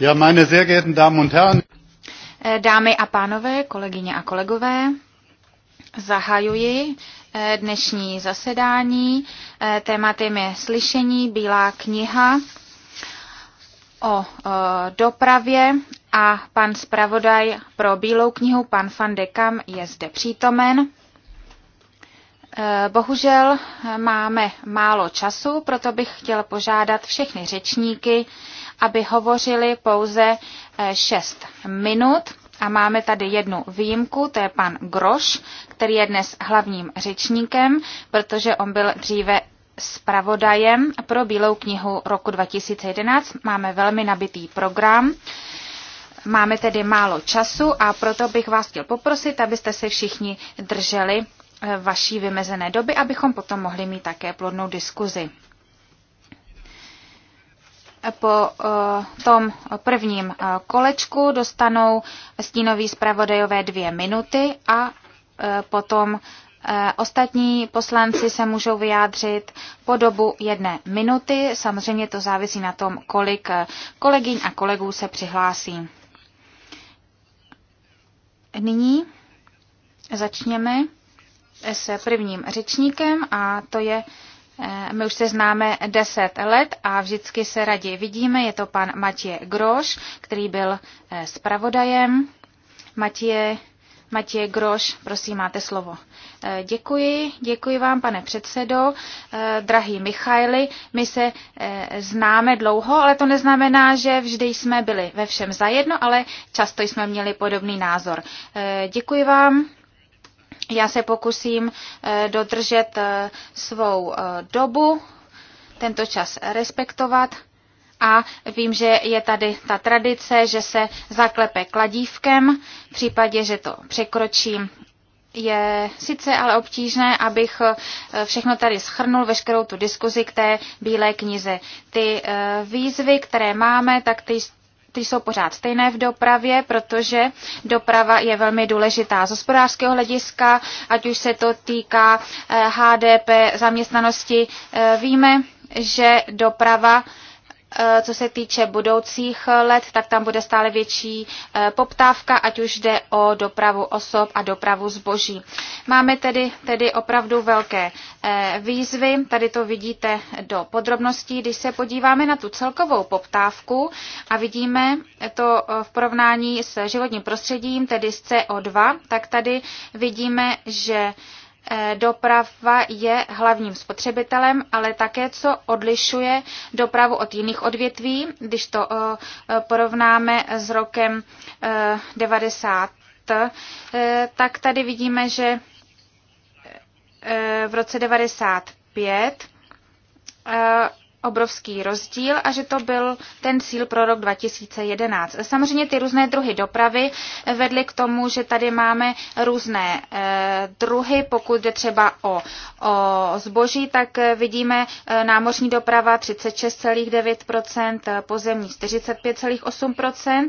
Ja, meine sehr geehrten Damen und Herren. Eh, dámy a pánové, kolegyně a kolegové, zahajuji eh, dnešní zasedání. Eh, tématem je slyšení Bílá kniha o dopravě a pan zpravodaj pro Bílou knihu, pan Van Dekam, je zde přítomen. Bohužel máme málo času, proto bych chtěl požádat všechny řečníky, aby hovořili pouze 6 eh, minut. A máme tady jednu výjimku, to je pan Groš, který je dnes hlavním řečníkem, protože on byl dříve zpravodajem pro Bílou knihu roku 2011. Máme velmi nabitý program. Máme tedy málo času a proto bych vás chtěl poprosit, abyste se všichni drželi eh, vaší vymezené doby, abychom potom mohli mít také plodnou diskuzi po eh, tom prvním eh, kolečku dostanou stínoví zpravodajové dvě minuty a eh, potom Ostatní poslanci se můžou vyjádřit po dobu jedné minuty. Samozřejmě to závisí na tom, kolik kolegyň a kolegů se přihlásí. Nyní začněme s prvním řečníkem a to je Eh, my už se známe 10 let a vždycky se raději vidíme. Je to pan Matěj Groš, který byl eh, zpravodajem. Matěj, Matěj Groš, prosím, máte slovo. Eh, děkuji, děkuji vám, pane předsedo. Drahý Michaili, my se známe dlouho, ale to neznamená, že vždy jsme byli ve všem zajedno, ale často jsme měli podobný názor. Děkuji vám já se pokusím eh, dodržet eh, svou eh, dobu, tento čas respektovat a vím, že je tady ta tradice, že se zaklepe kladívkem, v případě, že to překročím. Je sice ale obtížné, abych všechno tady schrnul, veškerou tu diskuzi k té bílé knize. Ty výzvy, které máme, tak ty ty jsou pořád stejné v dopravě, protože doprava je velmi důležitá z hospodářského hlediska, ať už se to týká HDP, eh, zaměstnanosti. Eh, víme, že doprava Eh, co se týče budoucích let, tak tam bude stále větší eh, poptávka, ať už jde o dopravu osob a dopravu zboží. Máme tedy, tedy opravdu velké eh, výzvy, tady to vidíte do podrobností, když se podíváme na tu celkovou poptávku a vidíme to v porovnání s životním prostředím, tedy s CO2, tak tady vidíme, že Eh, doprava je hlavním spotřebitelem, ale také co odlišuje dopravu od jiných odvětví, když to eh, eh, porovnáme s rokem 90, tak tady vidíme, že v roce 95 obrovský rozdíl a že to byl ten cíl pro rok 2011. Samozřejmě ty různé druhy dopravy vedly k tomu, že tady máme různé eh, druhy, pokud jde třeba o, o zboží, tak eh, vidíme eh, námořní doprava 36,9%, pozemní 45,8%.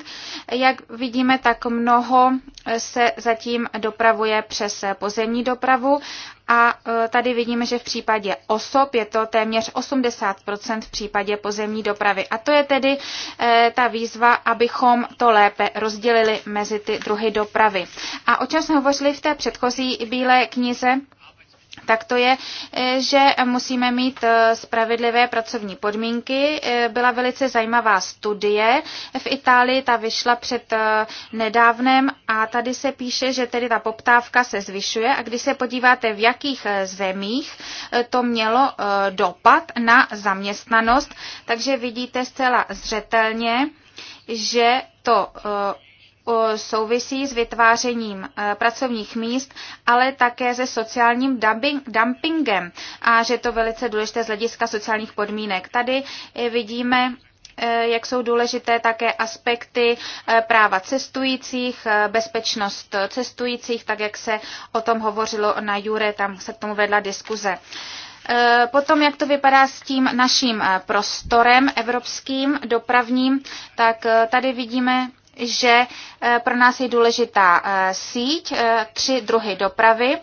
Jak vidíme, tak mnoho se zatím dopravuje přes pozemní dopravu a e, tady vidíme, že v případě osob je to téměř 80 v případě pozemní dopravy. A to je tedy e, ta výzva, abychom to lépe rozdělili mezi ty druhy dopravy. A o čem jsme hovořili v té předchozí bílé knize? tak to je, eh, že musíme mít eh, spravedlivé pracovní podmínky. Eh, byla velice zajímavá studie v Itálii, ta vyšla před nedávnem a tady se píše, že tedy ta poptávka se zvyšuje a když se podíváte, v jakých zemích to mělo dopad na zaměstnanost, takže vidíte zcela zřetelně, že to souvisí s vytvářením e, pracovních míst, ale také se sociálním dumpingem a že je to velice důležité z hlediska sociálních podmínek. Tady e, vidíme e, jak jsou důležité také aspekty práva cestujících, bezpečnost cestujících, tak jak se o tom hovořilo na Jure, tam se k tomu vedla diskuze. Potom, jak to vypadá s tím naším prostorem evropským dopravním, tak tady vidíme že eh, pro nás je důležitá eh, síť, eh, tři druhy dopravy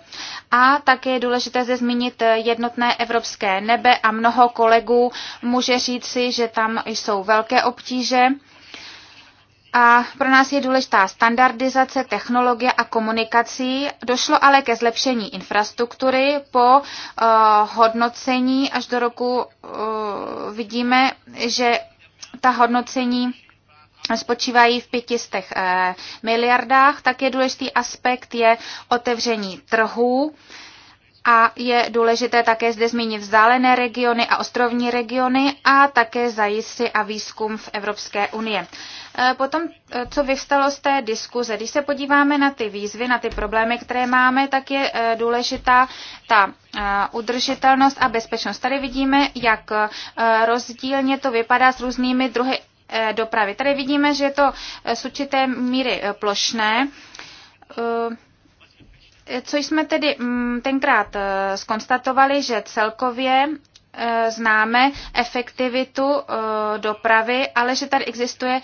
a také je důležité zde zmínit jednotné evropské nebe a mnoho kolegů může říci, že tam jsou velké obtíže. A pro nás je důležitá standardizace, technologie a komunikací. Došlo ale ke zlepšení infrastruktury. Po uh, hodnocení až do roku uh, vidíme, že ta hodnocení spočívají v pětistech eh, miliardách, tak je důležitý aspekt je otevření trhů. A je důležité také zde zmínit vzdálené regiony a ostrovní regiony a také zajisty a výzkum v Evropské unie. Eh, potom, eh, co vyvstalo z té diskuze, když se podíváme na ty výzvy, na ty problémy, které máme, tak je důležitá ta udržitelnost a bezpečnost. Tady vidíme, jak rozdílně to vypadá s různými druhy Eh, dopravy. Tady vidíme, že je to eh, z určité míry eh, plošné. Co jsme tedy mm, tenkrát skonstatovali, že celkově známe efektivitu dopravy, ale že tady existuje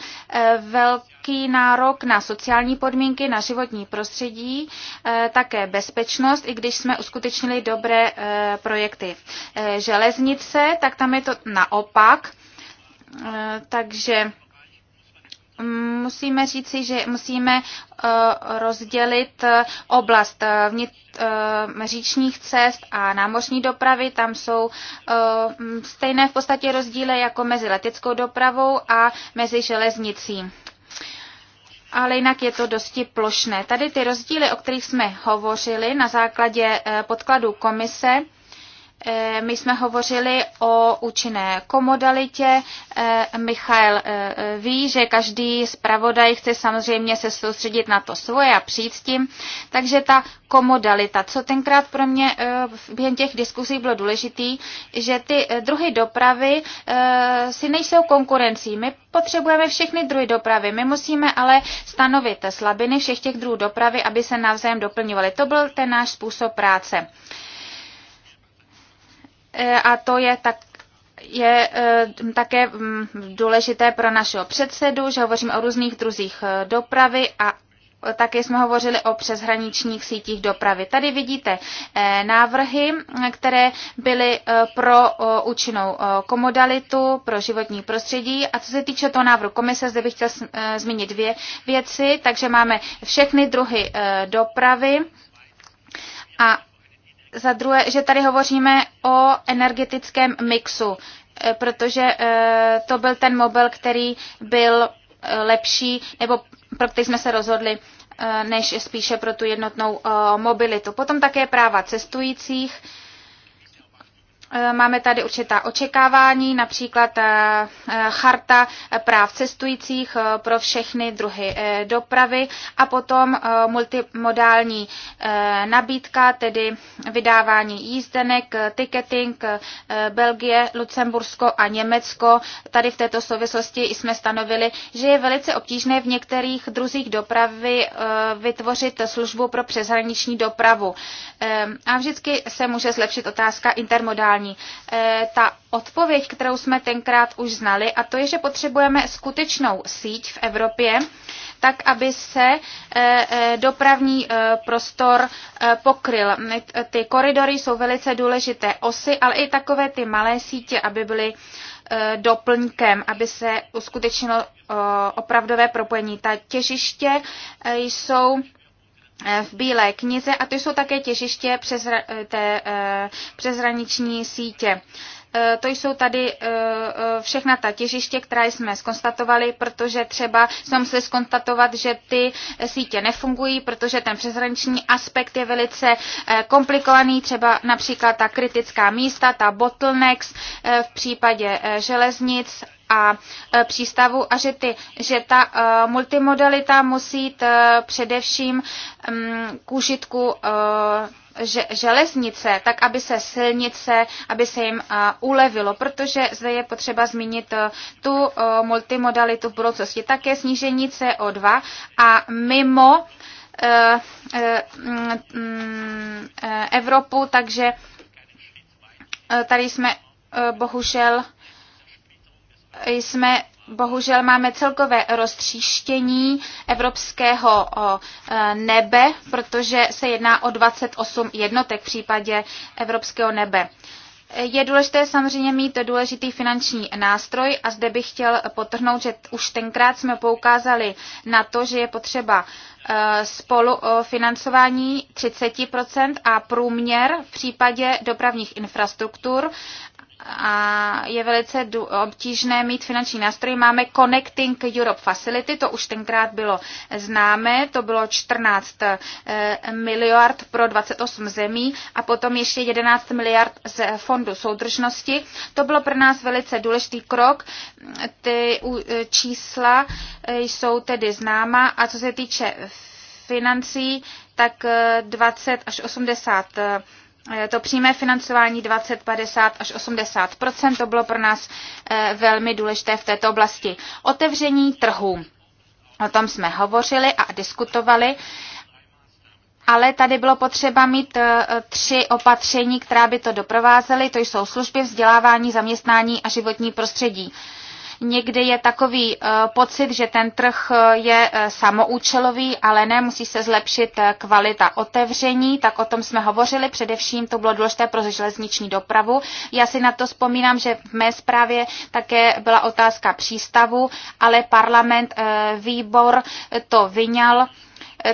velký nárok na sociální podmínky, na životní prostředí, také bezpečnost, i když jsme uskutečnili dobré projekty. Železnice, tak tam je to naopak Eh, takže musíme říci, že musíme eh, rozdělit eh, oblast říčních cest a námořní dopravy. Tam jsou stejné v podstatě rozdíly jako mezi leteckou dopravou a mezi železnicí. Ale jinak je to dosti plošné. Tady ty rozdíly, o kterých jsme hovořili na základě podkladu komise, Eh, my jsme hovořili o účinné komodalitě. Eh, Michal eh, ví, že každý zpravodaj chce samozřejmě se soustředit na to svoje a přijít s tím. Takže ta komodalita, co tenkrát pro mě během těch diskusí bylo důležitý, že ty druhy dopravy si nejsou konkurencí. My potřebujeme všechny druhy dopravy. My musíme ale stanovit slabiny všech těch druhů dopravy, aby se navzájem doplňovaly. To byl ten náš způsob práce. E, a to je tak je e, také mm, důležité pro našeho předsedu, že hovoříme o různých druzích e, dopravy a také jsme hovořili o přeshraničních sítích dopravy. Tady vidíte návrhy, které byly pro účinnou komodalitu, pro životní prostředí. A co se týče toho návrhu komise, zde bych chtěl zmínit dvě věci. Takže máme všechny druhy dopravy a za druhé, že tady hovoříme o energetickém mixu, e, protože e, to byl ten mobil, který byl e, lepší, nebo pro který jsme se rozhodli, než spíše pro tu jednotnou mobilitu. Potom také práva cestujících, Eh, máme tady určitá očekávání, například eh, eh, charta práv cestujících pro všechny druhy dopravy a potom multimodální nabídka, tedy vydávání jízdenek, ticketing, Belgie, Lucembursko a Německo. Tady v této souvislosti jsme stanovili, že je velice obtížné v některých druzích dopravy vytvořit službu pro přeshraniční dopravu. A vždycky se může zlepšit otázka intermodální E, Ta odpověď, kterou jsme tenkrát už znali, a to je, že potřebujeme skutečnou síť v Evropě, tak aby se e, e, dopravní e, prostor pokryl. Ty koridory jsou velice důležité osy, ale i takové ty malé sítě, aby byly doplňkem, aby se uskutečnilo opravdové propojení. Ta těžiště jsou Eh, v Bílé knize a to jsou také těžiště přes, eh, té eh, přeshraniční sítě. To jsou tady všechna ta těžiště, která jsme skonstatovali, protože třeba jsme museli skonstatovat, že ty sítě nefungují, protože ten přeshraniční aspekt je velice komplikovaný, třeba například ta kritická místa, ta bottlenecks v případě železnic a e, přístavu a že, ty, že ta e, multimodalita musí jít e, především mm, k užitku železnice, tak aby se silnice, aby se jim ulevilo, protože zde je potřeba zmínit tu multimodalitu v budoucnosti. Také snížení CO2 a mimo mm, Evropu, takže tady jsme bohužel jsme bohužel máme celkové roztříštění evropského e, nebe, protože se jedná o 28 jednotek v případě evropského nebe. Je důležité samozřejmě mít důležitý finanční nástroj a zde bych chtěl potrhnout, že už tenkrát jsme poukázali na to, že je potřeba e, spolufinancování 30% a průměr v případě dopravních infrastruktur a je velice obtížné mít finanční nástroj. Máme Connecting Europe Facility, to už tenkrát bylo známé, to bylo 14 eh, miliard pro 28 zemí a potom ještě 11 miliard z fondu soudržnosti. To bylo pro nás velice důležitý krok. Ty eh, čísla eh, jsou tedy známa a co se týče financí, tak 20 až 80 Eh, to přímé financování 20, 50 až 80 to bylo pro nás eh, velmi důležité v této oblasti. Otevření trhu. O tom jsme hovořili a diskutovali, ale tady bylo potřeba mít eh, tři opatření, která by to doprovázely. To jsou služby, vzdělávání, zaměstnání a životní prostředí. Někdy je takový eh, pocit, že ten trh eh, je eh, samoučelový, ale ne, musí se zlepšit kvalita otevření, tak o tom jsme hovořili, především to bylo důležité pro železniční dopravu. Já si na to vzpomínám, že v mé zprávě také byla otázka přístavu, ale parlament, výbor to vyňal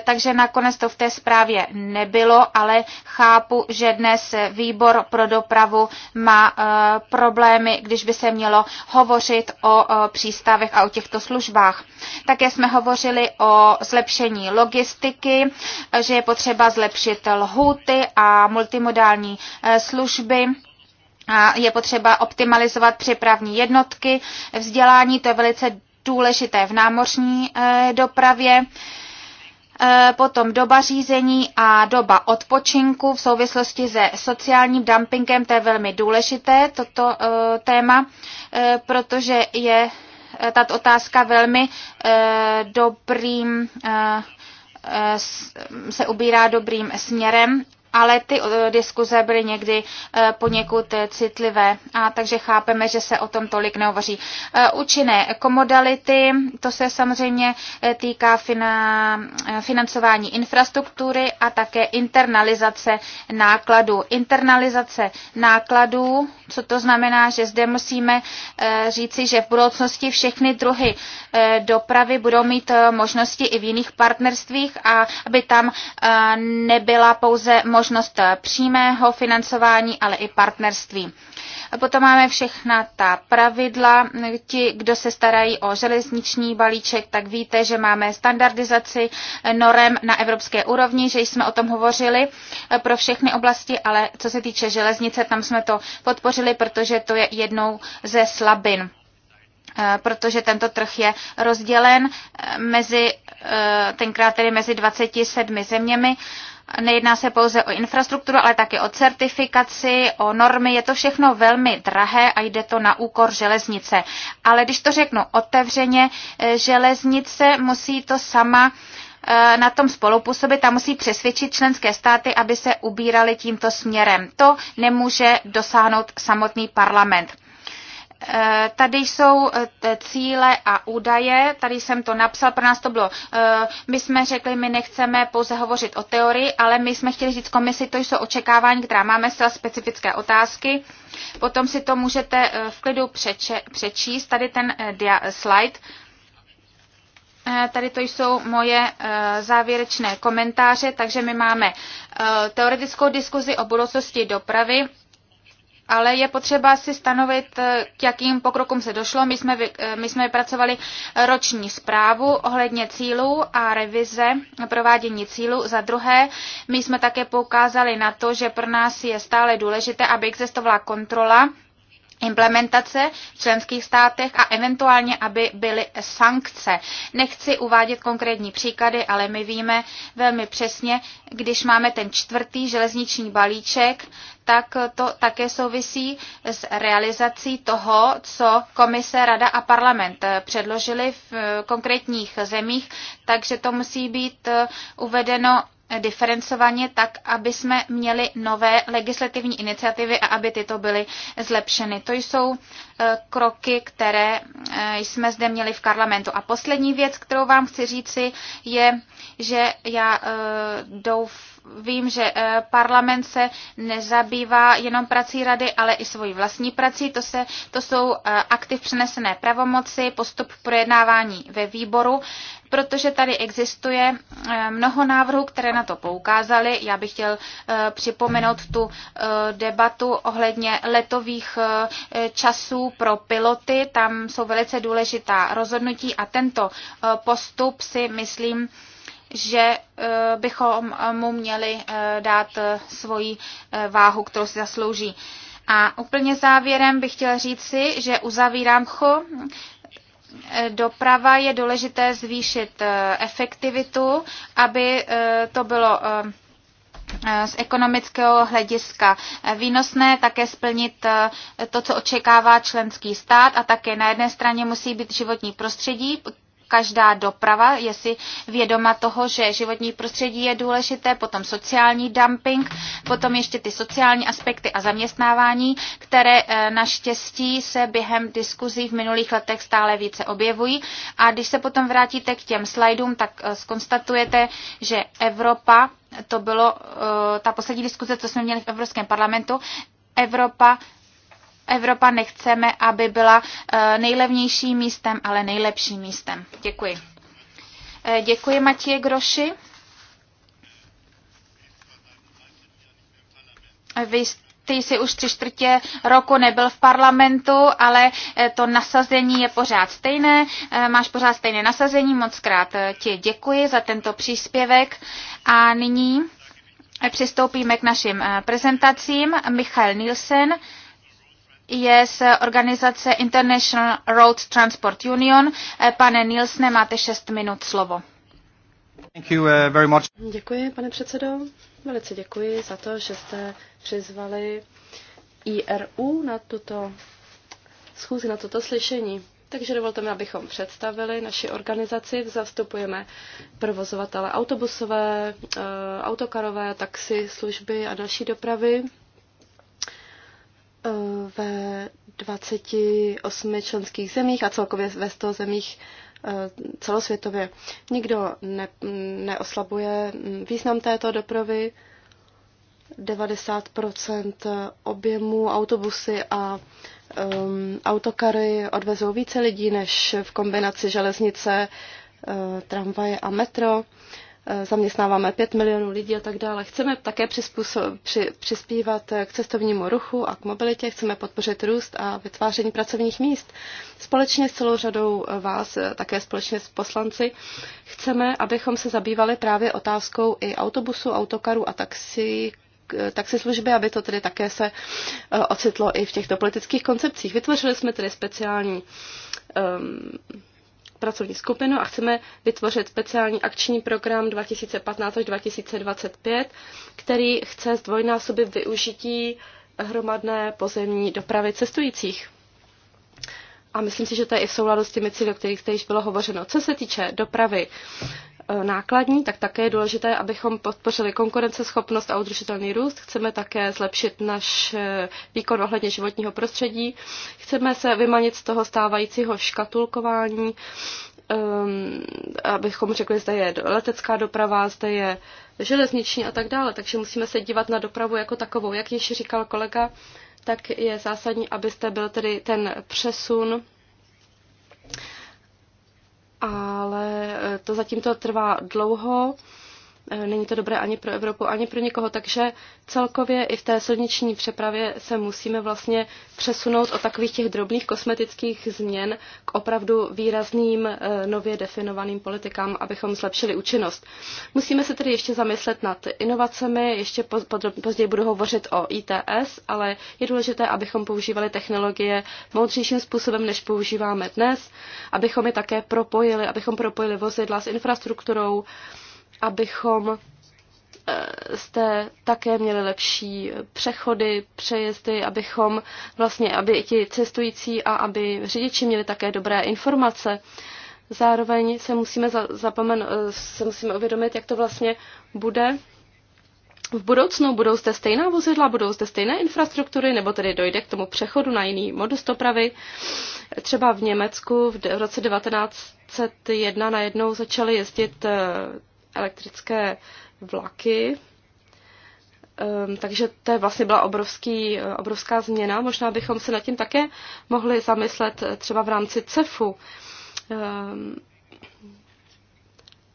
takže nakonec to v té zprávě nebylo, ale chápu, že dnes výbor pro dopravu má eh, problémy, když by se mělo hovořit o eh, přístavech a o těchto službách. Také jsme hovořili o zlepšení logistiky, eh, že je potřeba zlepšit lhuty a multimodální služby. A je potřeba optimalizovat přepravní jednotky, vzdělání, to je velice důležité v námořní dopravě. Eh, potom doba řízení a doba odpočinku v souvislosti se sociálním dumpingem, to je velmi důležité, toto eh, téma, eh, protože je tato otázka velmi dobrým se ubírá dobrým směrem ale ty eh, diskuze byly někdy eh, poněkud eh, citlivé, a takže chápeme, že se o tom tolik nehovoří. Účinné komodality, to se samozřejmě týká financování infrastruktury a také internalizace nákladů. Internalizace nákladů, co to znamená, že zde musíme říci, že v budoucnosti všechny druhy dopravy budou mít možnosti i v jiných partnerstvích a aby tam nebyla pouze možnost možnost eh, přímého financování, ale i partnerství. A potom máme všechna ta pravidla. Ti, kdo se starají o železniční balíček, tak víte, že máme standardizaci norem na evropské úrovni, že jsme o tom hovořili eh, pro všechny oblasti, ale co se týče železnice, tam jsme to podpořili, protože to je jednou ze slabin eh, protože tento trh je rozdělen mezi, tenkrát tedy mezi 27 zeměmi Nejedná se pouze o infrastrukturu, ale také o certifikaci, o normy. Je to všechno velmi drahé a jde to na úkor železnice. Ale když to řeknu otevřeně, eh, železnice musí to sama eh, na tom spolupůsobit a musí přesvědčit členské státy, aby se ubírali tímto směrem. To nemůže dosáhnout samotný parlament. Eh, tady jsou eh, cíle a údaje, tady jsem to napsal, pro nás to bylo, eh, my jsme řekli, my nechceme pouze hovořit o teorii, ale my jsme chtěli říct komisi, to jsou očekávání, která máme zcela specifické otázky, potom si to můžete v klidu přeče, přečíst, tady ten dia, slide, Tady to jsou moje závěrečné komentáře, takže my máme teoretickou diskuzi o budoucnosti dopravy, ale je potřeba si stanovit, eh, k jakým pokrokům se došlo. My jsme, eh, my jsme vypracovali roční zprávu ohledně cílů a revize provádění cílů. Za druhé, my jsme také poukázali na to, že pro nás je stále důležité, aby existovala kontrola implementace v členských státech a eventuálně, aby byly sankce. Nechci uvádět konkrétní příklady, ale my víme velmi přesně, když máme ten čtvrtý železniční balíček, tak to také souvisí s realizací toho, co komise, rada a parlament předložili v konkrétních zemích, takže to musí být uvedeno diferencovaně tak, aby jsme měli nové legislativní iniciativy a aby tyto byly zlepšeny. To jsou e, kroky, které e, jsme zde měli v parlamentu. A poslední věc, kterou vám chci říci, je že já eh, douf, vím, že eh, parlament se nezabývá jenom prací rady, ale i svojí vlastní prací. To, se, to jsou eh, aktiv přenesené pravomoci, postup projednávání ve výboru, protože tady existuje mnoho návrhů, které na to poukázaly. Já bych chtěl připomenout tu debatu ohledně letových časů pro piloty. Tam jsou velice důležitá rozhodnutí a tento postup si myslím, že eh, bychom eh, mu měli eh, dát svoji váhu, kterou si zaslouží. A úplně závěrem bych chtěla říct si, že uzavírám cho. Doprava je důležité zvýšit efektivitu, aby to bylo z ekonomického hlediska výnosné, také splnit to, co očekává členský stát a také na jedné straně musí být životní prostředí, každá doprava je si vědoma toho, že životní prostředí je důležité, potom sociální dumping, potom ještě ty sociální aspekty a zaměstnávání, které eh, naštěstí se během diskuzí v minulých letech stále více objevují. A když se potom vrátíte k těm slajdům, tak skonstatujete, eh, že Evropa, to bylo eh, ta poslední diskuze, co jsme měli v Evropském parlamentu, Evropa Evropa nechceme, aby byla eh, nejlevnějším místem, ale nejlepším místem. Děkuji. Eh, děkuji Matěje Groši. Vy ty jsi už tři čtvrtě roku nebyl v parlamentu, ale eh, to nasazení je pořád stejné, máš pořád stejné nasazení, moc krát ti děkuji za tento příspěvek a nyní přistoupíme k našim prezentacím. Michal Nielsen, je z organizace International Road Transport Union. Eh, pane Nilsne, máte 6 minut slovo. Thank you eh, very much. Děkuji, pane předsedo. Velice děkuji za to, že jste přizvali IRU na tuto schůzi, na toto slyšení. Takže dovolte mi, abychom představili naši organizaci. Zastupujeme provozovatele autobusové, eh, autokarové, taxi, služby a další dopravy ve 28 členských zemích a celkově ve 100 zemích eh, celosvětově. Nikdo ne, neoslabuje význam této dopravy. 90 objemu autobusy a um, autokary odvezou více lidí než v kombinaci železnice, uh, tramvaje a metro zaměstnáváme 5 milionů lidí a tak dále. Chceme také při, přispívat k cestovnímu ruchu a k mobilitě, chceme podpořit růst a vytváření pracovních míst. Společně s celou řadou vás, také společně s poslanci, chceme, abychom se zabývali právě otázkou i autobusu, autokaru, a taxi, taxislužby, aby to tedy také se eh, ocitlo i v těchto politických koncepcích. Vytvořili jsme tedy speciální um, pracovní skupinu a chceme vytvořit speciální akční program 2015 až 2025, který chce zdvojnásobit využití hromadné pozemní dopravy cestujících. A myslím si, že to je i v souladu s těmi cíly, o kterých jste již bylo hovořeno. Co se týče dopravy, Eh, nákladní, tak také je důležité, abychom podpořili konkurenceschopnost a udržitelný růst. Chceme také zlepšit náš výkon ohledně životního prostředí. Chceme se vymanit z toho stávajícího škatulkování, ehm, abychom řekli, zde je letecká doprava, zde je železniční a tak dále. Takže musíme se dívat na dopravu jako takovou. Jak již říkal kolega, tak je zásadní, abyste byl tedy ten přesun ale eh, to zatím to trvá dlouho. Eh, není to dobré ani pro Evropu, ani pro nikoho, takže celkově i v té silniční přepravě se musíme vlastně přesunout od takových těch drobných kosmetických změn k opravdu výrazným eh, nově definovaným politikám, abychom zlepšili účinnost. Musíme se tedy ještě zamyslet nad inovacemi, ještě později budu hovořit o ITS, ale je důležité, abychom používali technologie moudřejším způsobem, než používáme dnes, abychom je také propojili, abychom propojili vozidla s infrastrukturou, abychom jste eh, také měli lepší přechody, přejezdy, abychom vlastně, aby ti cestující a aby řidiči měli také dobré informace. Zároveň se musíme, zapomen, eh, se musíme uvědomit, jak to vlastně bude v budoucnu. Budou zde stejná vozidla, budou zde stejné infrastruktury, nebo tedy dojde k tomu přechodu na jiný modus dopravy. Třeba v Německu v roce 1901 najednou začaly jezdit eh, elektrické vlaky. Ehm, takže to vlastně byla obrovský, eh, obrovská změna. Možná bychom se nad tím také mohli zamyslet eh, třeba v rámci CEFu. Ehm,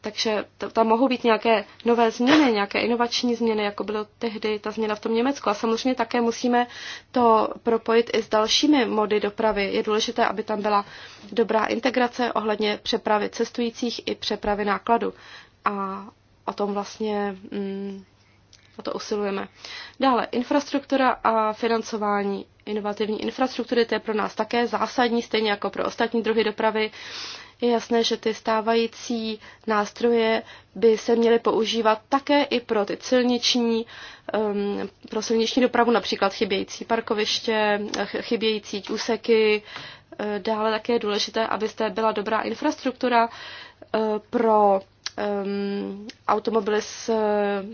takže tam mohou být nějaké nové změny, nějaké inovační změny, jako bylo tehdy ta změna v tom Německu. A samozřejmě také musíme to propojit i s dalšími mody dopravy. Je důležité, aby tam byla dobrá integrace ohledně přepravy cestujících i přepravy nákladu a o tom vlastně mm, o to usilujeme. Dále, infrastruktura a financování inovativní infrastruktury, to je pro nás také zásadní, stejně jako pro ostatní druhy dopravy. Je jasné, že ty stávající nástroje by se měly používat také i pro ty silniční, um, pro silniční dopravu, například chybějící parkoviště, chybějící úseky. Eh, dále také je důležité, abyste byla dobrá infrastruktura eh, pro um, automobily s eh,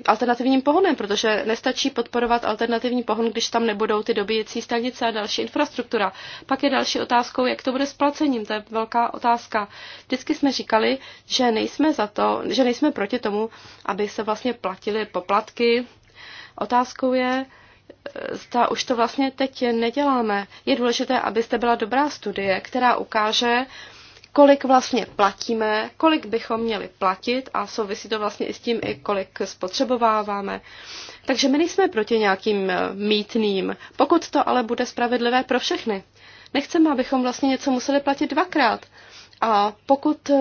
alternativním pohonem, protože nestačí podporovat alternativní pohon, když tam nebudou ty dobíjecí stanice a další infrastruktura. Pak je další otázkou, jak to bude s placením, to je velká otázka. Vždycky jsme říkali, že nejsme za to, že nejsme proti tomu, aby se vlastně platily poplatky. Otázkou je, eh, zda už to vlastně teď neděláme. Je důležité, abyste byla dobrá studie, která ukáže, uh, kolik vlastně platíme, kolik bychom měli platit a souvisí to vlastně i s tím, i kolik spotřebováváme. Takže my nejsme proti nějakým eh, mítným, pokud to ale bude spravedlivé pro všechny. Nechceme, abychom vlastně něco museli platit dvakrát. A pokud, eh,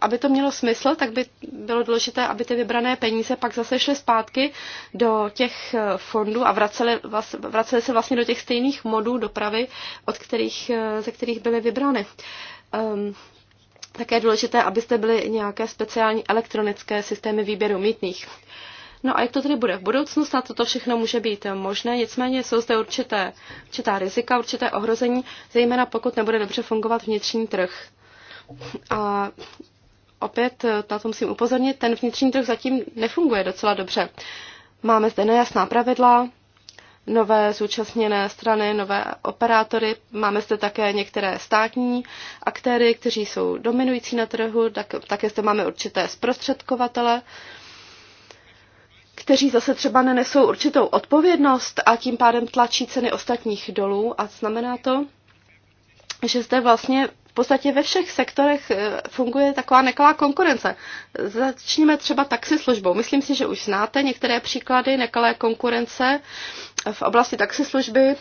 aby to mělo smysl, tak by bylo důležité, aby ty vybrané peníze pak zase šly zpátky do těch eh, fondů a vracely, vracely se vlastně do těch stejných modů dopravy, od kterých, eh, ze kterých byly vybrány. Um, ehm, také je důležité, abyste byly nějaké speciální elektronické systémy výběru mítných. Uh, No a jak to tedy bude v budoucnu, snad toto všechno může být možné, nicméně jsou zde určité, určitá rizika, určité ohrození, zejména pokud nebude dobře fungovat vnitřní trh. A opět eh, na to musím upozornit, ten vnitřní trh zatím nefunguje docela dobře. Máme zde nejasná pravidla, nové zúčastněné strany, nové operátory. Máme zde také některé státní aktéry, kteří jsou dominující na trhu, tak, také zde máme určité zprostředkovatele kteří zase třeba nenesou určitou odpovědnost a tím pádem tlačí ceny ostatních dolů a znamená to, že zde vlastně v podstatě ve všech sektorech eh, funguje taková nekalá konkurence. Začněme třeba taxislužbou. Myslím si, že už znáte některé příklady nekalé konkurence v oblasti taxislužby. Eh,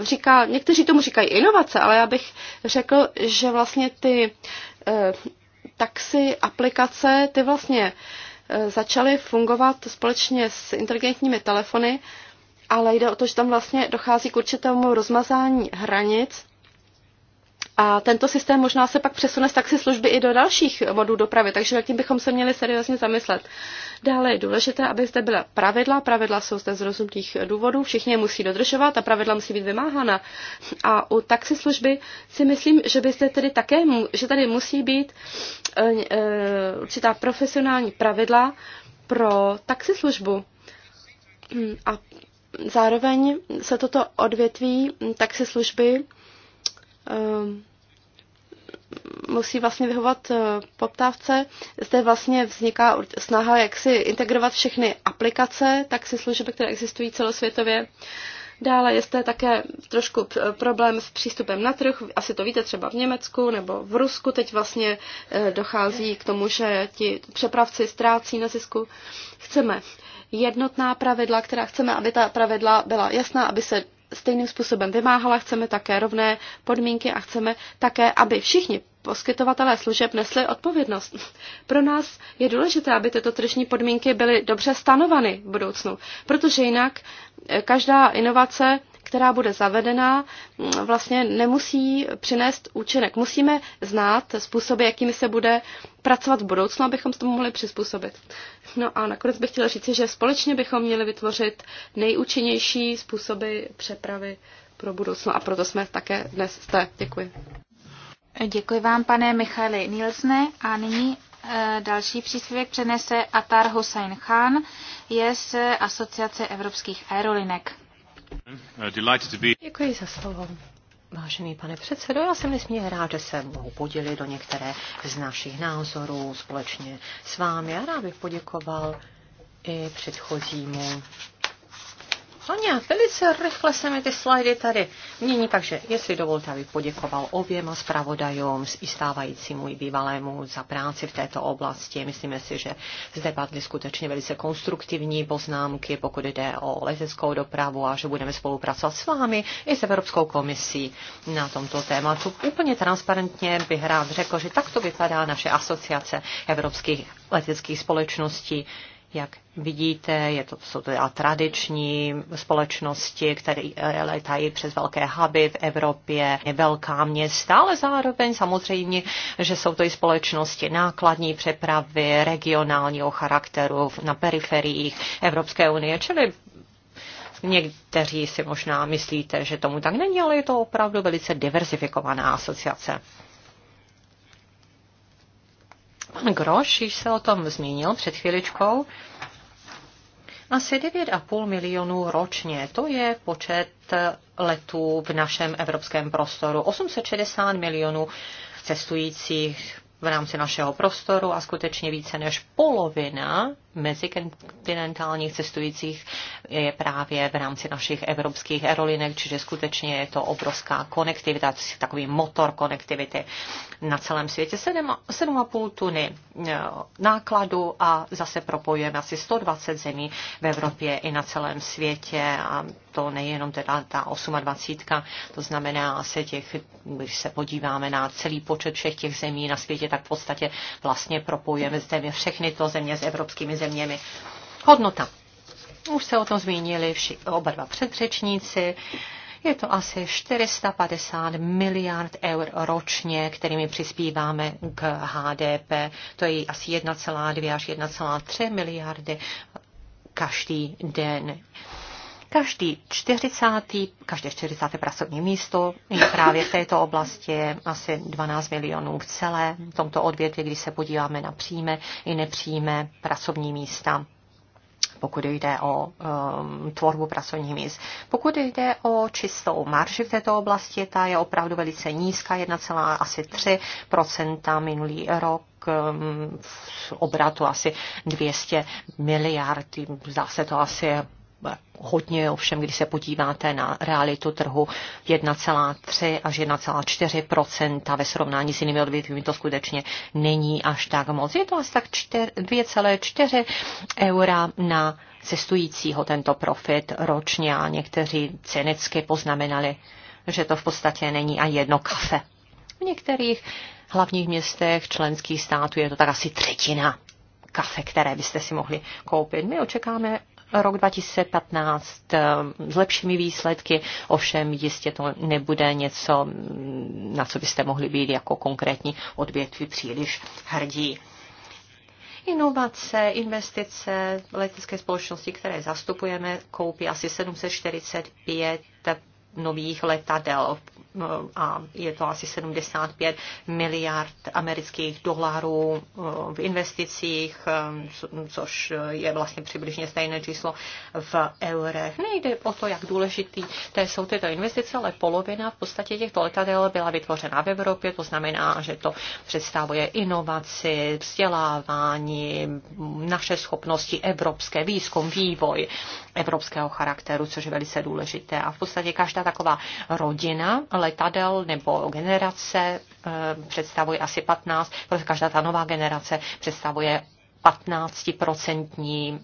říká, někteří tomu říkají inovace, ale já bych řekl, že vlastně ty eh, taxi aplikace, ty vlastně eh, Eh, začaly fungovat společně s inteligentními telefony, ale jde o to, že tam vlastně dochází k určitému rozmazání hranic a tento systém možná se pak přesune z taxislužby i do dalších modů dopravy, takže nad tím bychom se měli seriózně zamyslet. Dále je důležité, aby zde byla pravidla. Pravidla jsou zde z rozumných důvodů, všichni je musí dodržovat a pravidla musí být vymáhána. A u taxislužby si myslím, že by zde tedy také, že tady musí být eh, eh, určitá profesionální pravidla pro taxislužbu. A zároveň se toto odvětví taxislužby um, eh, musí vlastně vyhovat eh, poptávce. Zde vlastně vzniká snaha, jak si integrovat všechny aplikace, tak si služby, které existují celosvětově. Dále je zde také trošku problém s přístupem na trh. Asi to víte třeba v Německu nebo v Rusku. Teď vlastně eh, dochází k tomu, že ti přepravci ztrácí na zisku. Chceme jednotná pravidla, která chceme, aby ta pravidla byla jasná, aby se stejným způsobem vymáhala, chceme také rovné podmínky a chceme také, aby všichni poskytovatelé služeb nesli odpovědnost. Pro nás je důležité, aby tyto tržní podmínky byly dobře stanovany v budoucnu, protože jinak eh, každá inovace která bude zavedena, mm, vlastně nemusí přinést účinek. Musíme znát způsoby, jakými se bude pracovat v budoucnu, abychom se tomu mohli přizpůsobit. No a nakonec bych chtěla říci, že společně bychom měli vytvořit nejúčinnější způsoby přepravy pro budoucnu a proto jsme také dnes zde. Děkuji. Děkuji vám, pane Michaly Nilsne. A nyní eh, další příspěvek přenese Atar Hussein Khan, je z Asociace evropských aerolinek. Uh, Děkuji za slovo. Vážený pane předsedo, já jsem nesmírně rád, že se mohu podělit do některé z našich názorů společně s vámi a rád bych poděkoval i předchozímu Anja, velice rychle se mi ty slajdy tady mění, takže jestli dovolte, abych poděkoval oběma zpravodajům i stávajícímu i bývalému za práci v této oblasti. Myslíme si, že zde padly skutečně velice konstruktivní poznámky, pokud jde o leteckou dopravu a že budeme spolupracovat s vámi i s Evropskou komisí na tomto tématu. Úplně transparentně bych rád řekl, že takto vypadá naše asociace evropských leteckých společností. Jak vidíte, je to, jsou to tradiční společnosti, které eh, letají přes velké huby v Evropě, velká města, ale zároveň samozřejmě, že jsou to i společnosti nákladní přepravy, regionálního charakteru na periferiích Evropské unie, čili Někteří si možná myslíte, že tomu tak není, ale je to opravdu velice diversifikovaná asociace. Pan Groš již se o tom zmínil před chvíličkou. Asi 9,5 milionů ročně, to je počet letů v našem evropském prostoru. 860 milionů cestujících v rámci našeho prostoru a skutečně více než polovina mezikontinentálních cestujících je právě v rámci našich evropských aerolinek, čiže skutečně je to obrovská konektivita, takový motor konektivity na celém světě. 7,5 tuny e, nákladu a zase propojujeme asi 120 zemí v Evropě i na celém světě a to nejenom teda ta 28, to znamená asi těch, když se podíváme na celý počet všech těch zemí na světě, tak v podstatě vlastně propojujeme všechny to země s evropskými zemí zeměmi. Hodnota. Už se o tom zmínili vši, oba dva předřečníci. Je to asi 450 miliard eur ročně, kterými přispíváme k HDP. To je asi 1,2 až 1,3 miliardy každý den. Každý 40. každé 40. pracovní místo je právě v této oblasti asi 12 milionů v celé v tomto odvětví, když se podíváme na příjme, i nepříjme pracovní místa pokud jde o um, tvorbu pracovních míst. Pokud jde o čistou marži v této oblasti, ta je opravdu velice nízká, 1,3 minulý rok um, obratu asi 200 miliard, zdá se to asi hodně, ovšem když se podíváte na realitu trhu 1,3 až 1,4 ve srovnání s jinými odvětvími, to skutečně není až tak moc. Je to asi tak 2,4 eura na cestujícího tento profit ročně a někteří cynicky poznamenali, že to v podstatě není a jedno kafe. V některých hlavních městech členských států je to tak asi třetina kafe, které byste si mohli koupit. My očekáme, rok 2015 eh, s lepšími výsledky, ovšem jistě to nebude něco, mm, na co byste mohli být jako konkrétní odvětví příliš hrdí inovace, investice letecké společnosti, které zastupujeme, koupí asi 745 nových letadel a je to asi 75 miliard amerických dolarů eh, v investicích, eh, což je vlastně přibližně stejné číslo v eurech. Nejde o to, jak důležitý to jsou tyto investice, ale polovina v podstatě těchto letadel byla vytvořena v Evropě, to znamená, že to představuje inovaci, vzdělávání, naše schopnosti, evropské výzkum, vývoj, evropského charakteru, což je velice důležité. A v podstatě každá taková rodina letadel nebo generace eh, představuje asi 15, protože každá ta nová generace představuje 15%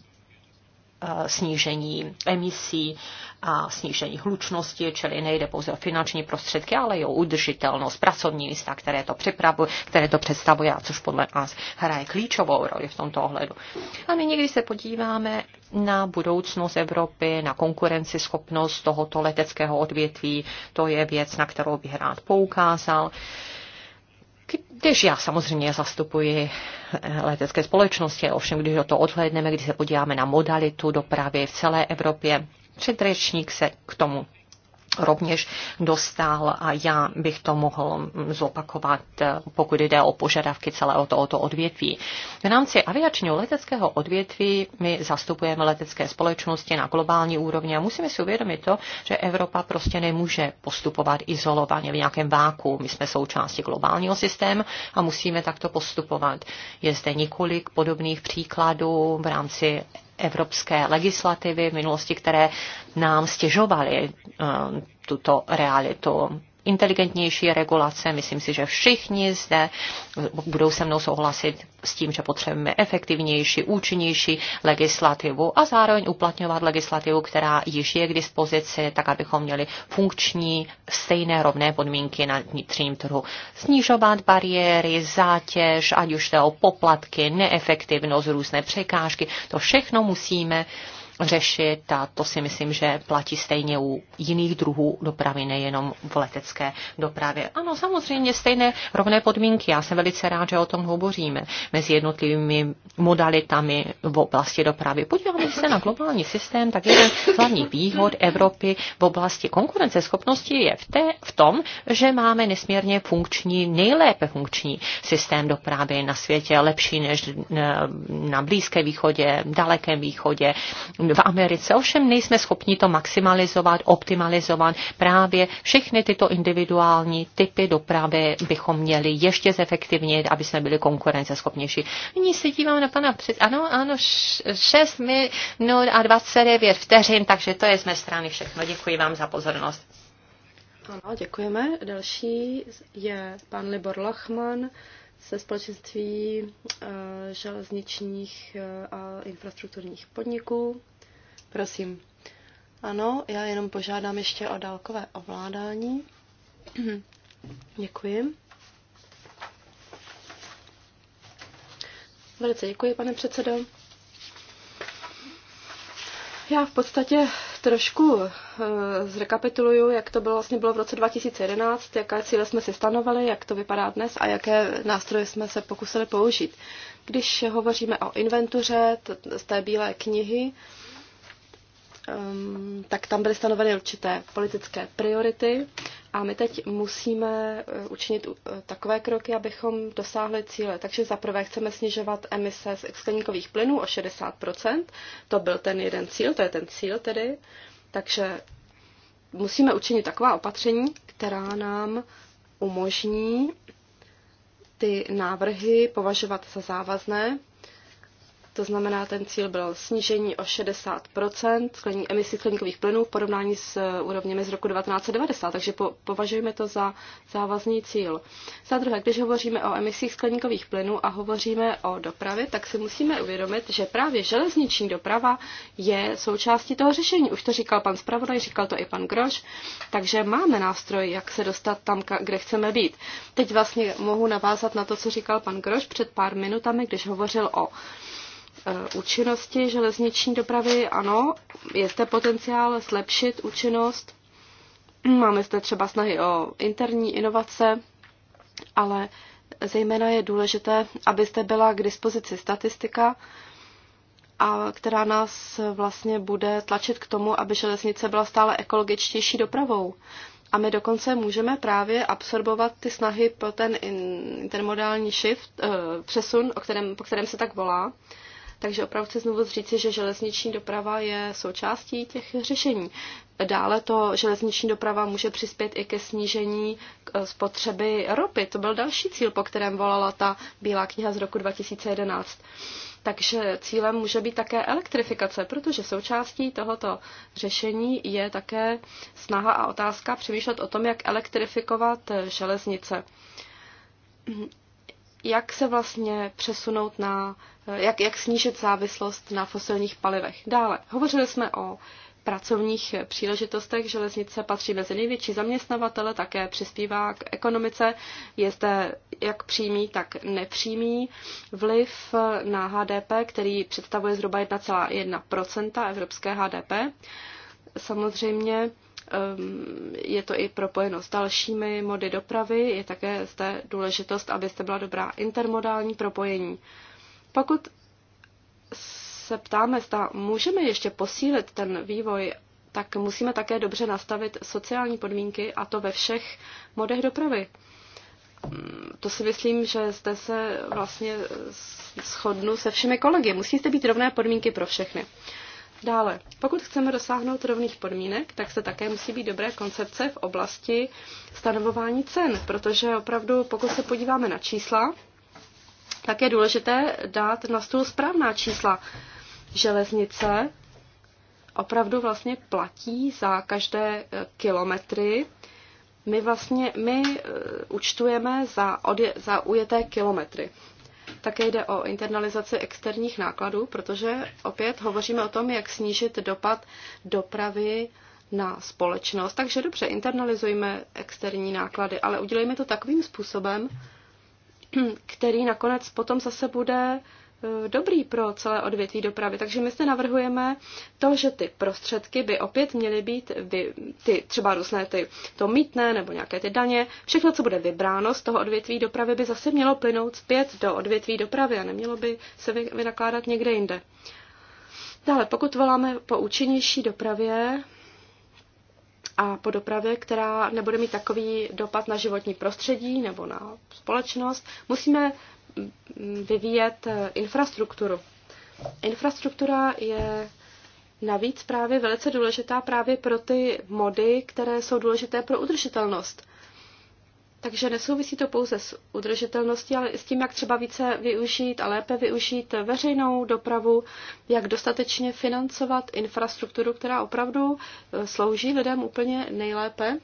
eh, snížení emisí a snížení hlučnosti, čili nejde pouze o finanční prostředky, ale i o udržitelnost pracovní místa, které to, připravuje, které to představuje a což podle nás hraje klíčovou roli v tomto ohledu. A my někdy se podíváme na budoucnost Evropy, na konkurenceschopnost tohoto leteckého odvětví. To je věc, na kterou bych rád poukázal. Když já samozřejmě zastupuji eh, letecké společnosti, ovšem když o to odhlédneme, když se podíváme na modalitu dopravy v celé Evropě, předřečník se k tomu rovněž dostal a já bych to mohl zopakovat, pokud jde o požadavky celého tohoto odvětví. V rámci aviačního leteckého odvětví my zastupujeme letecké společnosti na globální úrovni a musíme si uvědomit to, že Evropa prostě nemůže postupovat izolovaně v nějakém váku. My jsme součástí globálního systému a musíme takto postupovat. Je zde několik podobných příkladů v rámci evropské legislativy v minulosti, které nám stěžovaly eh, tuto realitu inteligentnější regulace. Myslím si, že všichni zde budou se mnou souhlasit s tím, že potřebujeme efektivnější, účinnější legislativu a zároveň uplatňovat legislativu, která již je k dispozici, tak abychom měli funkční, stejné rovné podmínky na vnitřním trhu. Snižovat bariéry, zátěž, ať už to poplatky, neefektivnost, různé překážky, to všechno musíme uh, řešit a to si myslím, že platí stejně u jiných druhů dopravy, nejenom v letecké dopravě. Ano, samozřejmě stejné rovné podmínky. Já jsem velice rád, že o tom hovoříme mezi jednotlivými modalitami v oblasti dopravy. Podíváme se na globální systém, tak jeden z hlavních výhod Evropy v oblasti konkurenceschopnosti je v, té, v tom, že máme nesmírně funkční, nejlépe funkční systém dopravy na světě, lepší než na Blízké východě, dalekém východě, v Americe. Ovšem nejsme schopni to maximalizovat, optimalizovat. Právě všechny tyto individuální typy dopravy bychom měli ještě zefektivnit, aby jsme byli konkurenceschopnější. Nyní se dívám na pana před... Ano, ano, 6 minut a 29 vteřin, takže to je z mé strany všechno. Děkuji vám za pozornost. Ano, děkujeme. Další je pan Libor Lachman se společenství eh, železničních eh, a infrastrukturních podniků. Prosím. Ano, já jenom požádám ještě o dálkové ovládání. děkuji. Velice děkuji, pane předsedo. Já v podstatě trošku eh, zrekapituluju, jak to bylo vlastně bylo v roce 2011, jaké cíle jsme si stanovili, jak to vypadá dnes a jaké nástroje jsme se pokusili použít. Když hovoříme o inventuře z té bílé knihy, Ehm, tak tam byly stanoveny určité politické priority a my teď musíme eh, učinit eh, takové kroky, abychom dosáhli cíle. Takže zaprvé chceme snižovat emise z skleníkových plynů o 60%, to byl ten jeden cíl, to je ten cíl tedy, takže musíme učinit taková opatření, která nám umožní ty návrhy považovat za závazné, to znamená, ten cíl byl snížení o 60 emisí skleníkových plynů v porovnání s eh, úrovněmi z roku 1990, takže po, považujeme to za závazný cíl. Za druhé, když hovoříme o emisích skleníkových plynů a hovoříme o dopravě, tak si musíme uvědomit, že právě železniční doprava je součástí toho řešení. Už to říkal pan zpravodaj, říkal to i pan Groš, takže máme nástroj, jak se dostat tam, kde chceme být. Teď vlastně mohu navázat na to, co říkal pan Groš před pár minutami, když hovořil o Eh, účinnosti železniční dopravy, ano, je zde potenciál zlepšit účinnost. Máme zde třeba snahy o interní inovace, ale zejména je důležité, abyste byla k dispozici statistika, a která nás vlastně bude tlačit k tomu, aby železnice byla stále ekologičtější dopravou. A my dokonce můžeme právě absorbovat ty snahy pro ten intermodální shift, eh, přesun, o kterém, po kterém se tak volá. Takže opravdu chci znovu říci, že železniční doprava je součástí těch řešení. Dále to železniční doprava může přispět i ke snížení e, spotřeby ropy. To byl další cíl, po kterém volala ta Bílá kniha z roku 2011. Takže cílem může být také elektrifikace, protože součástí tohoto řešení je také snaha a otázka přemýšlet o tom, jak elektrifikovat e, železnice jak se vlastně přesunout na, jak, jak snížit závislost na fosilních palivech. Dále, hovořili jsme o pracovních příležitostech. Železnice patří mezi největší zaměstnavatele, také přispívá k ekonomice. Je zde jak přímý, tak nepřímý vliv na HDP, který představuje zhruba 1,1 evropské HDP. Samozřejmě Ehm, je to i propojeno s dalšími mody dopravy, je také zde důležitost, abyste byla dobrá intermodální propojení. Pokud se ptáme, zda můžeme ještě posílit ten vývoj, tak musíme také dobře nastavit sociální podmínky a to ve všech modech dopravy. Ehm, to si myslím, že zde se vlastně shodnu se všemi kolegy. musíte být rovné podmínky pro všechny. Dále, pokud chceme dosáhnout rovných podmínek, tak se také musí být dobré koncepce v oblasti stanovování cen, protože opravdu, pokud se podíváme na čísla, tak je důležité dát na stůl správná čísla. Železnice opravdu vlastně platí za každé eh, kilometry. My vlastně my eh, účtujeme za, odje, za ujeté kilometry. Také jde o internalizaci externích nákladů, protože opět hovoříme o tom, jak snížit dopad dopravy na společnost. Takže dobře, internalizujme externí náklady, ale udělejme to takovým způsobem, který nakonec potom zase bude Eh, dobrý pro celé odvětví dopravy. Takže my se navrhujeme to, že ty prostředky by opět měly být vy, ty třeba různé ty to mítné nebo nějaké ty daně. Všechno, co bude vybráno z toho odvětví dopravy, by zase mělo plynout zpět do odvětví dopravy a nemělo by se vynakládat někde jinde. Dále, pokud voláme po účinnější dopravě, a po dopravě, která nebude mít takový dopad na životní prostředí nebo na společnost, musíme vyvíjet eh, infrastrukturu. Infrastruktura je navíc právě velice důležitá právě pro ty mody, které jsou důležité pro udržitelnost. Takže nesouvisí to pouze s udržitelností, ale i s tím, jak třeba více využít a lépe využít veřejnou dopravu, jak dostatečně financovat infrastrukturu, která opravdu eh, slouží lidem úplně nejlépe.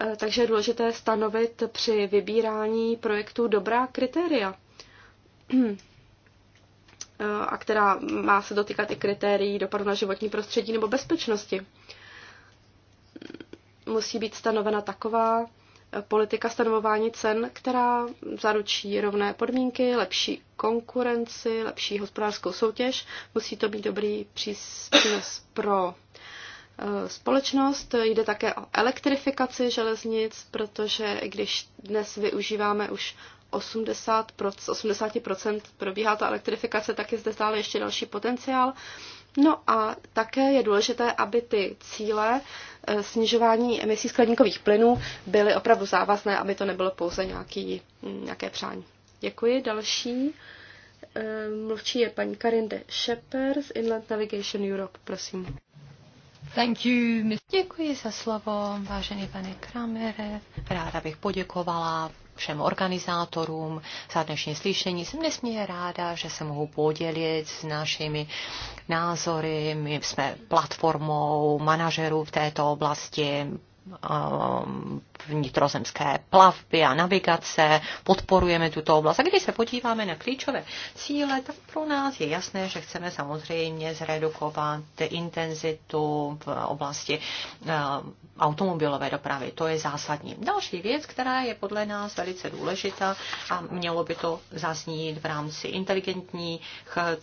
Eh, takže je důležité stanovit při vybírání projektů dobrá kritéria. Eh, a která má se dotýkat i kritérií dopadu na životní prostředí nebo bezpečnosti. Musí být stanovena taková eh, politika stanovování cen, která zaručí rovné podmínky, lepší konkurenci, lepší hospodářskou soutěž. Musí to být dobrý přínos pro eh, společnost. Jde také o elektrifikaci železnic, protože když dnes využíváme už 80 z 80% probíhá ta elektrifikace, tak je zde stále ještě další potenciál. No a také je důležité, aby ty cíle e, snižování emisí skleníkových plynů byly opravdu závazné, aby to nebylo pouze nějaký, nějaké přání. Děkuji. Další e, mluvčí je paní Karinde Šeper z Inland Navigation Europe. Prosím. Thank you. Děkuji za slovo, vážený pane Kramere. Ráda bych poděkovala všem organizátorům za dnešní slyšení. Jsem nesmírně ráda, že se mohu podělit s našimi názory. My jsme platformou manažerů v této oblasti, Um, vnitrozemské plavby a navigace, podporujeme tuto oblast. A když se podíváme na klíčové cíle, tak pro nás je jasné, že chceme samozřejmě zredukovat intenzitu v oblasti uh, automobilové dopravy. To je zásadní. Další věc, která je podle nás velice důležitá a mělo by to zaznít v rámci inteligentních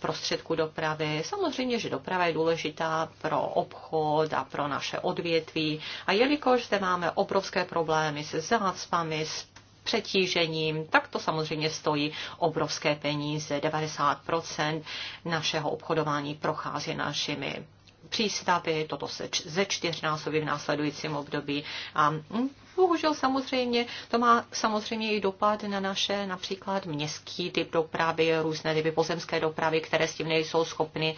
prostředků dopravy. Samozřejmě, že doprava je důležitá pro obchod a pro naše odvětví a jelikož toho, že zde máme obrovské problémy se zácpami, s přetížením, tak to samozřejmě stojí obrovské peníze. 90% našeho obchodování prochází našimi přístavy, toto se ze čtyřnásobí v následujícím období. A hm, Bohužel samozřejmě to má samozřejmě i dopad na naše například městský typ dopravy, různé typy pozemské dopravy, které s tím nejsou schopny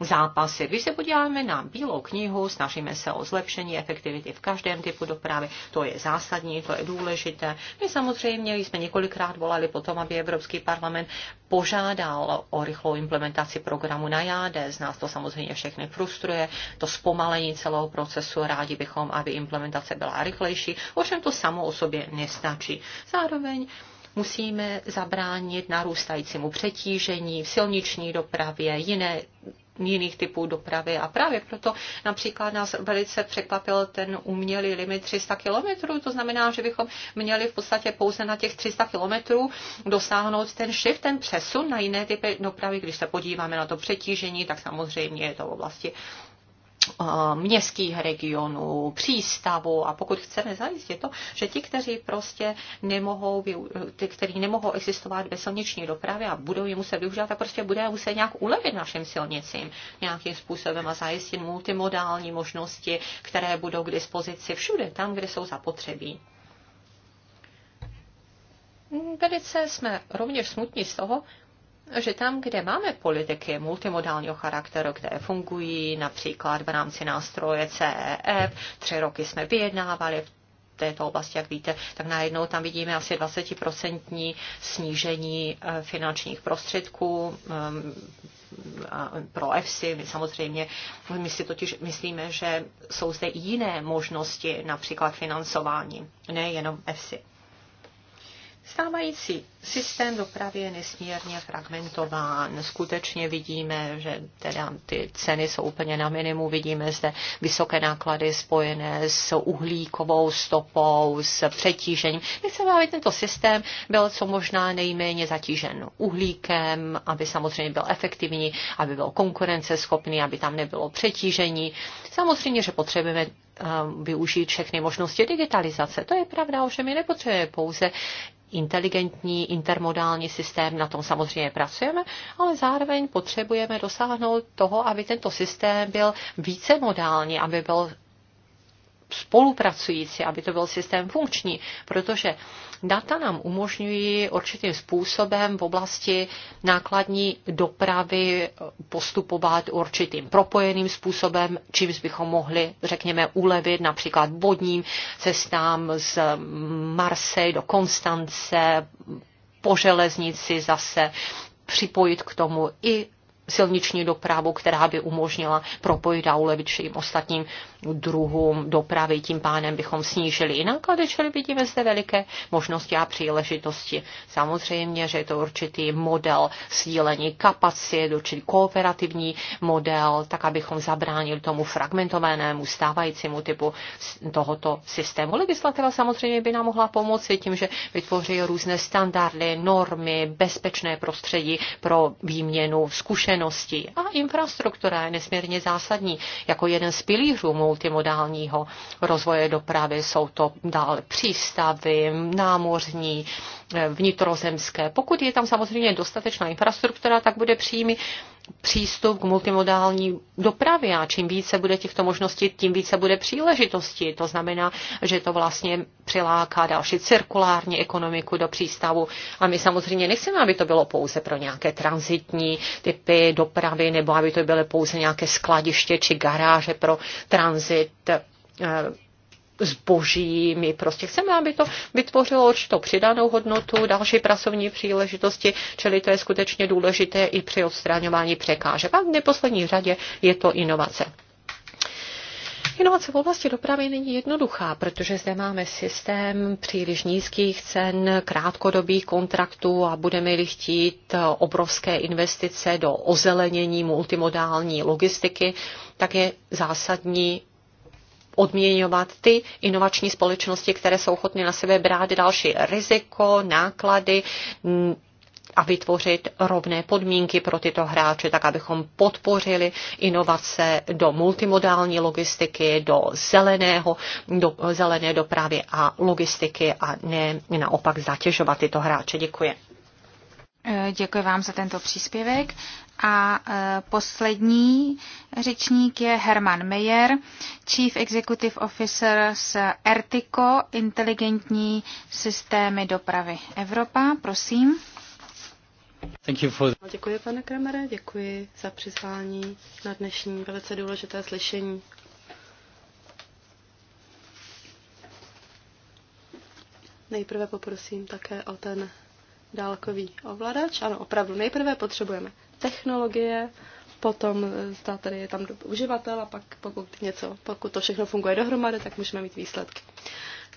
zápasy. Když se podíváme na bílou knihu, snažíme se o zlepšení efektivity v každém typu dopravy, to je zásadní, to je důležité. My samozřejmě jsme několikrát volali potom, aby Evropský parlament požádal o rychlou implementaci programu na jáde. Z nás to samozřejmě všechny frustruje, to zpomalení celého procesu, rádi bychom, aby implementace byla rychlejší. Ovšem to samo o sobě nestačí. Zároveň musíme zabránit narůstajícímu přetížení v silniční dopravě, jiné jiných typů dopravy. A právě proto například nás velice překvapil ten umělý limit 300 km. To znamená, že bychom měli v podstatě pouze na těch 300 km dosáhnout ten shift, ten přesun na jiné typy dopravy. Když se podíváme na to přetížení, tak samozřejmě je to v oblasti Eh, městských regionů, přístavu a pokud chceme zajistit to, že ti, kteří prostě nemohou, ty, kteří nemohou existovat bez silniční dopravy a budou ji muset využívat, tak prostě bude muset nějak ulevit našim silnicím nějakým způsobem a zajistit multimodální možnosti, které budou k dispozici všude tam, kde jsou zapotřebí. Velice jsme rovněž smutní z toho, že tam, kde máme politiky multimodálního charakteru, které fungují, například v rámci nástroje CEF, tři roky jsme vyjednávali v této oblasti, jak víte, tak najednou tam vidíme asi 20% snížení eh, finančních prostředků eh, pro EFSI. My samozřejmě, my si totiž myslíme, že jsou zde jiné možnosti, například financování, nejenom EFSI. Stávající systém dopravy je nesmírně fragmentován. Skutečně vidíme, že teda ty ceny jsou úplně na minimu. Vidíme zde vysoké náklady spojené s uhlíkovou stopou, s přetížením. My chceme, aby tento systém byl co možná nejméně zatížen uhlíkem, aby samozřejmě byl efektivní, aby byl konkurenceschopný, aby tam nebylo přetížení. Samozřejmě, že potřebujeme eh, využít všechny možnosti digitalizace. To je pravda, že my nepotřebujeme pouze inteligentní intermodální systém, na tom samozřejmě pracujeme, ale zároveň potřebujeme dosáhnout toho, aby tento systém byl více modální, aby byl spolupracující, aby to byl systém funkční, protože data nám umožňují určitým způsobem v oblasti nákladní dopravy postupovat určitým propojeným způsobem, čím bychom mohli, řekněme, ulevit například vodním cestám z Marseille do Konstance, po železnici zase připojit k tomu i silniční dopravu, která by umožnila propojit a ulevit všem ostatním druhům dopravy, tím pádem bychom snížili i náklady, čili vidíme zde veliké možnosti a příležitosti. Samozřejmě, že je to určitý model sdílení kapacit, určitý kooperativní model, tak abychom zabránili tomu fragmentovanému stávajícímu typu tohoto systému. Legislativa samozřejmě by nám mohla pomoci tím, že vytvoří různé standardy, normy, bezpečné prostředí pro výměnu zkušeností. A infrastruktura je nesmírně zásadní jako jeden z pilířů multimodálního rozvoje dopravy. Jsou to dále přístavy, námořní, eh, vnitrozemské. Pokud je tam samozřejmě dostatečná infrastruktura, tak bude příjmy přístup k multimodální dopravě a čím více bude těchto možností, tím více bude příležitostí. To znamená, že to vlastně přiláká další cirkulární ekonomiku do přístavu. A my samozřejmě nechceme, aby to bylo pouze pro nějaké transitní typy dopravy, nebo aby to byly pouze nějaké skladiště či garáže pro transit. Eh, zboží. My prostě chceme, aby to vytvořilo určitou přidanou hodnotu, další pracovní příležitosti, čili to je skutečně důležité i při odstraňování překážek. A v neposlední řadě je to inovace. Inovace v oblasti dopravy není jednoduchá, protože zde máme systém příliš nízkých cen, krátkodobých kontraktů a budeme-li chtít obrovské investice do ozelenění multimodální logistiky, tak je zásadní odměňovat ty inovační společnosti, které jsou ochotny na sebe brát další riziko, náklady, a vytvořit rovné podmínky pro tyto hráče, tak abychom podpořili inovace do multimodální logistiky, do, zeleného, do zelené dopravy a logistiky a ne naopak zatěžovat tyto hráče. Děkuji. Eh, děkuji vám za tento příspěvek a e, poslední řečník je Herman Meyer, Chief Executive Officer z Ertico, inteligentní systémy dopravy Evropa. Prosím. Thank you for... No, děkuji, pane Kramere, děkuji za přizvání na dnešní velice důležité slyšení. Nejprve poprosím také o ten dálkový ovladač. Ano, opravdu, nejprve potřebujeme technologie, potom e, zda tady je tam uživatel a pak pokud něco, pokud to všechno funguje dohromady, tak můžeme mít výsledky.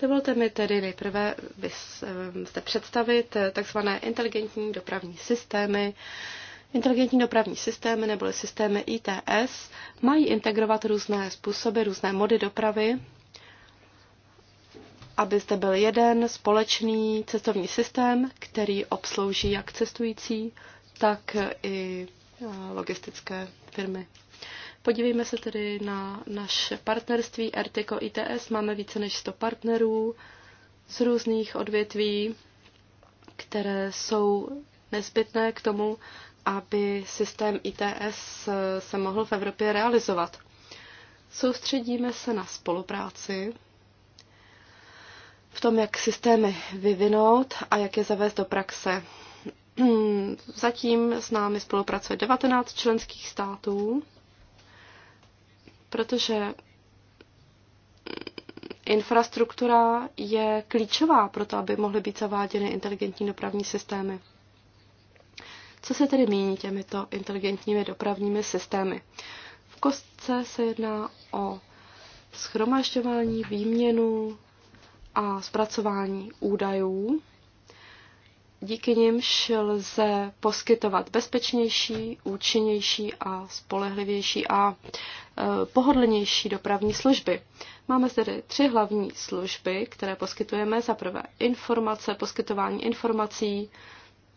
Dovolte mi tedy nejprve bys, e, zde představit e, takzvané inteligentní dopravní systémy. Inteligentní dopravní systémy nebo systémy ITS mají integrovat různé způsoby, různé mody dopravy, aby zde byl jeden společný cestovní systém, který obslouží jak cestující, tak i logistické firmy. Podívejme se tedy na naše partnerství RTCO ITS. Máme více než 100 partnerů z různých odvětví, které jsou nezbytné k tomu, aby systém ITS e, se mohl v Evropě realizovat. Soustředíme se na spolupráci v tom, jak systémy vyvinout a jak je zavést do praxe. Hmm, zatím s námi spolupracuje 19 členských států, protože hmm, infrastruktura je klíčová pro to, aby mohly být zaváděny inteligentní dopravní systémy. Co se tedy míní těmito inteligentními dopravními systémy? V kostce se jedná o schromažďování, výměnu a zpracování údajů díky nimž lze poskytovat bezpečnější, účinnější a spolehlivější a e, pohodlnější dopravní služby. Máme tedy tři hlavní služby, které poskytujeme. Za prvé informace, poskytování informací,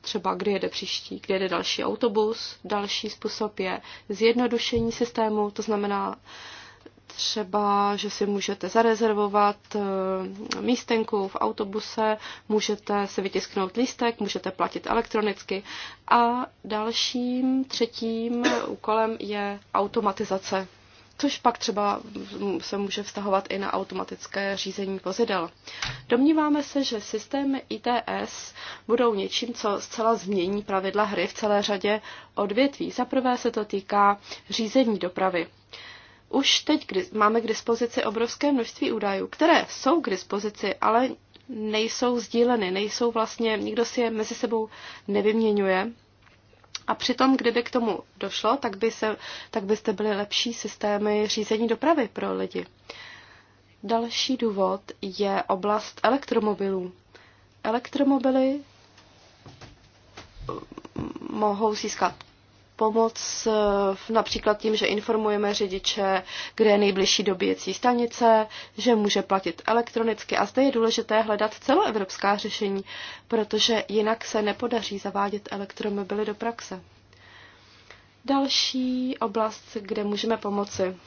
třeba kdy jede příští, kdy jede další autobus. Další způsob je zjednodušení systému, to znamená třeba, že si můžete zarezervovat eh, místenku v autobuse, můžete si vytisknout lístek, můžete platit elektronicky. A dalším třetím úkolem je automatizace, což pak třeba se může vztahovat i na automatické řízení vozidel. Domníváme se, že systémy ITS budou něčím, co zcela změní pravidla hry v celé řadě odvětví. Za prvé se to týká řízení dopravy. Už teď máme k dispozici obrovské množství údajů, které jsou k dispozici, ale nejsou sdíleny, nejsou vlastně, nikdo si je mezi sebou nevyměňuje. A přitom, kdyby k tomu došlo, tak, by se, tak byste byly lepší systémy řízení dopravy pro lidi. Další důvod je oblast elektromobilů. Elektromobily eh, mohou získat pomoc eh, například tím, že informujeme řidiče, kde je nejbližší dobíjecí stanice, že může platit elektronicky. A zde je důležité hledat celoevropská řešení, protože jinak se nepodaří zavádět elektromobily do praxe. Další oblast, kde můžeme pomoci.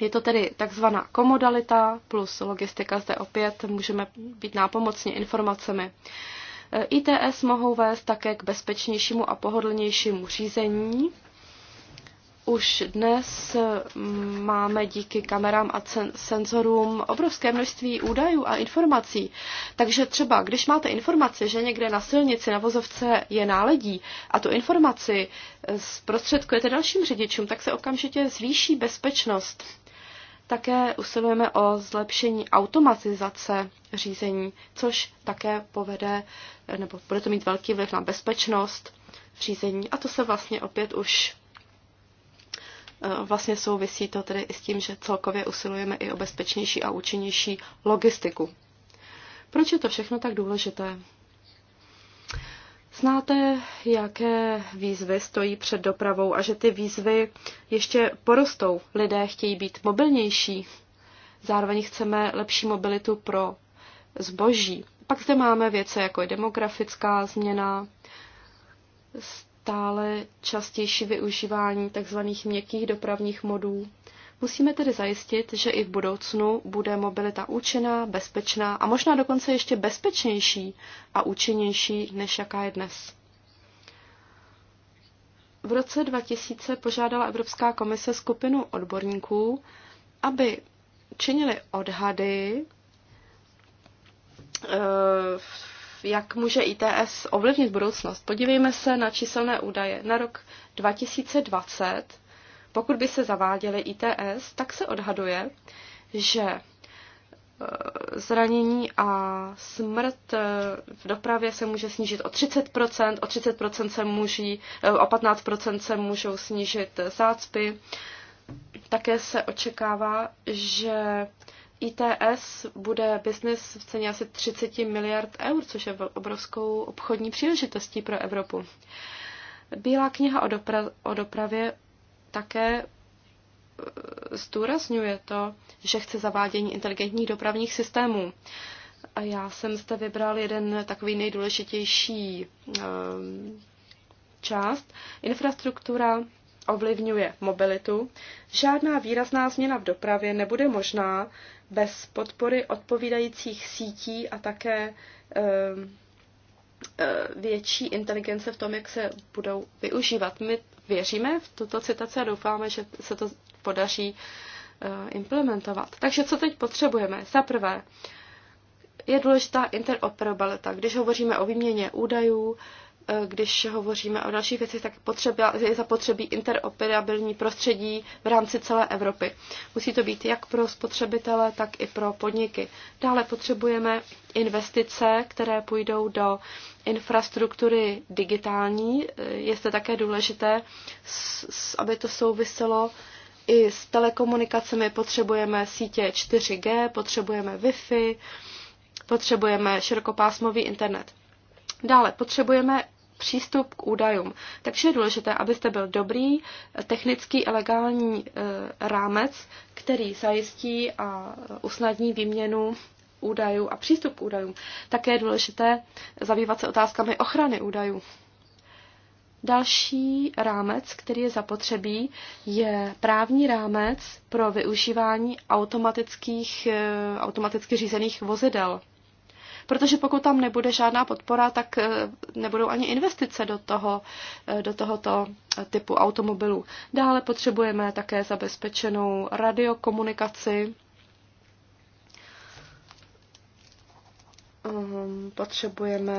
Je to tedy takzvaná komodalita plus logistika. Zde opět můžeme být nápomocně informacemi. Uh, ITS mohou vést také k bezpečnějšímu a pohodlnějšímu řízení. Už dnes mm, máme díky kamerám a senzorům obrovské množství údajů a informací. Takže třeba, když máte informaci, že někde na silnici na vozovce je náledí a tu informaci eh, zprostředkujete dalším řidičům, tak se okamžitě zvýší bezpečnost také usilujeme o zlepšení automatizace řízení, což také povede, nebo bude to mít velký vliv na bezpečnost řízení. A to se vlastně opět už eh, vlastně souvisí to tedy i s tím, že celkově usilujeme i o bezpečnější a účinnější logistiku. Proč je to všechno tak důležité? Znáte, jaké výzvy stojí před dopravou a že ty výzvy ještě porostou. Lidé chtějí být mobilnější, zároveň chceme lepší mobilitu pro zboží. Pak zde máme věce jako je demografická změna, stále častější využívání tzv. měkkých dopravních modů, Musíme tedy zajistit, že i v budoucnu bude mobilita účinná, bezpečná a možná dokonce ještě bezpečnější a účinnější, než jaká je dnes. V roce 2000 požádala Evropská komise skupinu odborníků, aby činili odhady, eh, jak může ITS ovlivnit budoucnost. Podívejme se na číselné údaje. Na rok 2020 pokud by se zaváděly ITS, tak se odhaduje, že e, zranění a smrt e, v dopravě se může snížit o 30%, o 30% se můží, e, o 15% se můžou snížit zácpy. Také se očekává, že ITS bude biznis v ceně asi 30 miliard eur, což je obrovskou obchodní příležitostí pro Evropu. Bílá kniha o, dopra- o dopravě také eh, zdůrazňuje to, že chce zavádění inteligentních dopravních systémů. A já jsem zde vybral jeden takový nejdůležitější eh, část. Infrastruktura ovlivňuje mobilitu. Žádná výrazná změna v dopravě nebude možná bez podpory odpovídajících sítí a také eh, větší inteligence v tom, jak se budou využívat. My věříme v tuto citaci a doufáme, že se to podaří eh, implementovat. Takže co teď potřebujeme? Za prvé, je důležitá interoperabilita. Když hovoříme o výměně údajů, Eh, když hovoříme o dalších věcech, tak je zapotřebí interoperabilní prostředí v rámci celé Evropy. Musí to být jak pro spotřebitele, tak i pro podniky. Dále potřebujeme investice, které půjdou do infrastruktury digitální. Eh, je to také důležité, aby to souviselo i s telekomunikacemi. Potřebujeme sítě 4G, potřebujeme Wi-Fi, potřebujeme širokopásmový internet. Dále potřebujeme přístup k údajům. Takže je důležité, abyste byl dobrý technický a legální eh, rámec, který zajistí a usnadní výměnu údajů a přístup k údajům. Také je důležité zabývat se otázkami ochrany údajů. Další rámec, který je zapotřebí, je právní rámec pro využívání automatických, eh, automaticky řízených vozidel protože pokud tam nebude žádná podpora, tak eh, nebudou ani investice do, toho, eh, do tohoto eh, typu automobilů. Dále potřebujeme také zabezpečenou radiokomunikaci, ehm, potřebujeme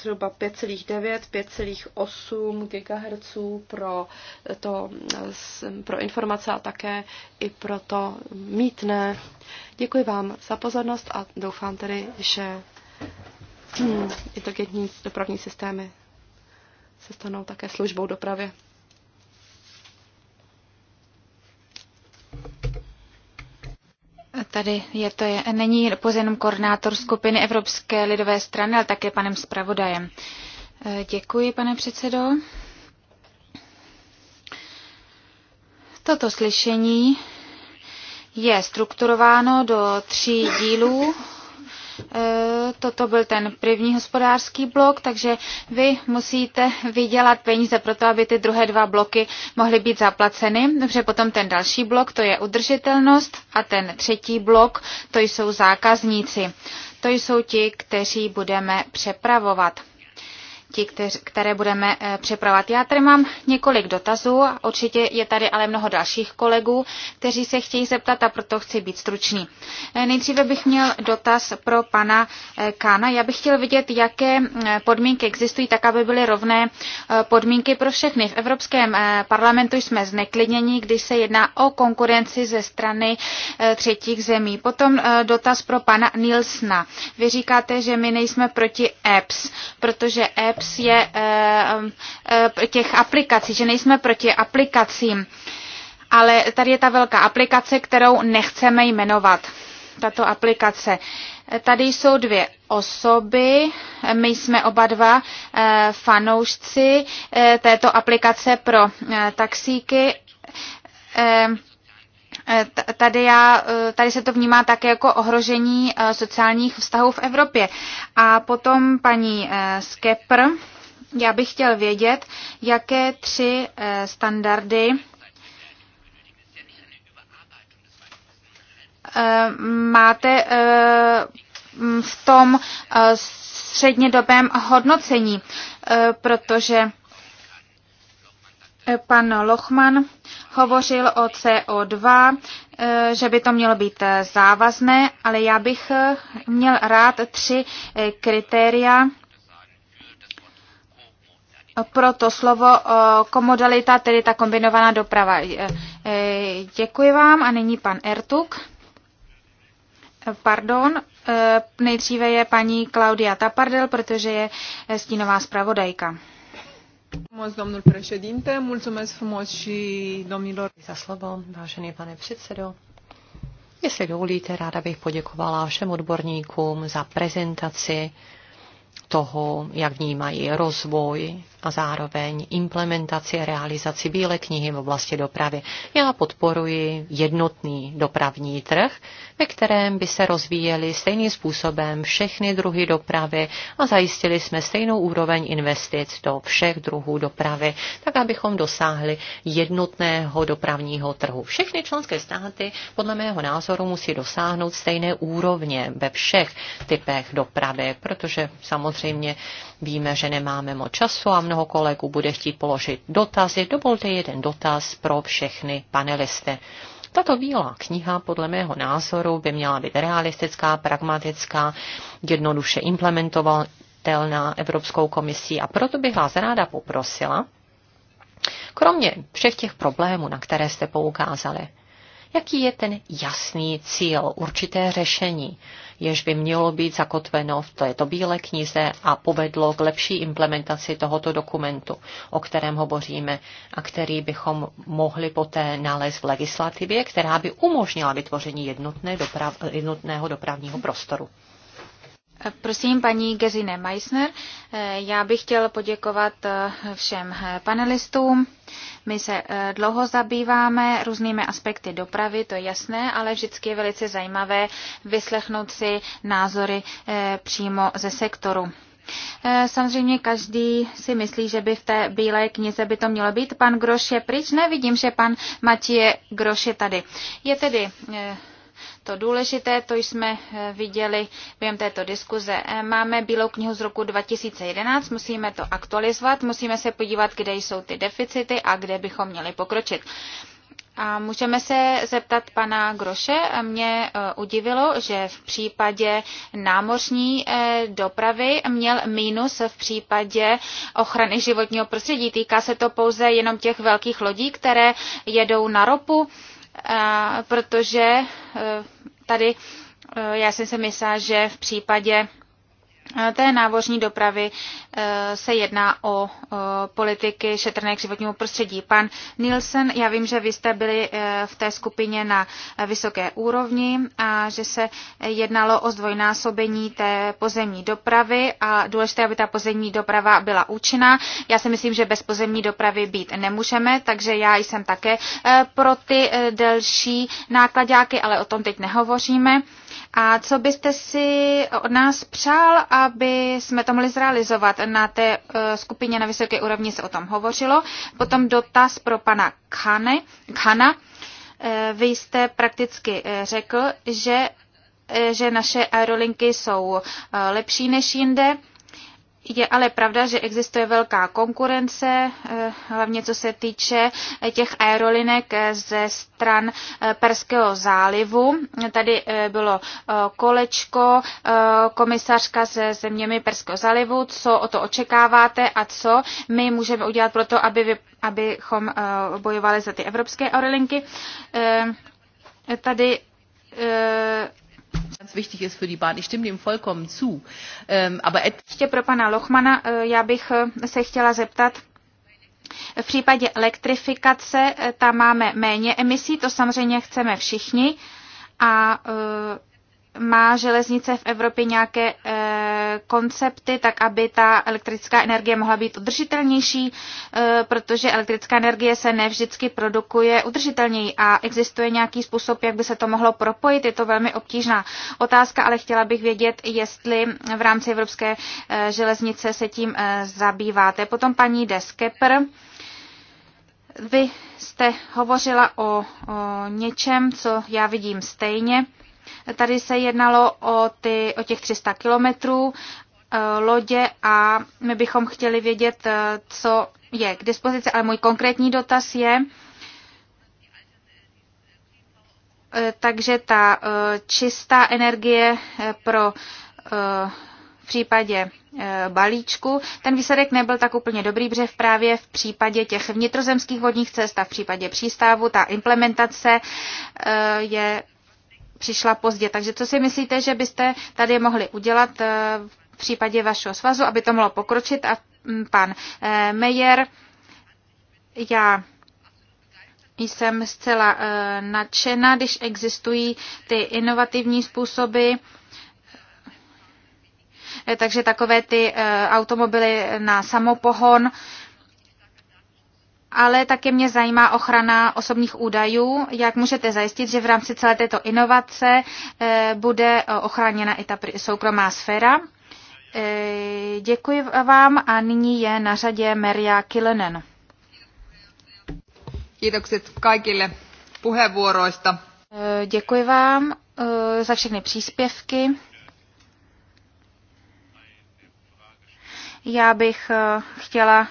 zhruba 5,9, 5,8 GHz pro, to, pro informace a také i pro to mítné. Děkuji vám za pozornost a doufám tedy, že Hmm, inteligentní dopravní systémy se stanou také službou dopravě. Tady je to je, není pouze jenom koordinátor skupiny Evropské lidové strany, ale také panem zpravodajem. Eh, děkuji, pane předsedo. Toto slyšení je strukturováno do tří dílů. Eh, toto byl ten první hospodářský blok, takže vy musíte vydělat peníze pro to, aby ty druhé dva bloky mohly být zaplaceny. Dobře, potom ten další blok, to je udržitelnost a ten třetí blok, to jsou zákazníci. To jsou ti, kteří budeme přepravovat ti, které budeme eh, připravovat. Já tady mám několik dotazů, určitě je tady ale mnoho dalších kolegů, kteří se chtějí zeptat a proto chci být stručný. Eh, nejdříve bych měl dotaz pro pana eh, Kána. Já bych chtěl vidět, jaké podmínky existují, tak aby byly rovné podmínky pro všechny. V Evropském parlamentu jsme zneklidnění, když se jedná o konkurenci ze strany třetích zemí. Potom dotaz pro pana Nilsna. Vy říkáte, že my nejsme proti EPS, protože EPS apps je eh, eh, těch aplikací, že nejsme proti aplikacím, ale tady je ta velká aplikace, kterou nechceme jmenovat. Tato aplikace. Tady jsou dvě osoby, my jsme oba dva eh, fanoušci této aplikace pro taxíky Eh, tady, já, eh, tady se to vnímá také jako ohrožení eh, sociálních vztahů v Evropě. A potom paní Skepr, já bych chtěl vědět, jaké tři standardy máte v tom střednědobém hodnocení, protože Pan Lochman hovořil o CO2, eh, že by to mělo být eh, závazné, ale já bych eh, měl rád tři kritéria pro to slovo komodalita, tedy ta kombinovaná doprava. Děkuji vám a nyní pan Ertuk. Pardon, nejdříve je paní Klaudia Tapardel, protože je stínová zpravodajka. Moc, domnul președinte, mulțumesc frumos și domnilor. Za slovo, vážený pane předsedo. Jestli dovolíte, ráda bych poděkovala všem odborníkům za prezentaci toho, jak vnímají rozvoj a zároveň implementaci a realizaci Bílé knihy v oblasti dopravy. Já podporuji jednotný dopravní trh, ve kterém by se rozvíjely stejným způsobem všechny druhy dopravy a zajistili jsme stejnou úroveň investic do všech druhů dopravy, tak abychom dosáhli jednotného dopravního trhu. Všechny členské státy podle mého názoru musí dosáhnout stejné úrovně ve všech typech dopravy, protože samozřejmě víme, že nemáme moc času a mnoho mnoho kolegů bude chtít položit dotazy. Dovolte jeden dotaz pro všechny panelisty. Tato bílá kniha podle mého názoru by měla být realistická, pragmatická, jednoduše implementovatelná Evropskou komisí a proto bych vás ráda poprosila, kromě všech těch problémů, na které jste poukázali, jaký je ten jasný cíl, určité řešení, jež by mělo být zakotveno v této bílé knize a povedlo k lepší implementaci tohoto dokumentu, o kterém hovoříme a který bychom mohli poté nalézt v legislativě, která by umožnila vytvoření jednotné doprav, jednotného dopravního prostoru. Prosím, paní Gezine Meissner, já bych chtěl poděkovat eh, všem eh, panelistům. My se eh, dlouho zabýváme různými aspekty dopravy, to je jasné, ale vždycky je velice zajímavé vyslechnout si názory přímo ze sektoru. Samozřejmě každý si myslí, že by v té bílé knize by to mělo být. Pan Groš je pryč, nevidím, že pan Matěje Groš je tady. Je tedy to důležité, to jsme eh, viděli během této diskuze. Eh, máme Bílou knihu z roku 2011, musíme to aktualizovat, musíme se podívat, kde jsou ty deficity a kde bychom měli pokročit. A můžeme se zeptat pana Groše. Mě eh, udivilo, že v případě námořní dopravy měl mínus v případě ochrany životního prostředí. Týká se to pouze jenom těch velkých lodí, které jedou na ropu protože eh, tady eh, já jsem se myslela, že v případě Eh, té návořní dopravy eh, se jedná o eh, politiky šetrné k životnímu prostředí. Pan Nielsen, já vím, že vy jste byli v té skupině na vysoké úrovni a že se jednalo o zdvojnásobení té pozemní dopravy a důležité, aby ta pozemní doprava byla účinná. Já si myslím, že bez pozemní dopravy být nemůžeme, takže já jsem také pro ty delší nákladáky, ale o tom teď nehovoříme. A co byste si od nás přál, aby jsme to mohli zrealizovat? Na té eh, skupině na vysoké úrovni se o tom hovořilo. Potom dotaz pro pana Khane, Khana. Eh, vy jste prakticky eh, řekl, že, že naše aerolinky jsou lepší než jinde je ale pravda, že existuje velká konkurence, eh, hlavně co se týče eh, těch aerolinek eh, ze stran Perského zálivu. Tady bylo kolečko, komisařka se zeměmi Perského zálivu, co o to očekáváte a co my můžeme udělat pro to, aby, abychom bojovali za ty evropské aerolinky. Tady ještě pro pana Lochmana, eh, já bych eh, se chtěla zeptat, v případě elektrifikace eh, tam máme méně emisí, to samozřejmě chceme všichni a má železnice v Evropě nějaké e, koncepty, tak aby ta elektrická energie mohla být udržitelnější, e, protože elektrická energie se nevždycky produkuje udržitelněji a existuje nějaký způsob, jak by se to mohlo propojit. Je to velmi obtížná otázka, ale chtěla bych vědět, jestli v rámci Evropské e, železnice se tím e, zabýváte. Potom paní Deskepr. Vy jste hovořila o, o něčem, co já vidím stejně Tady se jednalo o, ty, o těch 300 kilometrů eh, lodě a my bychom chtěli vědět, eh, co je k dispozici, ale můj konkrétní dotaz je, eh, takže ta čistá energie pro v případě balíčku. Ten výsledek nebyl tak úplně dobrý, protože právě v případě těch vnitrozemských vodních cest a v případě přístavu ta implementace je přišla pozdě. Takže co si myslíte, že byste tady mohli udělat eh, v případě vašeho svazu, aby to mohlo pokročit? A mm, pan eh, Meyer, já jsem zcela eh, nadšena, když existují ty inovativní způsoby, takže takové ty automobily na samopohon, ale také mě zajímá ochrana osobních údajů. Jak můžete zajistit, že v rámci celé této inovace eh, bude eh, ochráněna i ta soukromá sféra? Eh, děkuji vám a nyní je na řadě Merja Kilenen. Děkuji vám za všechny příspěvky. Já bych chtěla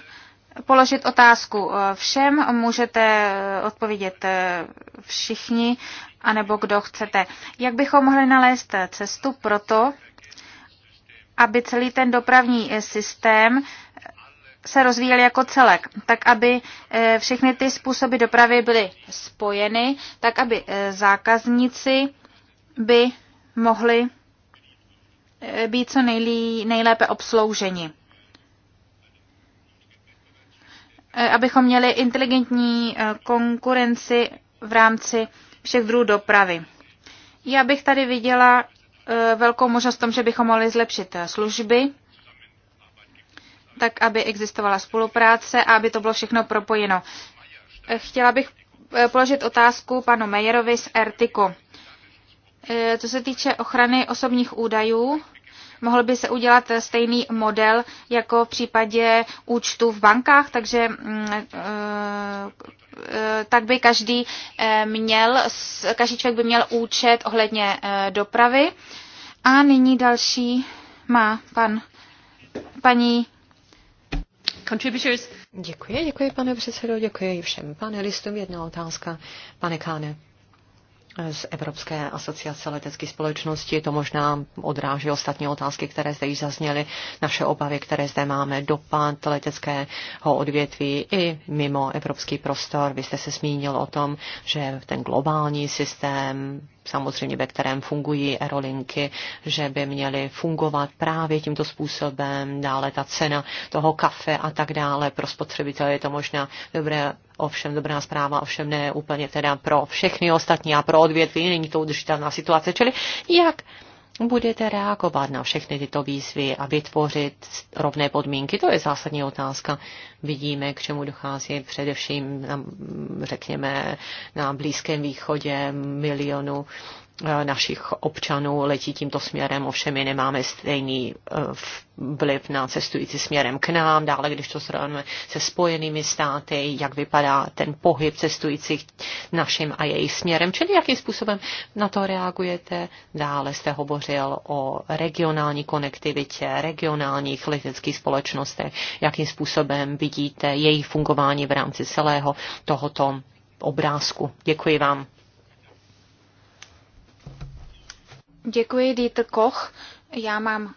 položit otázku eh, všem, můžete eh, odpovědět eh, všichni, anebo kdo chcete. Jak bychom mohli nalézt cestu pro to, aby celý ten dopravní systém se rozvíjel jako celek, tak aby všechny ty způsoby dopravy byly spojeny, tak aby zákazníci by mohli být co nejlí, nejlépe obslouženi. Eh, abychom měli inteligentní eh, konkurenci v rámci všech druhů dopravy. Já bych tady viděla eh, velkou možnost v tom, že bychom mohli zlepšit služby, tak aby existovala spolupráce a aby to bylo všechno propojeno. Chtěla bych položit otázku panu Mejerovi z Ertiku. Co se týče ochrany osobních údajů, mohl by se udělat stejný model jako v případě účtu v bankách, takže mm, eh, eh, tak by každý eh, měl, každý člověk by měl účet ohledně dopravy. A nyní další má pan, paní Děkuji, děkuji pane předsedo, děkuji všem panelistům. Jedna otázka, pane Káne z Evropské asociace letecké společnosti To možná odráží ostatní otázky, které zde již zazněly, naše obavy, které zde máme, dopad leteckého odvětví i mimo evropský prostor. Vy jste se zmínil o tom, že ten globální systém samozřejmě ve kterém fungují aerolinky, že by měly fungovat právě tímto způsobem, dále ta cena toho kafe a tak dále. Pro spotřebitele je to možná dobré, ovšem dobrá zpráva, ovšem ne úplně teda pro všechny ostatní a pro odvětví, není to udržitelná situace. Čili jak budete reagovat na všechny tyto výzvy a vytvořit rovné podmínky? To je zásadní otázka. Vidíme, k čemu dochází především, na, řekněme, na Blízkém východě milionu Eh, našich občanů letí tímto směrem, ovšem my nemáme stejný eh, vliv na cestující směrem k nám. Dále, když to srovnáme se spojenými státy, jak vypadá ten pohyb cestujících našim a jejich směrem, čili jakým způsobem na to reagujete. Dále jste hovořil o regionální konektivitě, regionálních leteckých společnostech, jakým způsobem vidíte jejich fungování v rámci celého tohoto obrázku. Děkuji vám. Děkuji, Dieter Koch. Já mám e,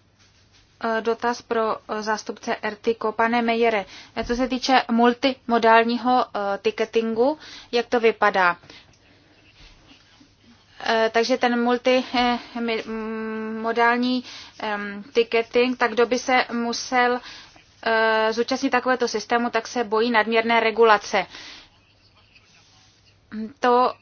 dotaz pro e, zástupce RTIKO. Pane Mejere, e, co se týče multimodálního ticketingu, jak to vypadá? takže ten multimodální ticketing, tak kdo by se musel zúčastnit takovéto systému, tak se bojí nadměrné regulace to,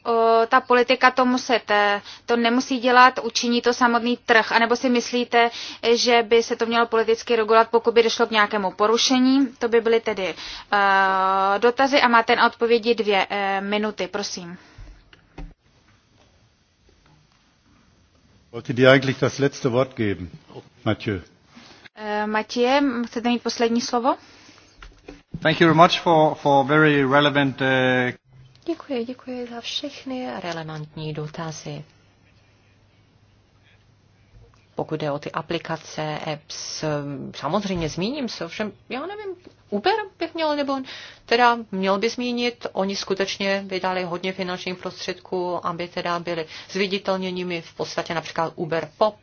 ta politika to muset, eh, to nemusí dělat, učiní to samotný trh. A nebo si myslíte, že by se to mělo politicky regulovat, pokud by došlo k nějakému porušení? To by byly tedy eh, dotazy a máte na odpovědi dvě eh, minuty, prosím. Wollte dir eigentlich das letzte Wort geben, Mathieu. Matěje, chcete mít poslední slovo? Thank you very much for, for very relevant uh... Děkuji, děkuji za všechny relevantní dotazy. Pokud jde o ty aplikace, apps, samozřejmě zmíním se, ovšem já nevím, Uber bych měl, nebo teda měl by zmínit, oni skutečně vydali hodně finančních prostředků, aby teda byli zviditelněními v podstatě například Uber Pop,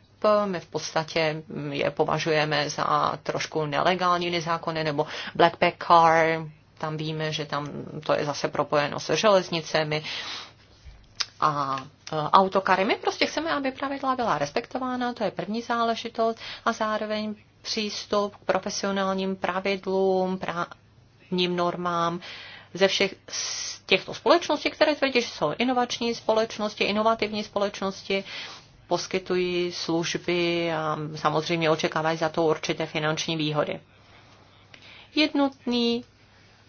my v podstatě je považujeme za trošku nelegální, nezákonné, nebo Blackpack Car, tam víme, že tam to je zase propojeno se železnicemi a e, autokary. My prostě chceme, aby pravidla byla respektována, to je první záležitost a zároveň přístup k profesionálním pravidlům, právním normám ze všech z těchto společností, které tvrdí, že jsou inovační společnosti, inovativní společnosti, poskytují služby a samozřejmě očekávají za to určité finanční výhody. Jednotný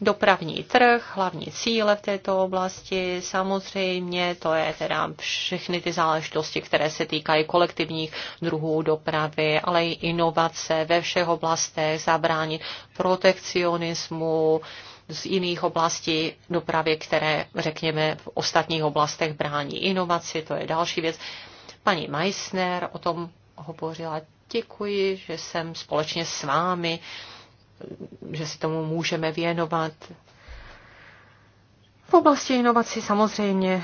dopravní trh, hlavní cíle v této oblasti, samozřejmě to je teda všechny ty záležitosti, které se týkají kolektivních druhů dopravy, ale i inovace ve všech oblastech, zabránit protekcionismu, z jiných oblastí dopravy, které, řekněme, v ostatních oblastech brání inovaci, to je další věc. Paní Meissner o tom hovořila. Děkuji, že jsem společně s vámi uh, že si tomu můžeme věnovat. V oblasti inovací samozřejmě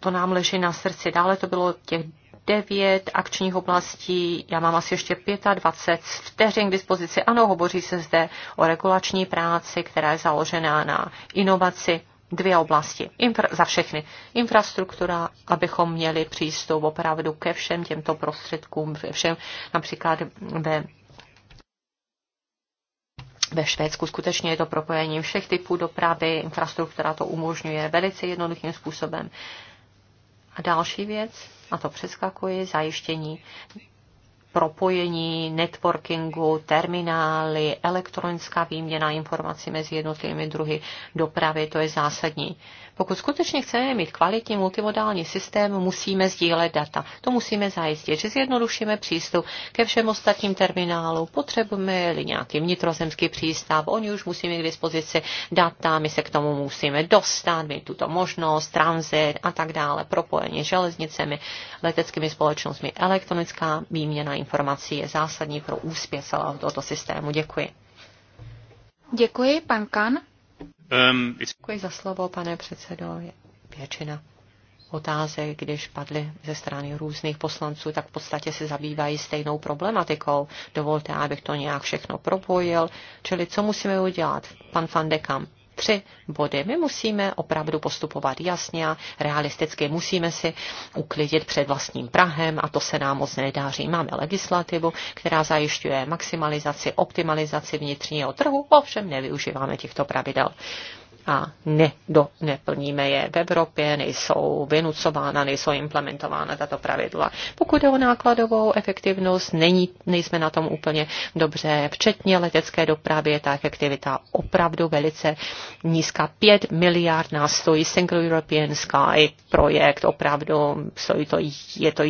to nám leží na srdci. Dále to bylo těch devět akčních oblastí, já mám asi ještě 25 vteřin k dispozici. Ano, hovoří se zde o regulační práci, která je založená na inovaci. Dvě oblasti Infra, za všechny. Infrastruktura, abychom měli přístup opravdu ke všem těmto prostředkům, všem například ve ve Švédsku skutečně je to propojením všech typů dopravy, infrastruktura to umožňuje velice jednoduchým způsobem. A další věc, a to přeskakuji, zajištění propojení, networkingu, terminály, elektronická výměna informací mezi jednotlivými druhy dopravy, to je zásadní. Pokud skutečně chceme mít kvalitní multimodální systém, musíme sdílet data. To musíme zajistit, že zjednodušíme přístup ke všem ostatním terminálům. Potřebujeme-li nějaký vnitrozemský přístav, oni už musí mít k dispozici data, my se k tomu musíme dostat, mít tuto možnost, tranzit a tak dále, propojení železnicemi, leteckými společnostmi, elektronická výměna informací informací je zásadní pro úspěch celého tohoto systému. Děkuji. Děkuji, pan Kan. Um, Děkuji za slovo, pane předsedo. Většina otázek, když padly ze strany různých poslanců, tak v podstatě se zabývají stejnou problematikou. Dovolte, abych to nějak všechno propojil. Čili co musíme udělat? Pan van tři body. My musíme opravdu postupovat jasně a realisticky. Musíme si uklidit před vlastním Prahem a to se nám moc nedáří. Máme legislativu, která zajišťuje maximalizaci, optimalizaci vnitřního trhu, ovšem nevyužíváme těchto pravidel a ne, do, neplníme je. V Evropě nejsou vynucována, nejsou implementována tato pravidla. Pokud je o nákladovou efektivnost, není, nejsme na tom úplně dobře. Včetně letecké dopravy je ta efektivita opravdu velice nízká. 5 miliard nás stojí Single European Sky projekt, opravdu stojí to, je to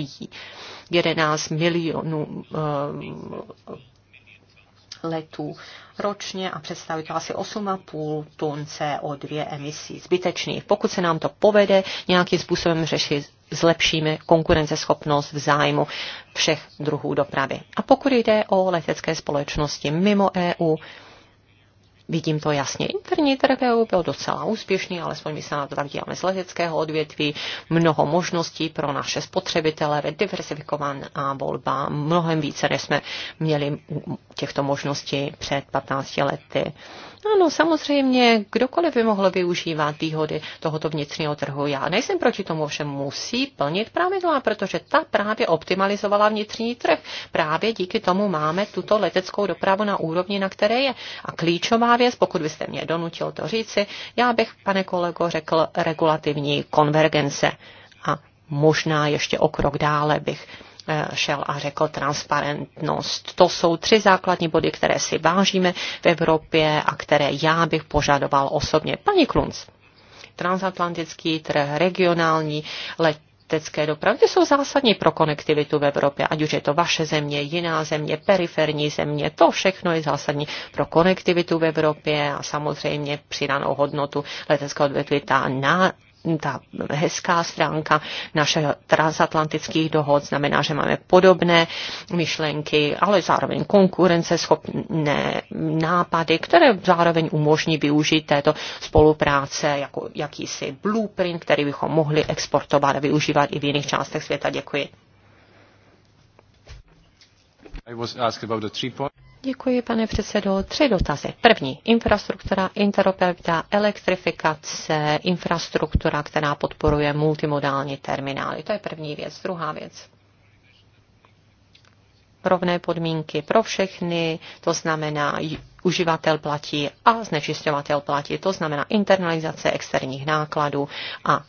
11 milionů uh, letů ročně a představuje to asi 8,5 tun CO2 emisí zbytečných. Pokud se nám to povede nějakým způsobem řešit, zlepšíme konkurenceschopnost v zájmu všech druhů dopravy. A pokud jde o letecké společnosti mimo EU, Vidím to jasně. Interní trh EU byl docela úspěšný, alespoň my se na to tak díváme z leteckého odvětví. Mnoho možností pro naše spotřebitele ve diversifikovaná volba, mnohem více, než jsme měli těchto možností před 15 lety. Ano, samozřejmě, kdokoliv by mohl využívat výhody tohoto vnitřního trhu. Já nejsem proti tomu, že musí plnit pravidla, protože ta právě optimalizovala vnitřní trh. Právě díky tomu máme tuto leteckou dopravu na úrovni, na které je. A klíčová věc, pokud byste mě donutil to říci, já bych, pane kolego, řekl regulativní konvergence. A možná ještě o krok dále bych eh, šel a řekl transparentnost. To jsou tři základní body, které si vážíme v Evropě a které já bych požadoval osobně. Paní Klunc, transatlantický trh, regionální let, letecké dopravy, ty jsou zásadní pro konektivitu v Evropě, ať už je to vaše země, jiná země, periferní země, to všechno je zásadní pro konektivitu v Evropě a samozřejmě přidanou hodnotu leteckého odvětví ta na ta hezká stránka našeho transatlantických dohod znamená, že máme podobné myšlenky, ale zároveň konkurenceschopné nápady, které zároveň umožní využít této spolupráce jako jakýsi blueprint, který bychom mohli exportovat a využívat i v jiných částech světa. Děkuji. Děkuji, pane předsedo. Tři dotazy. První, infrastruktura, interoperabilita, elektrifikace, infrastruktura, která podporuje multimodální terminály. To je první věc. Druhá věc. Rovné podmínky pro všechny, to znamená uživatel platí a znečišťovatel platí, to znamená internalizace externích nákladů a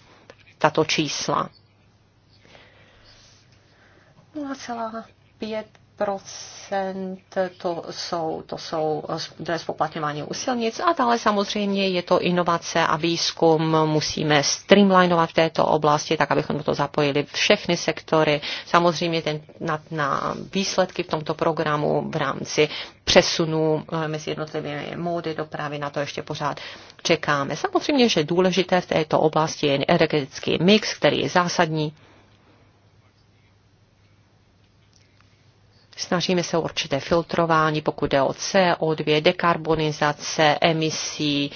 tato čísla. 0,5 to jsou, to jsou zpoplatňování u silnic a dále samozřejmě je to inovace a výzkum. Musíme streamlinovat v této oblasti, tak abychom to zapojili všechny sektory. Samozřejmě ten, na, na výsledky v tomto programu v rámci přesunu eh, mezi jednotlivými módy dopravy, na to ještě pořád čekáme. Samozřejmě, že důležité v této oblasti je energetický mix, který je zásadní Snažíme se určité filtrování, pokud jde o CO2, dekarbonizace, emisí,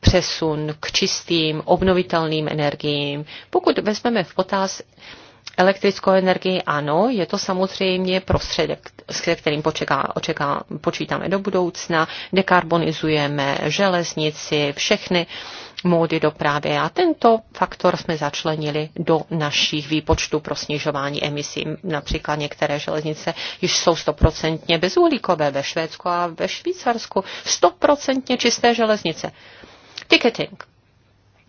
přesun k čistým, obnovitelným energiím. Pokud vezmeme v potaz elektrickou energii, ano, je to samozřejmě prostředek, s kterým počeká, očeká, počítáme do budoucna, dekarbonizujeme železnici, všechny módy dopravy a tento faktor jsme začlenili do našich výpočtů pro snižování emisí. Například některé železnice již jsou stoprocentně bezuhlíkové ve Švédsku a ve Švýcarsku. Stoprocentně čisté železnice. Ticketing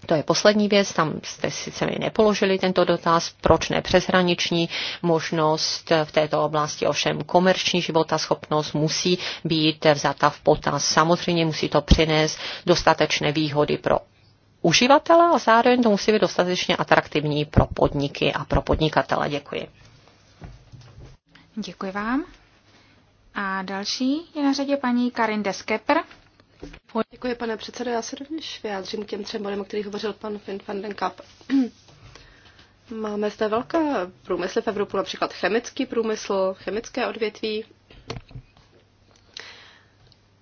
to je poslední věc, tam jste sice mi nepoložili tento dotaz, proč ne přeshraniční možnost v této oblasti, ovšem komerční života schopnost musí být vzata v potaz. Samozřejmě musí to přinést dostatečné výhody pro uživatele a zároveň to musí být dostatečně atraktivní pro podniky a pro podnikatele. Děkuji. Děkuji vám. A další je na řadě paní Karin Deskeper. Děkuji, pane předsedo. Já se rovněž vyjádřím k těm třem bodem, o kterých hovořil pan Finn van den Kapp. Máme zde velké průmysly v Evropu, například chemický průmysl, chemické odvětví.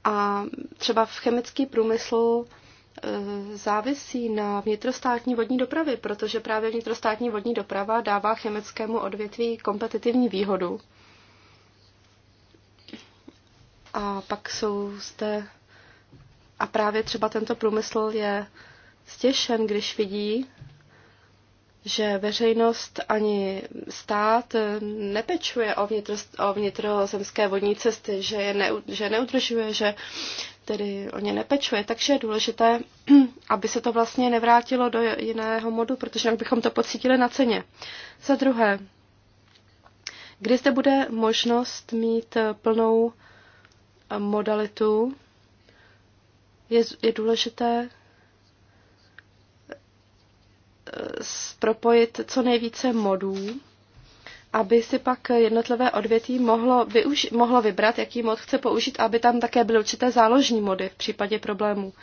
A třeba v chemický průmysl e, závisí na vnitrostátní vodní dopravy, protože právě vnitrostátní vodní doprava dává chemickému odvětví kompetitivní výhodu. A pak jsou zde a právě třeba tento průmysl je stěšen, když vidí, že veřejnost ani stát nepečuje o, vnitř, o vnitrozemské vodní cesty, že je, ne, že neudržuje, že tedy o ně nepečuje. Takže je důležité, aby se to vlastně nevrátilo do jiného modu, protože jak bychom to pocítili na ceně. Za druhé, kdy zde bude možnost mít plnou modalitu je, je důležité eh, propojit co nejvíce modů, aby si pak jednotlivé odvětví mohlo, mohlo vybrat, jaký mod chce použít, aby tam také byly určité záložní mody v případě problémů.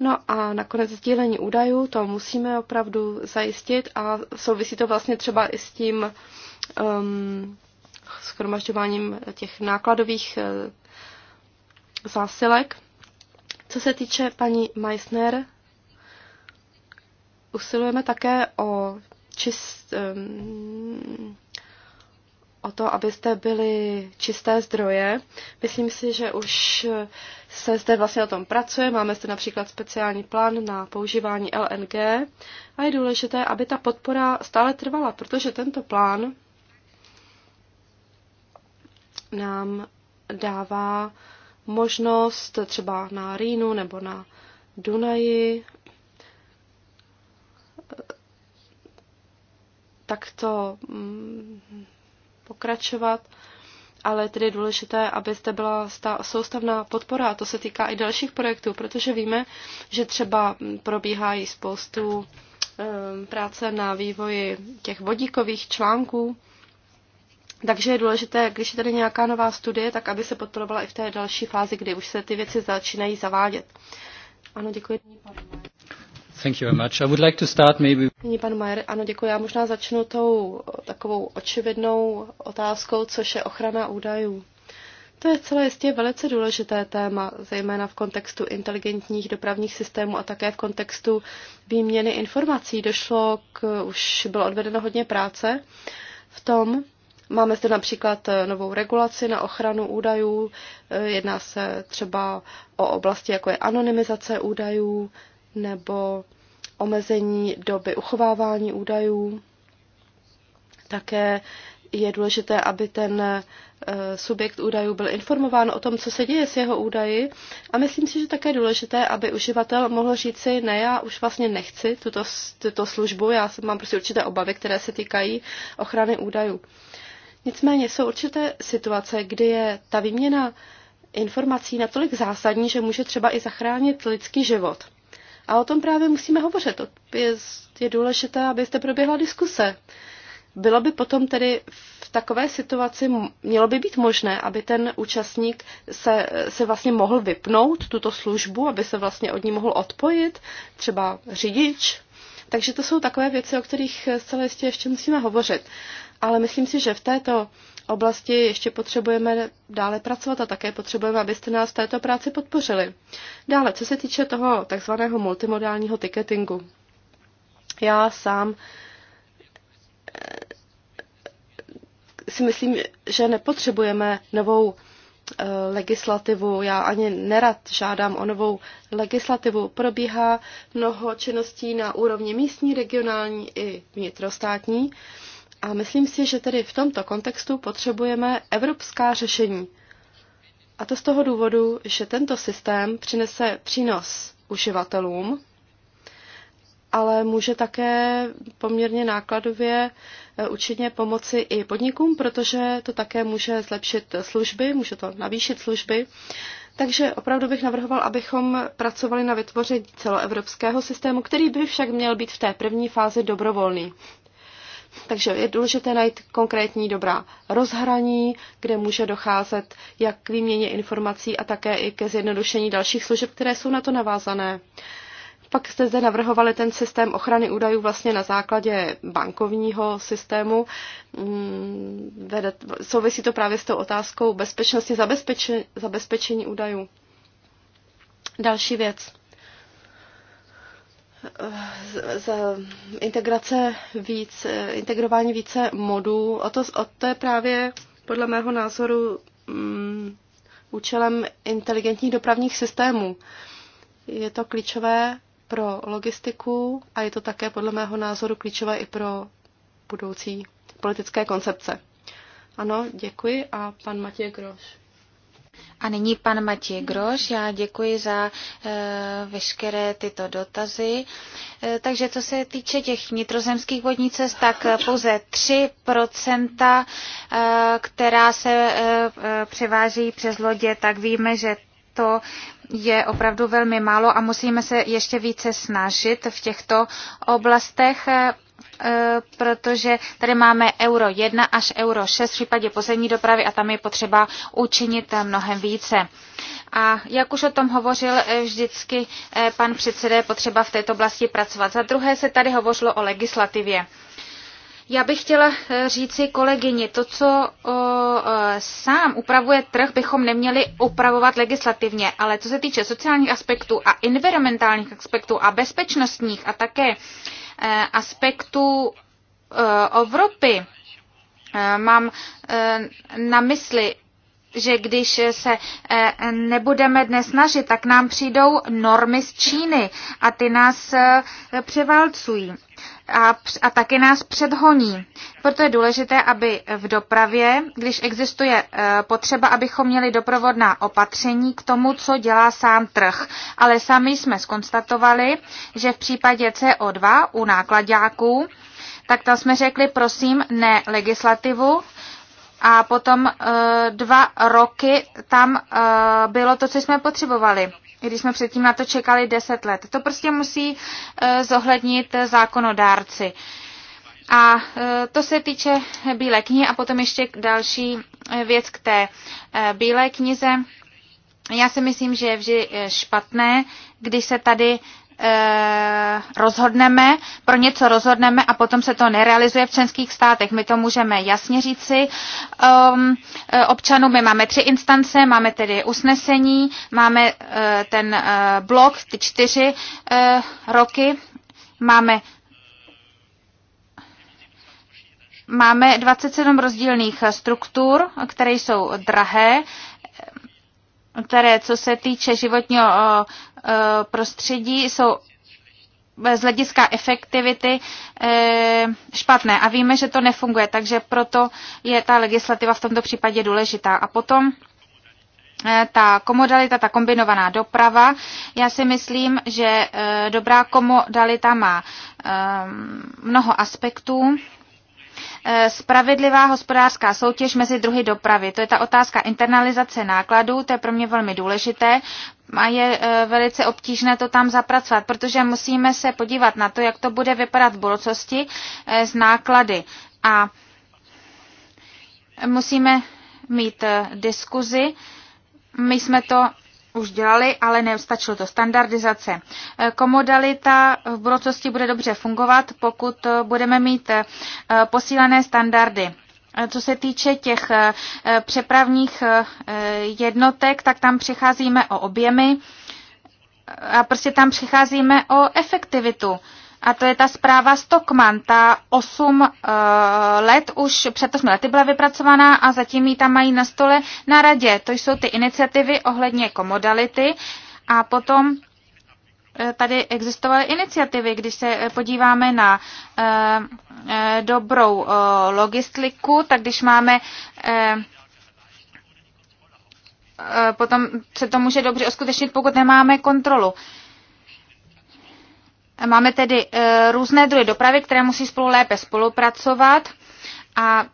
No a nakonec sdílení údajů, to musíme opravdu zajistit a souvisí to vlastně třeba i s tím um, schromažďováním těch nákladových uh, zásilek. Co se týče paní Meissner, usilujeme také o čist, um, o to, abyste byli čisté zdroje. Myslím si, že už se zde vlastně o tom pracuje. Máme zde například speciální plán na používání LNG a je důležité, aby ta podpora stále trvala, protože tento plán nám dává možnost třeba na Rýnu nebo na Dunaji takto mm, pokračovat, ale tedy je důležité, aby zde byla soustavná podpora a to se týká i dalších projektů, protože víme, že třeba probíhá i spoustu eh, práce na vývoji těch vodíkových článků, takže je důležité, když je tady nějaká nová studie, tak aby se podporovala i v té další fázi, kdy už se ty věci začínají zavádět. Ano, děkuji. Thank you very much. I would like to start maybe... Nyní pan Majer, ano, děkuji. Já možná začnu tou takovou očividnou otázkou, což je ochrana údajů. To je celé jistě velice důležité téma, zejména v kontextu inteligentních dopravních systémů a také v kontextu výměny informací. Došlo k, už bylo odvedeno hodně práce v tom, Máme zde například eh, novou regulaci na ochranu údajů, eh, jedná se třeba o oblasti, jako je anonymizace údajů nebo omezení doby uchovávání údajů. Také je důležité, aby ten eh, subjekt údajů byl informován o tom, co se děje s jeho údaji. A myslím si, že také je důležité, aby uživatel mohl říci, ne, já už vlastně nechci tuto, tuto službu, já mám prostě určité obavy, které se týkají ochrany údajů. Nicméně jsou určité situace, kdy je ta výměna informací natolik zásadní, že může třeba i zachránit lidský život. A o tom právě musíme hovořit. Je, je důležité, aby zde proběhla diskuse. Bylo by potom tedy v takové situaci, mělo by být možné, aby ten účastník se, se vlastně mohl vypnout tuto službu, aby se vlastně od ní mohl odpojit, třeba řidič. Takže to jsou takové věci, o kterých zcela jistě ještě musíme hovořit ale myslím si, že v této oblasti ještě potřebujeme dále pracovat a také potřebujeme, abyste nás v této práci podpořili. Dále, co se týče toho takzvaného multimodálního ticketingu. Já sám eh, si myslím, že nepotřebujeme novou eh, legislativu. Já ani nerad žádám o novou legislativu. Probíhá mnoho činností na úrovni místní, regionální i vnitrostátní. A myslím si, že tedy v tomto kontextu potřebujeme evropská řešení. A to z toho důvodu, že tento systém přinese přínos uživatelům, ale může také poměrně nákladově určitě e, pomoci i podnikům, protože to také může zlepšit služby, může to navýšit služby. Takže opravdu bych navrhoval, abychom pracovali na vytvoření celoevropského systému, který by však měl být v té první fázi dobrovolný. Takže je důležité najít konkrétní dobrá rozhraní, kde může docházet jak k výměně informací a také i ke zjednodušení dalších služeb, které jsou na to navázané. Pak jste zde navrhovali ten systém ochrany údajů vlastně na základě bankovního systému. Mm, souvisí to právě s tou otázkou bezpečnosti zabezpečení údajů. Další věc z integrace víc, integrování více modů. O to, o to je právě podle mého názoru um, účelem inteligentních dopravních systémů. Je to klíčové pro logistiku a je to také podle mého názoru klíčové i pro budoucí politické koncepce. Ano, děkuji a pan Matěj Groš. A nyní pan Matěj Groš, já děkuji za e, veškeré tyto dotazy. E, takže co se týče těch nitrozemských vodních cest, tak pouze 3%, e, eh, která se e, převáží přes lodě, tak víme, že to je opravdu velmi málo a musíme se ještě více snažit v těchto oblastech. Eh, protože tady máme euro 1 až euro 6 v případě pozemní dopravy a tam je potřeba učinit eh, mnohem více. A jak už o tom hovořil eh, vždycky pan předseda, je potřeba v této oblasti pracovat. Za druhé se tady hovořilo o legislativě. Já bych chtěla říci kolegyni, to, co o, sám upravuje trh, bychom neměli upravovat legislativně, ale co se týče sociálních aspektů a environmentálních aspektů a bezpečnostních a také Eh, aspektu eh, Evropy. Eh, mám na mysli že když se nebudeme dnes snažit, tak nám přijdou normy z Číny a ty nás převálcují a, a taky nás předhoní. Proto je důležité, aby v dopravě, když existuje eh, potřeba, abychom měli doprovodná opatření k tomu, co dělá sám trh. Ale sami jsme skonstatovali, že v případě CO2 u nákladňáků, tak tam jsme řekli, prosím, ne legislativu, a potom eh, dva roky tam eh, bylo to, co jsme potřebovali i když jsme předtím na to čekali 10 let. To prostě musí e, zohlednit zákonodárci. A e, to se týče Bílé knihy a potom ještě další e, věc k té Bílé knize. Já si myslím, že je vždy špatné, když se tady Eh, rozhodneme, pro něco rozhodneme a potom se to nerealizuje v členských státech. My to můžeme jasně říci um, občanům. My máme tři instance, máme tedy usnesení, máme uh, ten uh, blok, ty čtyři uh, roky, máme Máme 27 rozdílných struktur, které jsou drahé které, co se týče životního prostředí, jsou z hlediska efektivity e, špatné. A víme, že to nefunguje, takže proto je ta legislativa v tomto případě důležitá. A potom e, ta komodalita, ta kombinovaná doprava. Já si myslím, že e, dobrá komodalita má mnoho aspektů Eh, spravedlivá hospodářská soutěž mezi druhy dopravy. To je ta otázka internalizace nákladů, to je pro mě velmi důležité a je eh, velice obtížné to tam zapracovat, protože musíme se podívat na to, jak to bude vypadat v budoucnosti z eh, náklady. A musíme mít diskuzi. My jsme to už dělali, ale nestačilo to. Standardizace. Eh, komodalita v budoucnosti bude dobře fungovat, pokud eh, budeme mít eh, posílené standardy. Co se týče těch přepravních jednotek, tak tam přicházíme o objemy a prostě tam přicházíme o efektivitu a to je ta zpráva Stockman. Ta 8 uh, eh, let už před 8 lety byla vypracovaná a zatím ji tam mají na stole na radě. To jsou ty iniciativy ohledně komodality a potom eh, tady existovaly iniciativy, když se eh, podíváme na dobrou logistiku, tak když máme potom se to může dobře uskutečnit, pokud nemáme kontrolu. Máme tedy e, různé druhy dopravy, které musí spolu lépe spolupracovat a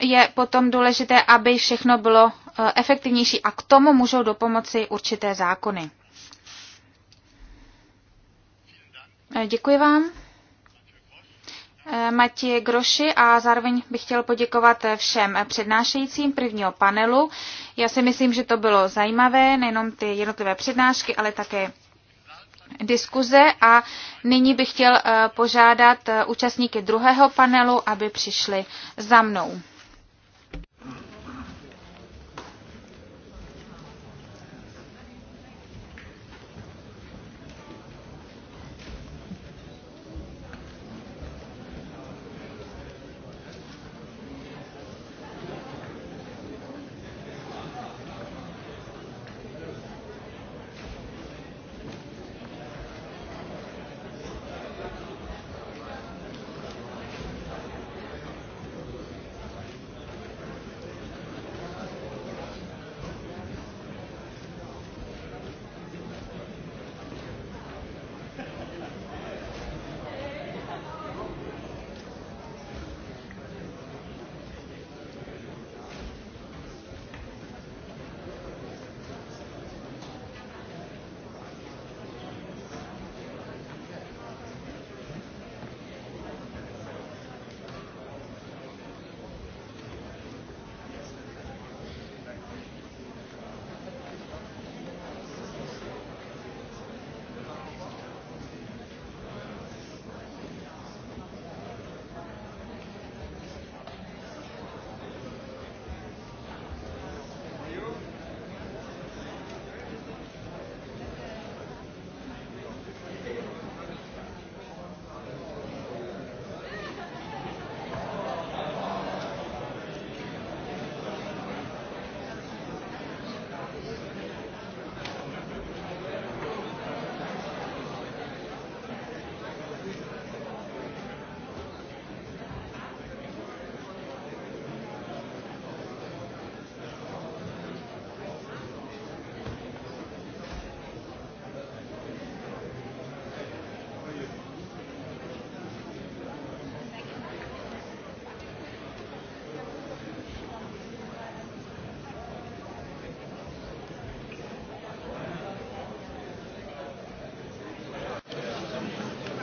je potom důležité, aby všechno bylo e, efektivnější a k tomu můžou dopomoci určité zákony. E, děkuji vám. Matěj Groši a zároveň bych chtěl poděkovat všem přednášejícím prvního panelu. Já si myslím, že to bylo zajímavé, nejenom ty jednotlivé přednášky, ale také diskuze a nyní bych chtěl eh, požádat eh, účastníky druhého panelu, aby přišli za mnou.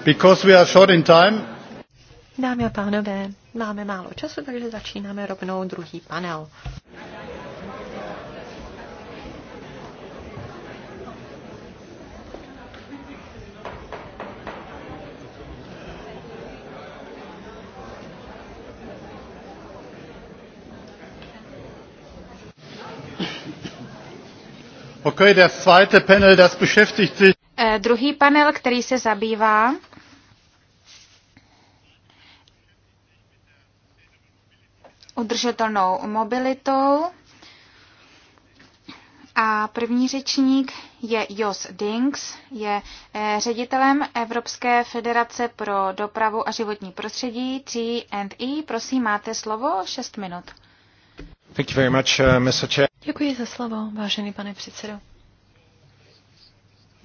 Because we are short in time. Dámy a pánové, máme málo času, takže začínáme rovnou druhý panel. Okay, das zweite Panel, das beschäftigt sich. Eh, druhý panel, který se zabývá udržitelnou mobilitou. A první řečník je Jos Dings, je eh, ředitelem Evropské federace pro dopravu a životní prostředí T&E. Prosím, máte slovo, 6 minut. Thank you very much, uh, eh, Mr. Děkuji za slovo, vážený pane předsedo.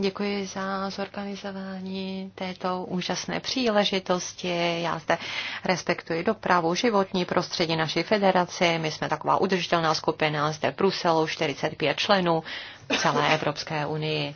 Děkuji za zorganizování této úžasné příležitosti. Já zde respektuji dopravu, životní prostředí naší federace. My jsme taková udržitelná skupina zde v Bruselu, 45 členů celé Evropské unii.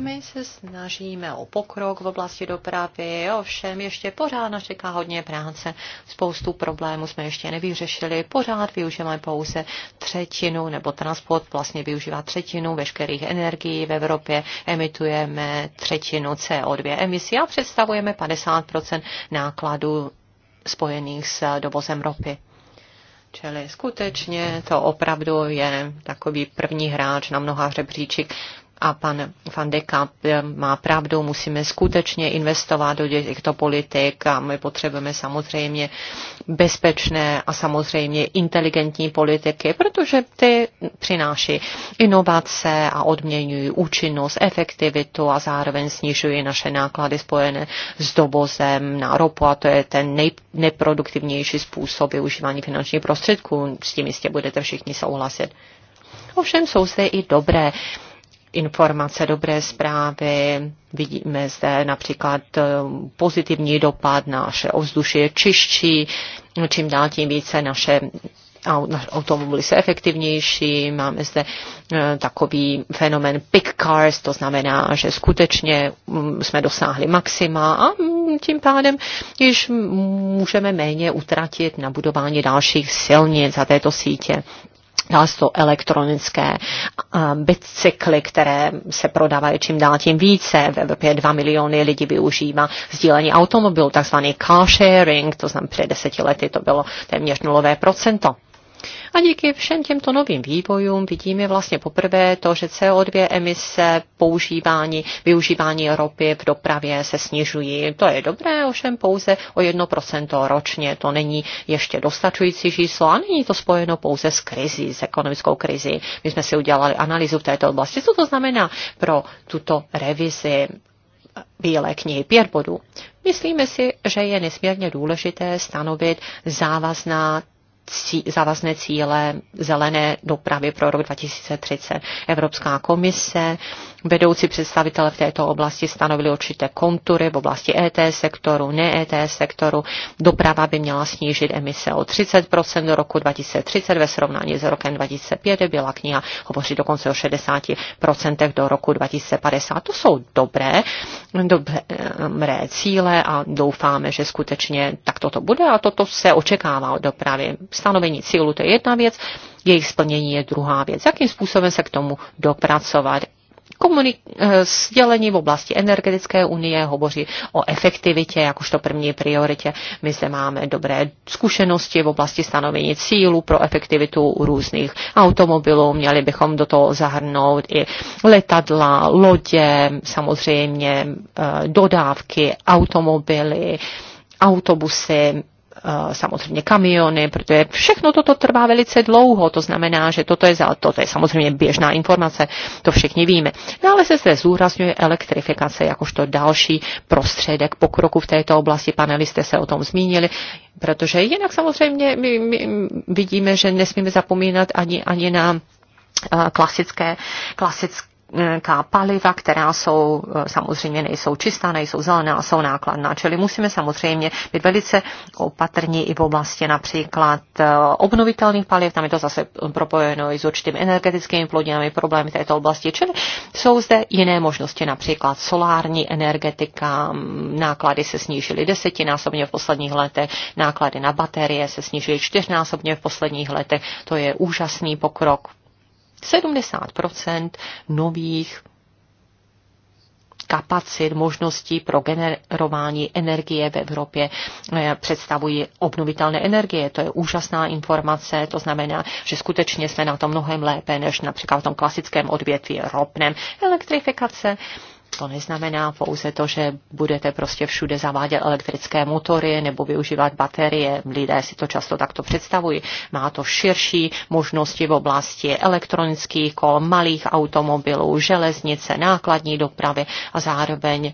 My se snažíme o pokrok v oblasti dopravy, ovšem ještě pořád nás čeká hodně práce. Spoustu problémů jsme ještě nevyřešili, pořád využíváme pouze třetinu, nebo transport vlastně využívá třetinu veškerých energií v Evropě, emitujeme třetinu CO2 emisí a představujeme 50 nákladů spojených s dovozem ropy. Čili skutečně to opravdu je takový první hráč na mnoha hřebříček a pan Van de Kamp eh, má pravdu, musíme skutečně investovat do těchto politik a my potřebujeme samozřejmě bezpečné a samozřejmě inteligentní politiky, protože ty přináší inovace a odměňují účinnost, efektivitu a zároveň snižují naše náklady spojené s dovozem na ropu a to je ten nejneproduktivnější způsob využívání finančních prostředků. S tím jistě budete všichni souhlasit. Ovšem jsou zde i dobré informace, dobré zprávy. Vidíme zde například eh, pozitivní dopad, naše ovzduší je čistší, čím dál tím více naše automobily se efektivnější, máme zde eh, takový fenomen pick cars, to znamená, že skutečně mm, jsme dosáhli maxima a mm, tím pádem již můžeme méně utratit na budování dalších silnic za této sítě nás to elektronické bicykly, které se prodávají čím dál tím více. V Evropě 2 miliony lidí využívá sdílení automobilů, takzvaný car sharing, to znamená před deseti lety to bylo téměř nulové procento. A díky všem těmto novým vývojům vidíme vlastně poprvé to, že CO2 emise, používání, využívání ropy v dopravě se snižují. To je dobré, ovšem pouze o 1% ročně. To není ještě dostačující číslo a není to spojeno pouze s krizí, s ekonomickou krizi. My jsme si udělali analýzu v této oblasti. Co to znamená pro tuto revizi Bílé knihy pět bodů. Myslíme si, že je nesmírně důležité stanovit závazná cí, závazné cíle zelené dopravy pro rok 2030. Evropská komise vedoucí představitelé v této oblasti stanovili určité kontury v oblasti ET sektoru, ne ET sektoru. Doprava by měla snížit emise o 30% do roku 2030 ve srovnání s rokem 2005. Byla kniha hovoří dokonce o 60% do roku 2050. To jsou dobré, dobré eh, cíle a doufáme, že skutečně tak toto bude a toto se očekává od dopravy. Stanovení cílu to je jedna věc, jejich splnění je druhá věc. Jakým způsobem se k tomu dopracovat? Komunik- eh, sdělení v oblasti energetické unie hovoří o efektivitě jakožto první prioritě. My zde máme dobré zkušenosti v oblasti stanovení cílů pro efektivitu různých automobilů. Měli bychom do toho zahrnout i letadla, lodě, samozřejmě eh, dodávky, automobily, autobusy, Eh, samozřejmě kamiony, protože všechno toto trvá velice dlouho, to znamená, že toto je, za, toto je samozřejmě běžná informace, to všichni víme. No, ale se zde zúrazňuje elektrifikace jakožto další prostředek pokroku v této oblasti, panelisté se o tom zmínili, protože jinak samozřejmě my, my vidíme, že nesmíme zapomínat ani, ani na eh, klasické, klasické paliva, která jsou e, samozřejmě nejsou čistá, nejsou zelená, jsou nákladná. Čili musíme samozřejmě být velice opatrní i v oblasti například e, obnovitelných paliv, tam je to zase propojeno i s určitými energetickými plodinami, problémy této oblasti, čili jsou zde jiné možnosti, například solární energetika, náklady se snížily desetinásobně v posledních letech, náklady na baterie se snížily čtyřnásobně v posledních letech, to je úžasný pokrok 70 nových kapacit, možností pro generování energie v Evropě eh, představují obnovitelné energie. To je úžasná informace, to znamená, že skutečně jsme na tom mnohem lépe než například v tom klasickém odvětví ropném. Elektrifikace to neznamená pouze to, že budete prostě všude zavádět elektrické motory nebo využívat baterie. Lidé si to často takto představují. Má to širší možnosti v oblasti elektronických kol, malých automobilů, železnice, nákladní dopravy a zároveň e,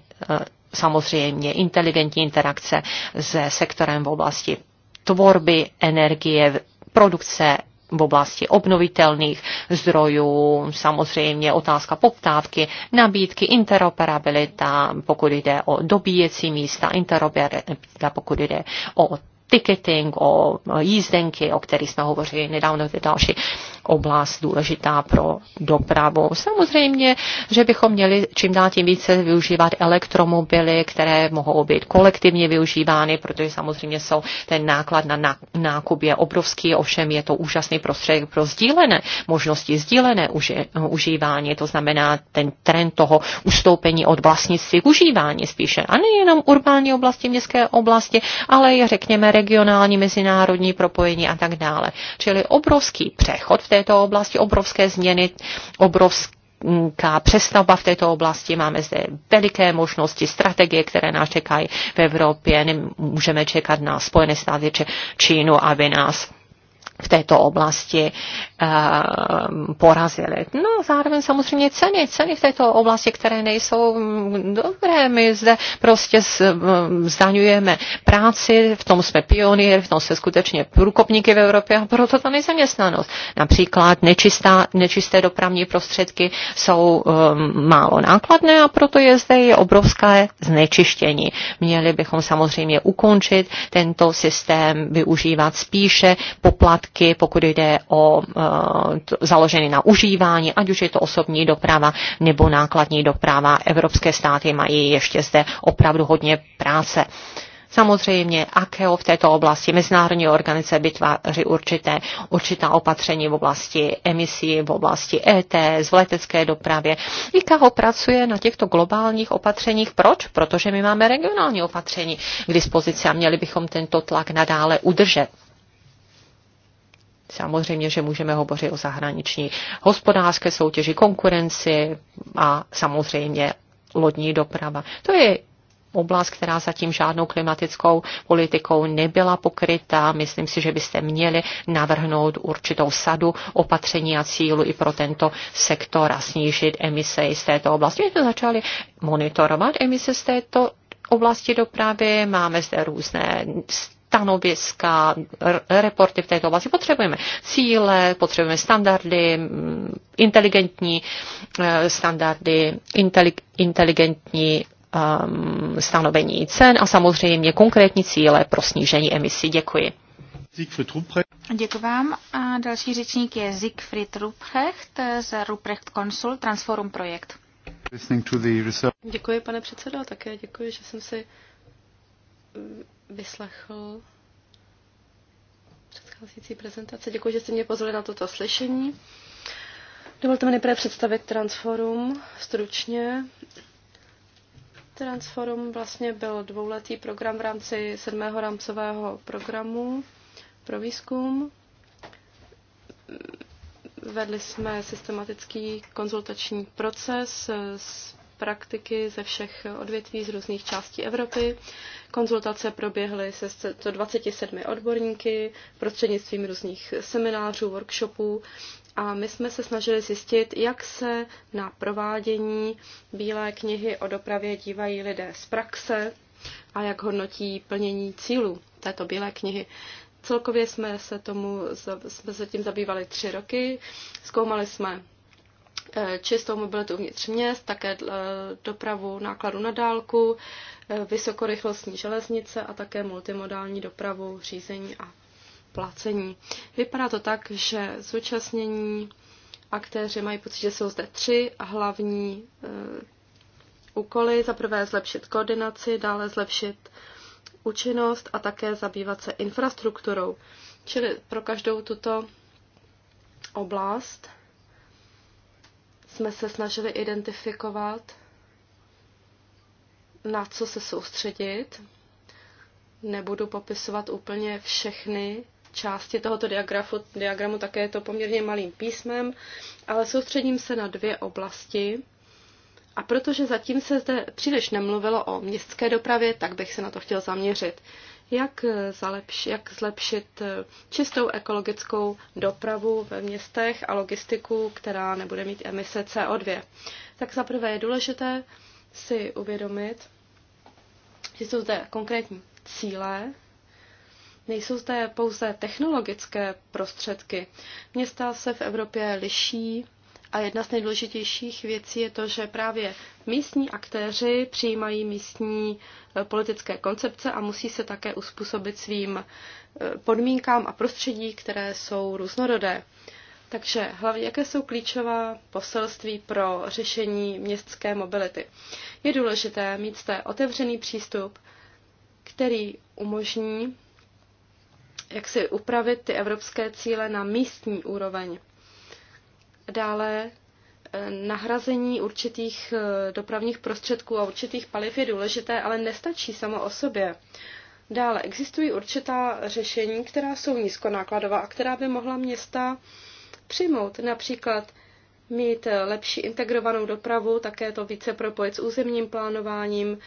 samozřejmě inteligentní interakce se sektorem v oblasti tvorby energie, produkce v oblasti obnovitelných zdrojů, samozřejmě otázka poptávky, nabídky, interoperabilita, pokud jde o dobíjecí místa, interoperabilita, pokud jde o ticketing, o jízdenky, o kterých jsme hovořili nedávno, ty další oblast důležitá pro dopravu. Samozřejmě, že bychom měli čím dál tím více využívat elektromobily, které mohou být kolektivně využívány, protože samozřejmě jsou ten náklad na nákup je obrovský, ovšem je to úžasný prostředek pro sdílené možnosti, sdílené uži, užívání, to znamená ten trend toho ustoupení od vlastnictví k užívání spíše. A nejenom urbální oblasti, městské oblasti, ale i řekněme regionální, mezinárodní propojení a tak dále. Čili obrovský přechod v té této oblasti, obrovské změny, obrovské přestavba v této oblasti, máme zde veliké možnosti, strategie, které nás čekají v Evropě, nemůžeme čekat na Spojené státy či Čínu, aby nás v této oblasti eh, porazili. No zároveň samozřejmě ceny, ceny v této oblasti, které nejsou dobré. My zde prostě eh, zdaňujeme práci, v tom jsme pionýři, v tom jsme skutečně průkopníky v Evropě a proto ta nezaměstnanost. Například nečistá, nečisté dopravní prostředky jsou eh, málo nákladné a proto je zde i obrovské znečištění. Měli bychom samozřejmě ukončit tento systém, využívat spíše poplat poplatky, pokud jde o eh, založené na užívání, ať už je to osobní doprava nebo nákladní doprava. Evropské státy mají ještě zde opravdu hodně práce. Samozřejmě AKEO v této oblasti, mezinárodní organizace vytváří určité, určitá opatření v oblasti emisí, v oblasti ETS, v letecké dopravě. IKAO pracuje na těchto globálních opatřeních. Proč? Protože my máme regionální opatření k dispozici a měli bychom tento tlak nadále udržet. Samozřejmě, že můžeme hovořit o zahraniční hospodářské soutěži, konkurenci a samozřejmě lodní doprava. To je oblast, která zatím žádnou klimatickou politikou nebyla pokryta. Myslím si, že byste měli navrhnout určitou sadu opatření a cílu i pro tento sektor a snížit emise z této oblasti. My jsme začali monitorovat emise z této oblasti dopravy. Máme zde různé stanoviska, reporty v této oblasti. Potřebujeme cíle, potřebujeme standardy, inteligentní e, standardy, inteligentní um, stanovení cen a samozřejmě konkrétní cíle pro snížení emisí. Děkuji. Děkuji vám. A další řečník je Siegfried Ruprecht z Ruprecht Consul Transforum Projekt. Děkuji, pane předsedo, také děkuji, že jsem si vyslechl předcházející prezentace. Děkuji, že jste mě pozvali na toto slyšení. Dovolte mi nejprve představit Transforum stručně. Transforum vlastně byl dvouletý program v rámci sedmého rámcového programu pro výzkum. Vedli jsme systematický konzultační proces s praktiky ze všech odvětví z různých částí Evropy. Konzultace proběhly se 127 odborníky prostřednictvím různých seminářů, workshopů a my jsme se snažili zjistit, jak se na provádění Bílé knihy o dopravě dívají lidé z praxe a jak hodnotí plnění cílů této Bílé knihy. Celkově jsme se, tomu, jsme se tím zabývali tři roky. Zkoumali jsme Eh, čistou mobilitu uvnitř měst, také eh, dopravu nákladu na dálku, eh, vysokorychlostní železnice a také multimodální dopravu, řízení a placení. Vypadá to tak, že zúčastnění aktéři mají pocit, že jsou zde tři hlavní úkoly. Za prvé zlepšit koordinaci, dále zlepšit účinnost a také zabývat se infrastrukturou. Čili pro každou tuto oblast jsme se snažili identifikovat, na co se soustředit. Nebudu popisovat úplně všechny části tohoto diagrafu, diagramu, také je to poměrně malým písmem, ale soustředím se na dvě oblasti. A protože zatím se zde příliš nemluvilo o městské dopravě, tak bych se na to chtěl zaměřit jak, zalepš, jak zlepšit čistou ekologickou dopravu ve městech a logistiku, která nebude mít emise CO2. Tak zaprvé je důležité si uvědomit, že jsou zde konkrétní cíle, nejsou zde pouze technologické prostředky. Města se v Evropě liší a jedna z nejdůležitějších věcí je to, že právě místní aktéři přijímají místní eh, politické koncepce a musí se také uspůsobit svým eh, podmínkám a prostředí, které jsou různorodé. Takže hlavně, jaké jsou klíčová poselství pro řešení městské mobility? Je důležité mít zde otevřený přístup, který umožní jak si upravit ty evropské cíle na místní úroveň. Dále eh, nahrazení určitých eh, dopravních prostředků a určitých paliv je důležité, ale nestačí samo o sobě. Dále existují určitá řešení, která jsou nízkonákladová a která by mohla města přijmout. Například mít eh, lepší integrovanou dopravu, také to více propojit s územním plánováním,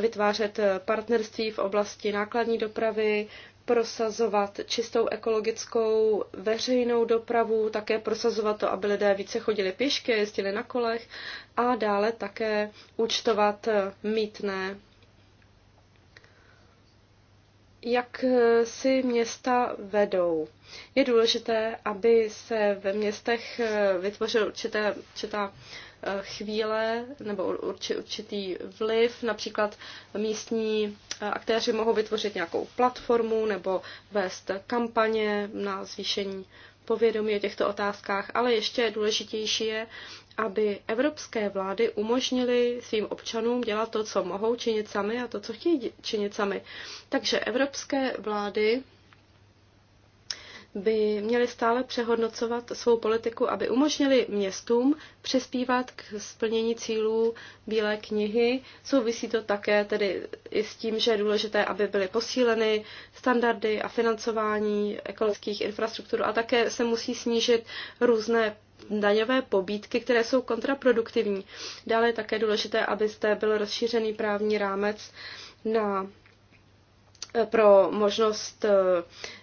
vytvářet partnerství v oblasti nákladní dopravy, prosazovat čistou ekologickou veřejnou dopravu, také prosazovat to, aby lidé více chodili pěšky, jezdili na kolech a dále také účtovat eh, mítné. Jak eh, si města vedou? Je důležité, aby se ve městech eh, vytvořila určité, určitá Eh, chvíle nebo určitý vliv. Například místní eh, aktéři mohou vytvořit nějakou platformu nebo vést kampaně na zvýšení povědomí o těchto otázkách, ale ještě důležitější je, aby evropské vlády umožnily svým občanům dělat to, co mohou činit sami a to, co chtějí činit sami. Takže evropské vlády by měly stále přehodnocovat svou politiku, aby umožnili městům přispívat k splnění cílů Bílé knihy. Souvisí to také tedy i s tím, že je důležité, aby byly posíleny standardy a financování ekologických infrastruktur a také se musí snížit různé daňové pobídky, které jsou kontraproduktivní. Dále je také důležité, aby zde byl rozšířený právní rámec na pro možnost eh,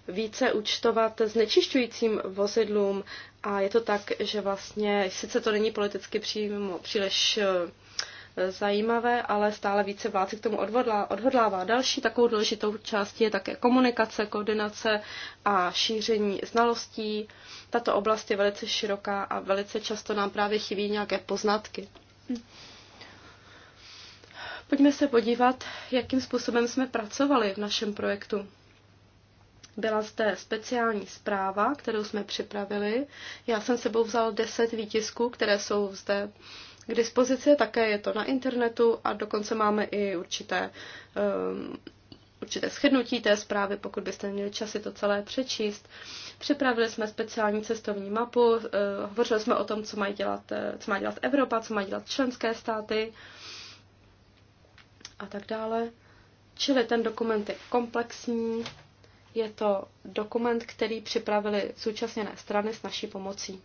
více účtovat znečišťujícím vozidlům a je to tak, že vlastně, sice to není politicky přímo příliš eh, zajímavé, ale stále více vlád k tomu odhodlává. Další takovou důležitou částí je také komunikace, koordinace a šíření znalostí. Tato oblast je velice široká a velice často nám právě chybí nějaké poznatky. Pojďme se podívat, jakým způsobem jsme pracovali v našem projektu. Byla zde speciální zpráva, kterou jsme připravili. Já jsem sebou vzal 10 výtisků, které jsou zde k dispozici, také je to na internetu a dokonce máme i určité, um, určité schrnutí té zprávy, pokud byste měli časy to celé přečíst. Připravili jsme speciální cestovní mapu, uh, hovořili jsme o tom, co, mají dělat, eh, co má dělat Evropa, co mají dělat členské státy. Uh, a tak dále. Čili ten dokument je komplexní, je to dokument, který připravili zúčastněné strany s naší pomocí.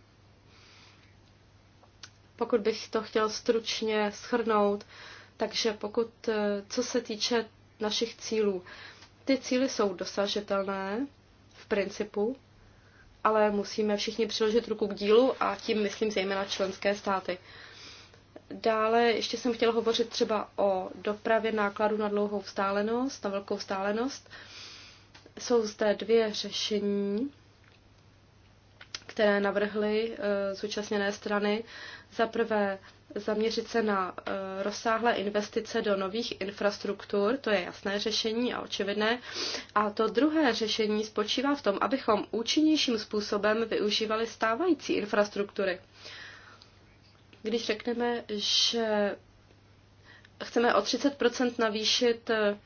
Pokud bych to chtěl stručně schrnout, takže pokud, eh, co se týče našich cílů, ty cíly jsou dosažitelné v principu, ale musíme všichni přiložit ruku k dílu a tím myslím zejména členské státy. Dále ještě jsem chtěla hovořit třeba o dopravě nákladu na dlouhou vzdálenost, na velkou vzdálenost. Jsou zde dvě řešení, které navrhly e, zúčastněné strany. Za prvé zaměřit se na eh, rozsáhlé investice do nových infrastruktur, to je jasné řešení a očividné. A to druhé řešení spočívá v tom, abychom účinnějším způsobem využívali stávající infrastruktury když řekneme, že chceme o 30% navýšit ehm,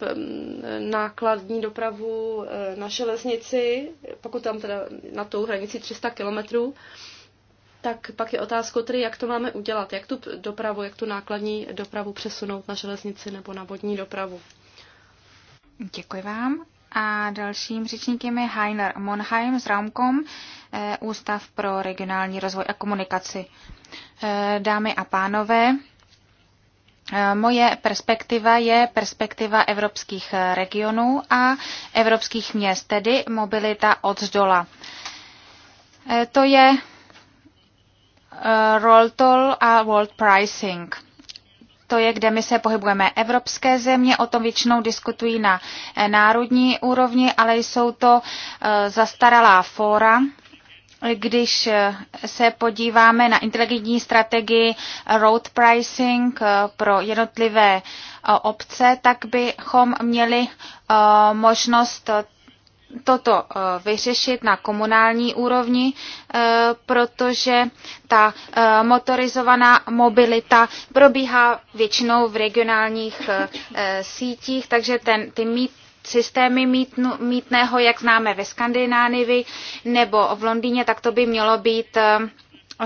ehm, nákladní dopravu eh, na železnici, pokud tam teda na tou hranici 300 kilometrů, tak pak je otázka tedy, jak to máme udělat, jak tu dopravu, jak tu nákladní dopravu přesunout na železnici nebo na vodní dopravu. Děkuji vám. A dalším řečníkem je Heiner Monheim z Raumkom, eh, Ústav pro regionální rozvoj a komunikaci. Eh, dámy a pánové, eh, Moje perspektiva je perspektiva evropských regionů a evropských měst, tedy mobilita od zdola. To je roll toll a world pricing to je, kde my se pohybujeme. Evropské země o tom většinou diskutují na eh, národní úrovni, ale jsou to eh, zastaralá fóra, když eh, se podíváme na inteligentní strategii road pricing pro jednotlivé obce, tak bychom měli možnost toto eh, vyřešit na komunální úrovni, eh, protože ta eh, motorizovaná mobilita probíhá většinou v regionálních sítích, takže ten, ty mít systémy mítnu, mítného, jak známe ve Skandinávii nebo v Londýně, tak to by mělo být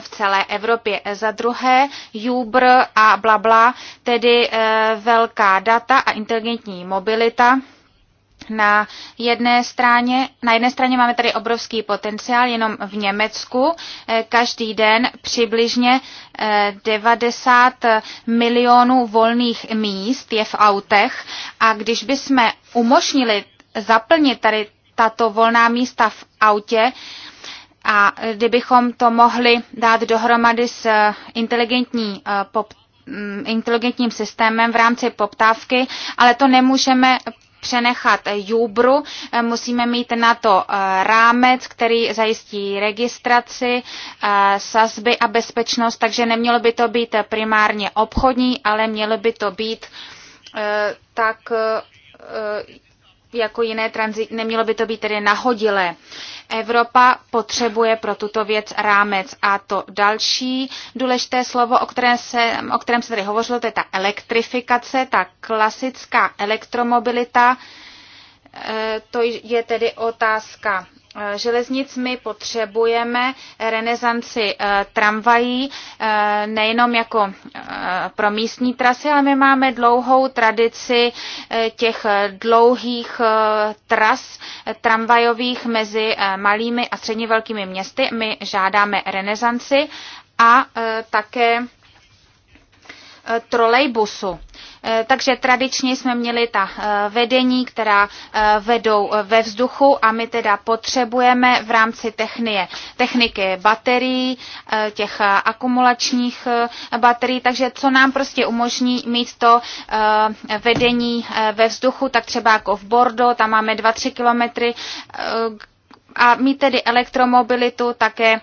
v celé Evropě. Za druhé Uber a blabla, tedy velká data a inteligentní mobilita na jedné, straně, na jedné straně máme tady obrovský potenciál, jenom v Německu eh, každý den přibližně 90 eh, milionů volných míst je v autech a když bychom umožnili zaplnit tady tato volná místa v autě, a kdybychom to mohli dát dohromady s eh, inteligentní pop, mm, inteligentním systémem v rámci poptávky, ale to nemůžeme přenechat Jubru. Eh, musíme mít na to eh, rámec, který zajistí registraci, eh, sazby a bezpečnost, takže nemělo by to být primárně obchodní, ale mělo by to být tak jako jiné tranzit, nemělo by to být tedy nahodilé. Evropa potřebuje pro tuto věc rámec. A to další důležité slovo, o kterém se, o kterém se tady hovořilo, to je ta elektrifikace, ta klasická elektromobilita. E, to je tedy otázka Eh, železnic my potřebujeme renesanci eh, tramvají, eh, nejenom jako pro místní trasy, ale my máme dlouhou tradici těch dlouhých tras tramvajových mezi malými a středně velkými městy. My žádáme renesanci a také Eh, trolejbusu. Eh, takže tradičně jsme měli ta eh, vedení, která vedou ve vzduchu a my teda potřebujeme v rámci technie, techniky baterií, těch akumulačních baterií, takže co nám prostě umožní mít to vedení ve vzduchu, tak třeba jako v Bordo, tam máme 2-3 kilometry a mít tedy elektromobilitu také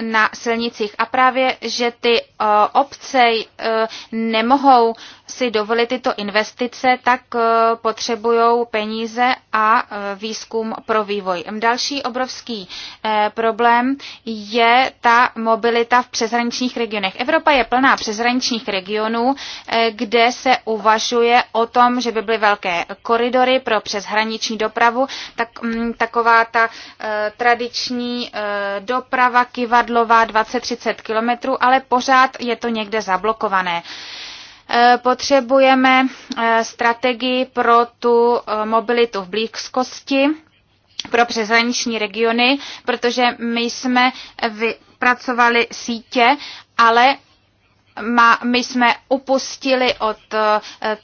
na silnicích. A právě, že ty eh, obce eh, nemohou si dovolí tyto investice, tak eh, potřebují peníze a eh, výzkum pro vývoj. Další obrovský eh, problém je ta mobilita v přeshraničních regionech. Evropa je plná přeshraničních regionů, kde se uvažuje o tom, že by byly velké koridory pro přeshraniční dopravu, tak, mm, taková ta tradiční doprava kivadlová 20-30 kilometrů, ale pořád je to někde zablokované. Eh, potřebujeme eh, strategii pro tu eh, mobilitu v blízkosti pro přeshraniční regiony, protože my jsme vypracovali sítě, ale my jsme upustili od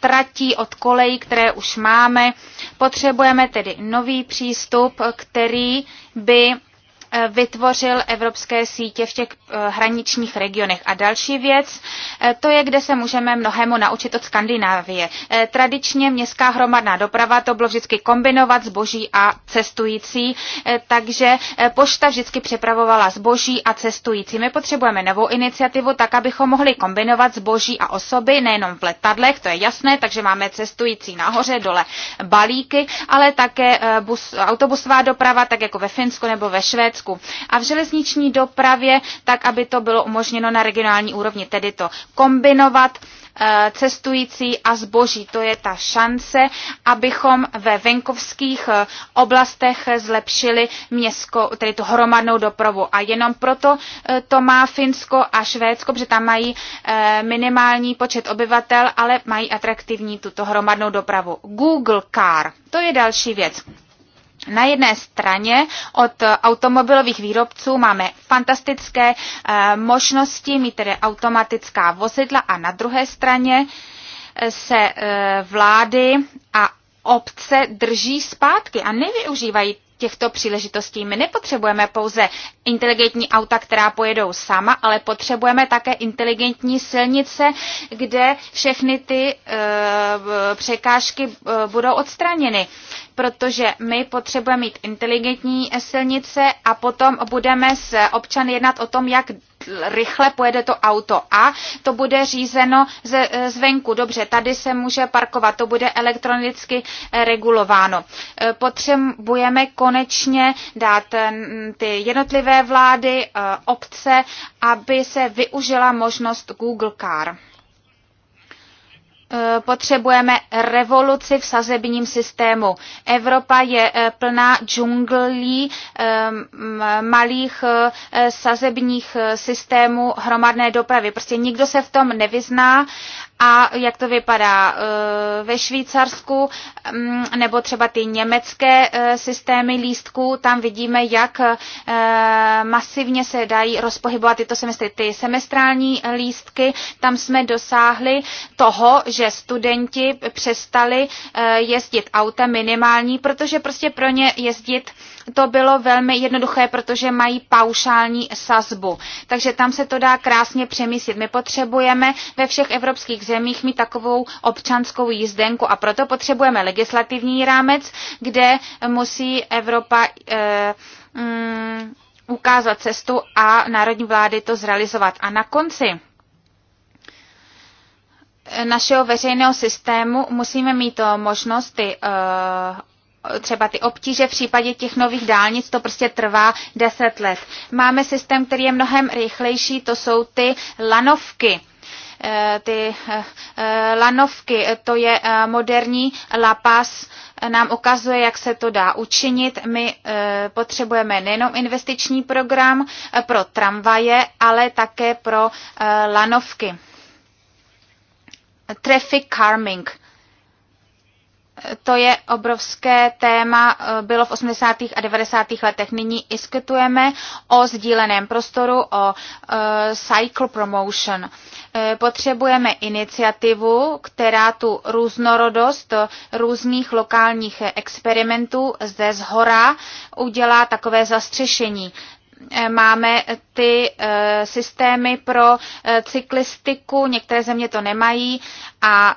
tratí, od kolejí, které už máme. Potřebujeme tedy nový přístup, který by Eh, vytvořil evropské sítě v těch eh, hraničních regionech. A další věc, eh, to je, kde se můžeme mnohému naučit od Skandinávie. Tradičně městská hromadná doprava to bylo vždycky kombinovat zboží a cestující, takže pošta vždycky přepravovala zboží a cestující. My potřebujeme novou iniciativu tak, abychom mohli kombinovat zboží a osoby, nejenom v letadlech, to je jasné, takže máme cestující nahoře, dole balíky, ale také bus, autobusová doprava, tak jako ve Finsku nebo ve Švédsku Německu. A v železniční dopravě tak, aby to bylo umožněno na regionální úrovni, tedy to kombinovat eh, cestující a zboží. To je ta šance, abychom ve venkovských eh, oblastech zlepšili městsko, tedy tu hromadnou dopravu. A jenom proto eh, to má Finsko a Švédsko, protože tam mají minimální počet obyvatel, ale mají atraktivní tuto hromadnou dopravu. Google Car, to je další věc na jedné straně od automobilových výrobců máme fantastické eh, možnosti mít tedy automatická vozidla a na druhé straně eh, se eh, vlády a obce drží zpátky a nevyužívají těchto příležitostí. My nepotřebujeme pouze inteligentní auta, která pojedou sama, ale potřebujeme také inteligentní silnice, kde všechny ty e, překážky e, budou odstraněny. Protože my potřebujeme mít inteligentní eh, silnice a potom budeme s občany jednat o tom, jak rychle pojede to auto a to bude řízeno ze, e, zvenku. Dobře, tady se může parkovat, to bude elektronicky e, regulováno. E, potřebujeme konečně dát ty jednotlivé vlády, obce, aby se využila možnost Google Car. Eh, potřebujeme revoluci v sazebním systému. Evropa je eh, plná džunglí eh, malých sazebních systémů hromadné dopravy. Prostě nikdo se v tom nevyzná a jak to vypadá eh, ve Švýcarsku, mm, nebo třeba ty německé eh, systémy lístků, tam vidíme, jak eh, masivně se dají rozpohybovat tyto semestry. Ty semestrální lístky, tam jsme dosáhli toho, že studenti přestali jezdit autem minimální, protože prostě pro ně jezdit to bylo velmi jednoduché, protože mají paušální sazbu. Takže tam se to dá krásně přemístit. My potřebujeme ve všech evropských zemích mít takovou občanskou jízdenku a proto potřebujeme legislativní rámec, kde musí Evropa eh, mm, ukázat cestu a národní vlády to zrealizovat. A na konci našeho veřejného systému musíme mít možnost ty eh, třeba ty obtíže v případě těch nových dálnic, to prostě trvá 10 let. Máme systém, který je mnohem rychlejší, to jsou ty lanovky eh, ty eh, eh, lanovky, to je moderní lapas, nám ukazuje, jak se to dá učinit. My potřebujeme nejenom investiční program pro tramvaje, ale také pro lanovky. Traffic calming to je obrovské téma, eh, bylo v 80. a 90. letech. Nyní diskutujeme o sdíleném prostoru, o eh, cycle promotion. Eh, potřebujeme iniciativu, která tu různorodost různých lokálních experimentů zde z hora udělá takové zastřešení máme ty systémy pro cyklistiku, některé země to nemají, a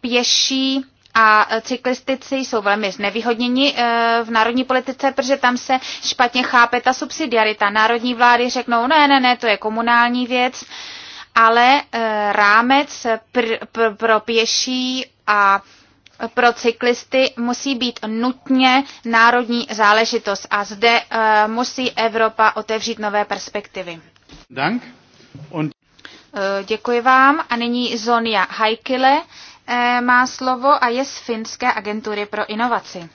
pěší a cyklistici jsou velmi znevýhodněni eh, v národní politice, protože tam se špatně chápe ta subsidiarita. Národní vlády řeknou, ne, ne, ne, to je komunální věc, ale eh, rámec pr- pr- pro pěší a pro cyklisty musí být nutně národní záležitost a zde eh, musí Evropa otevřít nové perspektivy. Dank. Und... Děkuji vám a nyní Zonia Hajkile Eh, má slovo a je z Finské agentury pro inovaci.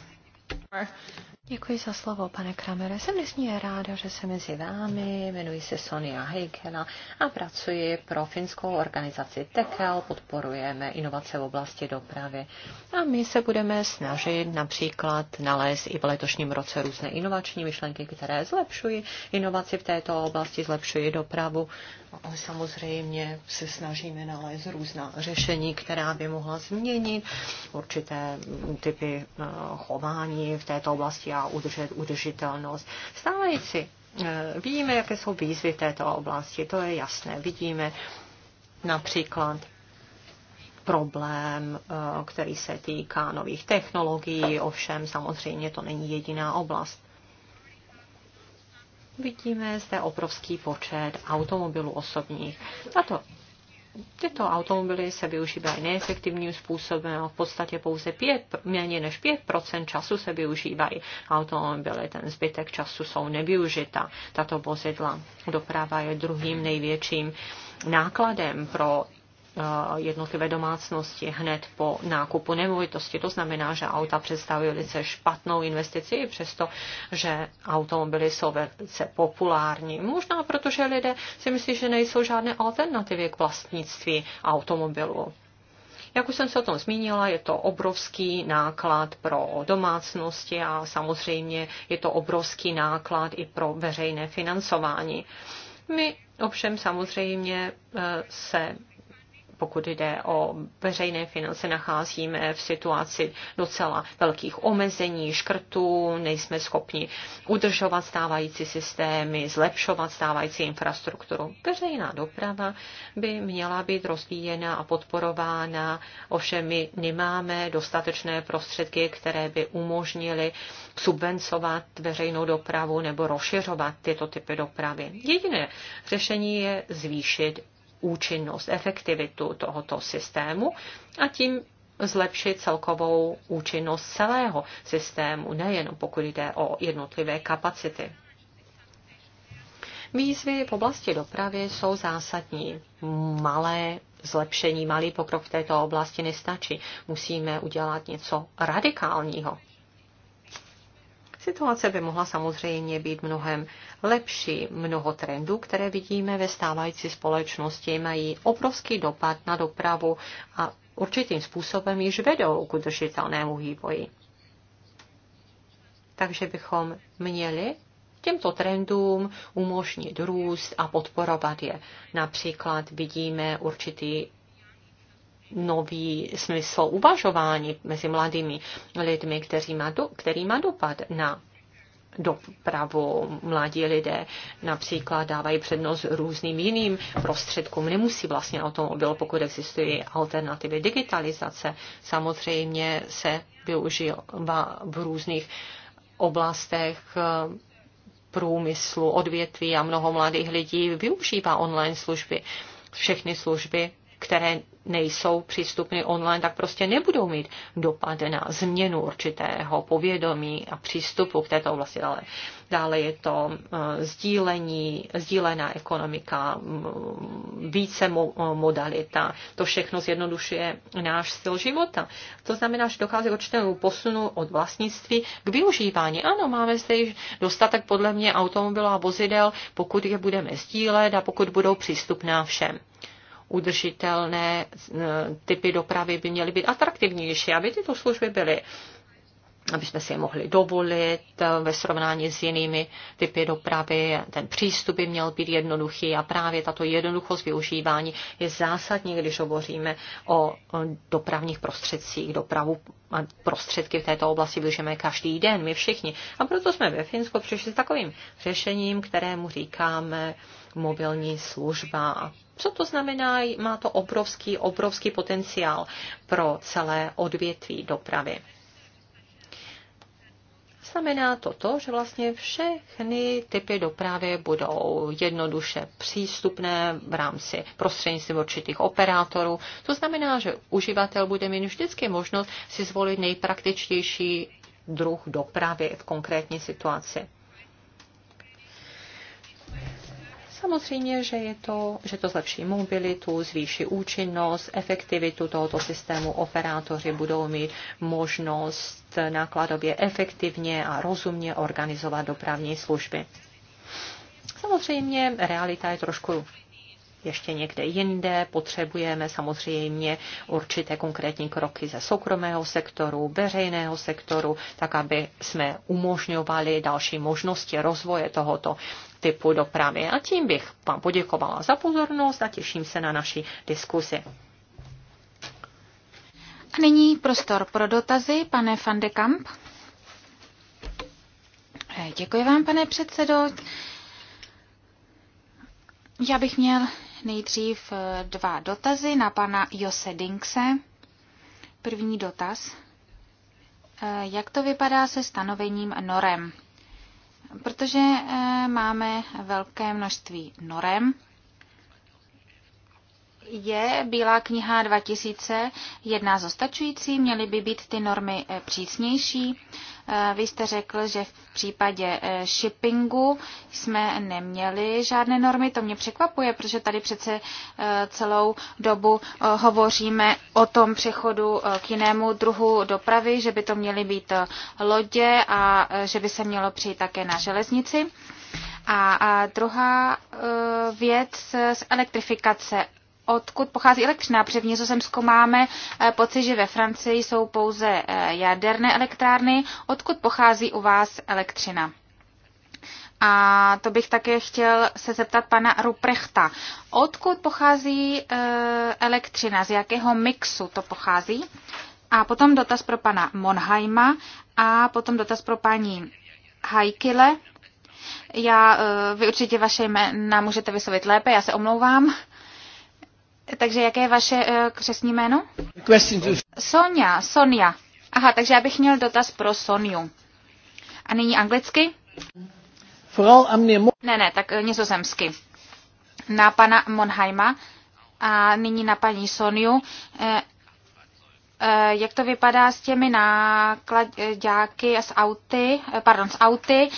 Děkuji za slovo, pane Kramere. Jsem nesmírně ráda, že se mezi vámi, jmenuji se Sonia Heikela a pracuji pro finskou organizaci TEKEL, podporujeme inovace v oblasti dopravy. A my se budeme snažit například nalézt i v letošním roce různé inovační myšlenky, které zlepšují inovaci v této oblasti, zlepšují dopravu. A samozřejmě se snažíme nalézt různá řešení, která by mohla změnit určité typy eh, chování v této oblasti a udržet udržitelnost. Stávající eh, víme, jaké jsou výzvy této oblasti, to je jasné. Vidíme například problém, eh, který se týká nových technologií, ovšem samozřejmě to není jediná oblast. Vidíme zde obrovský počet automobilů osobních. Tato tyto automobily se využívají neefektivním způsobem a v podstatě pouze 5, méně než 5% času se využívají automobily, ten zbytek času jsou nevyužita tato vozidla. Doprava je druhým největším nákladem pro Eh, jednotlivé domácnosti hned po nákupu nemovitosti. To znamená, že auta představují velice špatnou investici, přesto, že automobily jsou velice populární. Možná protože lidé si myslí, že nejsou žádné alternativy k vlastnictví automobilu. Jak už jsem se o tom zmínila, je to obrovský náklad pro domácnosti a samozřejmě je to obrovský náklad i pro veřejné financování. My ovšem samozřejmě eh, se pokud jde o veřejné finance, nacházíme v situaci docela velkých omezení, škrtů, nejsme schopni udržovat stávající systémy, zlepšovat stávající infrastrukturu. Veřejná doprava by měla být rozvíjena a podporována, ovšem my nemáme dostatečné prostředky, které by umožnily subvencovat veřejnou dopravu nebo rozšiřovat tyto typy dopravy. Jediné řešení je zvýšit účinnost, efektivitu tohoto systému a tím zlepšit celkovou účinnost celého systému, nejenom pokud jde o jednotlivé kapacity. Výzvy v oblasti dopravy jsou zásadní. Malé zlepšení, malý pokrok v této oblasti nestačí. Musíme udělat něco radikálního. Situace by mohla samozřejmě být mnohem lepší. Mnoho trendů, které vidíme ve stávající společnosti, mají obrovský dopad na dopravu a určitým způsobem již vedou k udržitelnému vývoji. Takže bychom měli těmto trendům umožnit růst a podporovat je. Například vidíme určitý nový smysl uvažování mezi mladými lidmi, který má, do, který má dopad na dopravu. Mladí lidé například dávají přednost různým jiným prostředkům. Nemusí vlastně automobil, pokud existují alternativy digitalizace. Samozřejmě se využívá v různých oblastech eh, průmyslu, odvětví a mnoho mladých lidí využívá online služby, všechny služby které nejsou přístupny online, tak prostě nebudou mít dopad na změnu určitého povědomí a přístupu k této oblasti. Dále, dále je to eh, sdílení, sdílená ekonomika, mm, více eh, modalita. To všechno zjednodušuje náš styl života. To znamená, že dochází k určitému posunu od vlastnictví k využívání. Ano, máme zde již dostatek podle mě automobilů a vozidel, pokud je budeme sdílet a pokud budou přístupná všem udržitelné eh, typy dopravy by měly být atraktivnější, aby tyto služby byly aby jsme si je mohli dovolit eh, ve srovnání s jinými typy dopravy. Ten přístup by měl být jednoduchý a právě tato jednoduchost využívání je zásadní, když hovoříme o dopravních prostředcích. Dopravu a prostředky v této oblasti využijeme každý den, my všichni. A proto jsme ve Finsku přišli s takovým řešením, kterému říkáme mobilní služba. Co to znamená? Má to obrovský, obrovský potenciál pro celé odvětví dopravy. Znamená to to, že vlastně všechny typy dopravy budou jednoduše přístupné v rámci prostřednictvím určitých operátorů. To znamená, že uživatel bude mít vždycky možnost si zvolit nejpraktičtější druh dopravy v konkrétní situaci. Samozřejmě, že, je to, že to zlepší mobilitu, zvýší účinnost, efektivitu tohoto systému. Operátoři budou mít možnost nákladově efektivně a rozumně organizovat dopravní služby. Samozřejmě realita je trošku ještě někde jinde. Potřebujeme samozřejmě určité konkrétní kroky ze soukromého sektoru, veřejného sektoru, tak aby jsme umožňovali další možnosti rozvoje tohoto typu dopravy. A tím bych vám poděkovala za pozornost a těším se na naši diskusi. A nyní prostor pro dotazy, pane van de Kamp. Eh, děkuji vám, pane předsedo. Já bych měl nejdřív eh, dva dotazy na pana Jose Dinkse. První dotaz. Eh, jak to vypadá se stanovením norem? protože eh, máme velké množství norem, je Bílá kniha 2000 jedná zostačující? Měly by být ty normy eh, přísnější? Eh, vy jste řekl, že v případě eh, shippingu jsme neměli žádné normy. To mě překvapuje, protože tady přece celou dobu hovoříme o tom přechodu k jinému druhu dopravy, že by to měly být lodě a že by se mělo přijít také na železnici. A, a druhá věc z elektrifikace odkud pochází elektřina, protože v Nizozemsku máme eh, pocit, že ve Francii jsou pouze eh, jaderné elektrárny. Odkud pochází u vás elektřina? A to bych také chtěl se zeptat pana Ruprechta. Odkud pochází eh, elektřina? Z jakého mixu to pochází? A potom dotaz pro pana Monheima a potom dotaz pro paní Hajkile. Já, vy určitě vaše jména můžete vyslovit lépe, já se omlouvám. Takže jaké je vaše uh, křesní jméno? Sonja, Sonja. Aha, takže já bych měl dotaz pro Sonju. A nyní anglicky? Ne, ne, tak eh, nizozemsky. Na pana Monheima a nyní na paní Sonju. Eh, jak to vypadá s těmi nákladňáky s auty, pardon, s auty?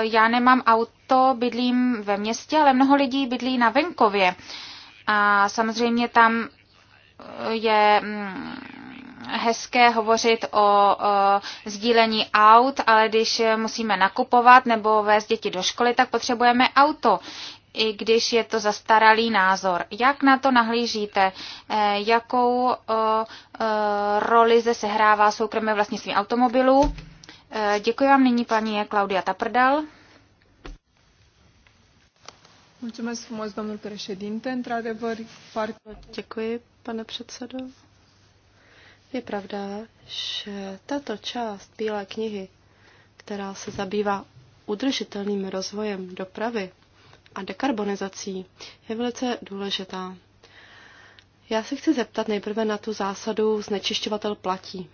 Já nemám auto, bydlím ve městě, ale mnoho lidí bydlí na venkově. A samozřejmě tam eh, je mm, hezké hovořit o, o eh, sdílení aut, ale když musíme nakupovat nebo vést děti do školy, tak potřebujeme auto i když je to zastaralý názor. Jak na to nahlížíte? Eh, jakou roli zde sehrává soukromé vlastnictví automobilů? Děkuji vám nyní paní Klaudia Taprdal. Děkuji, pane předsedo. Je pravda, že tato část Bílé knihy, která se zabývá udržitelným rozvojem dopravy a dekarbonizací, je velice důležitá. Já se chci zeptat nejprve na tu zásadu znečišťovatel platí.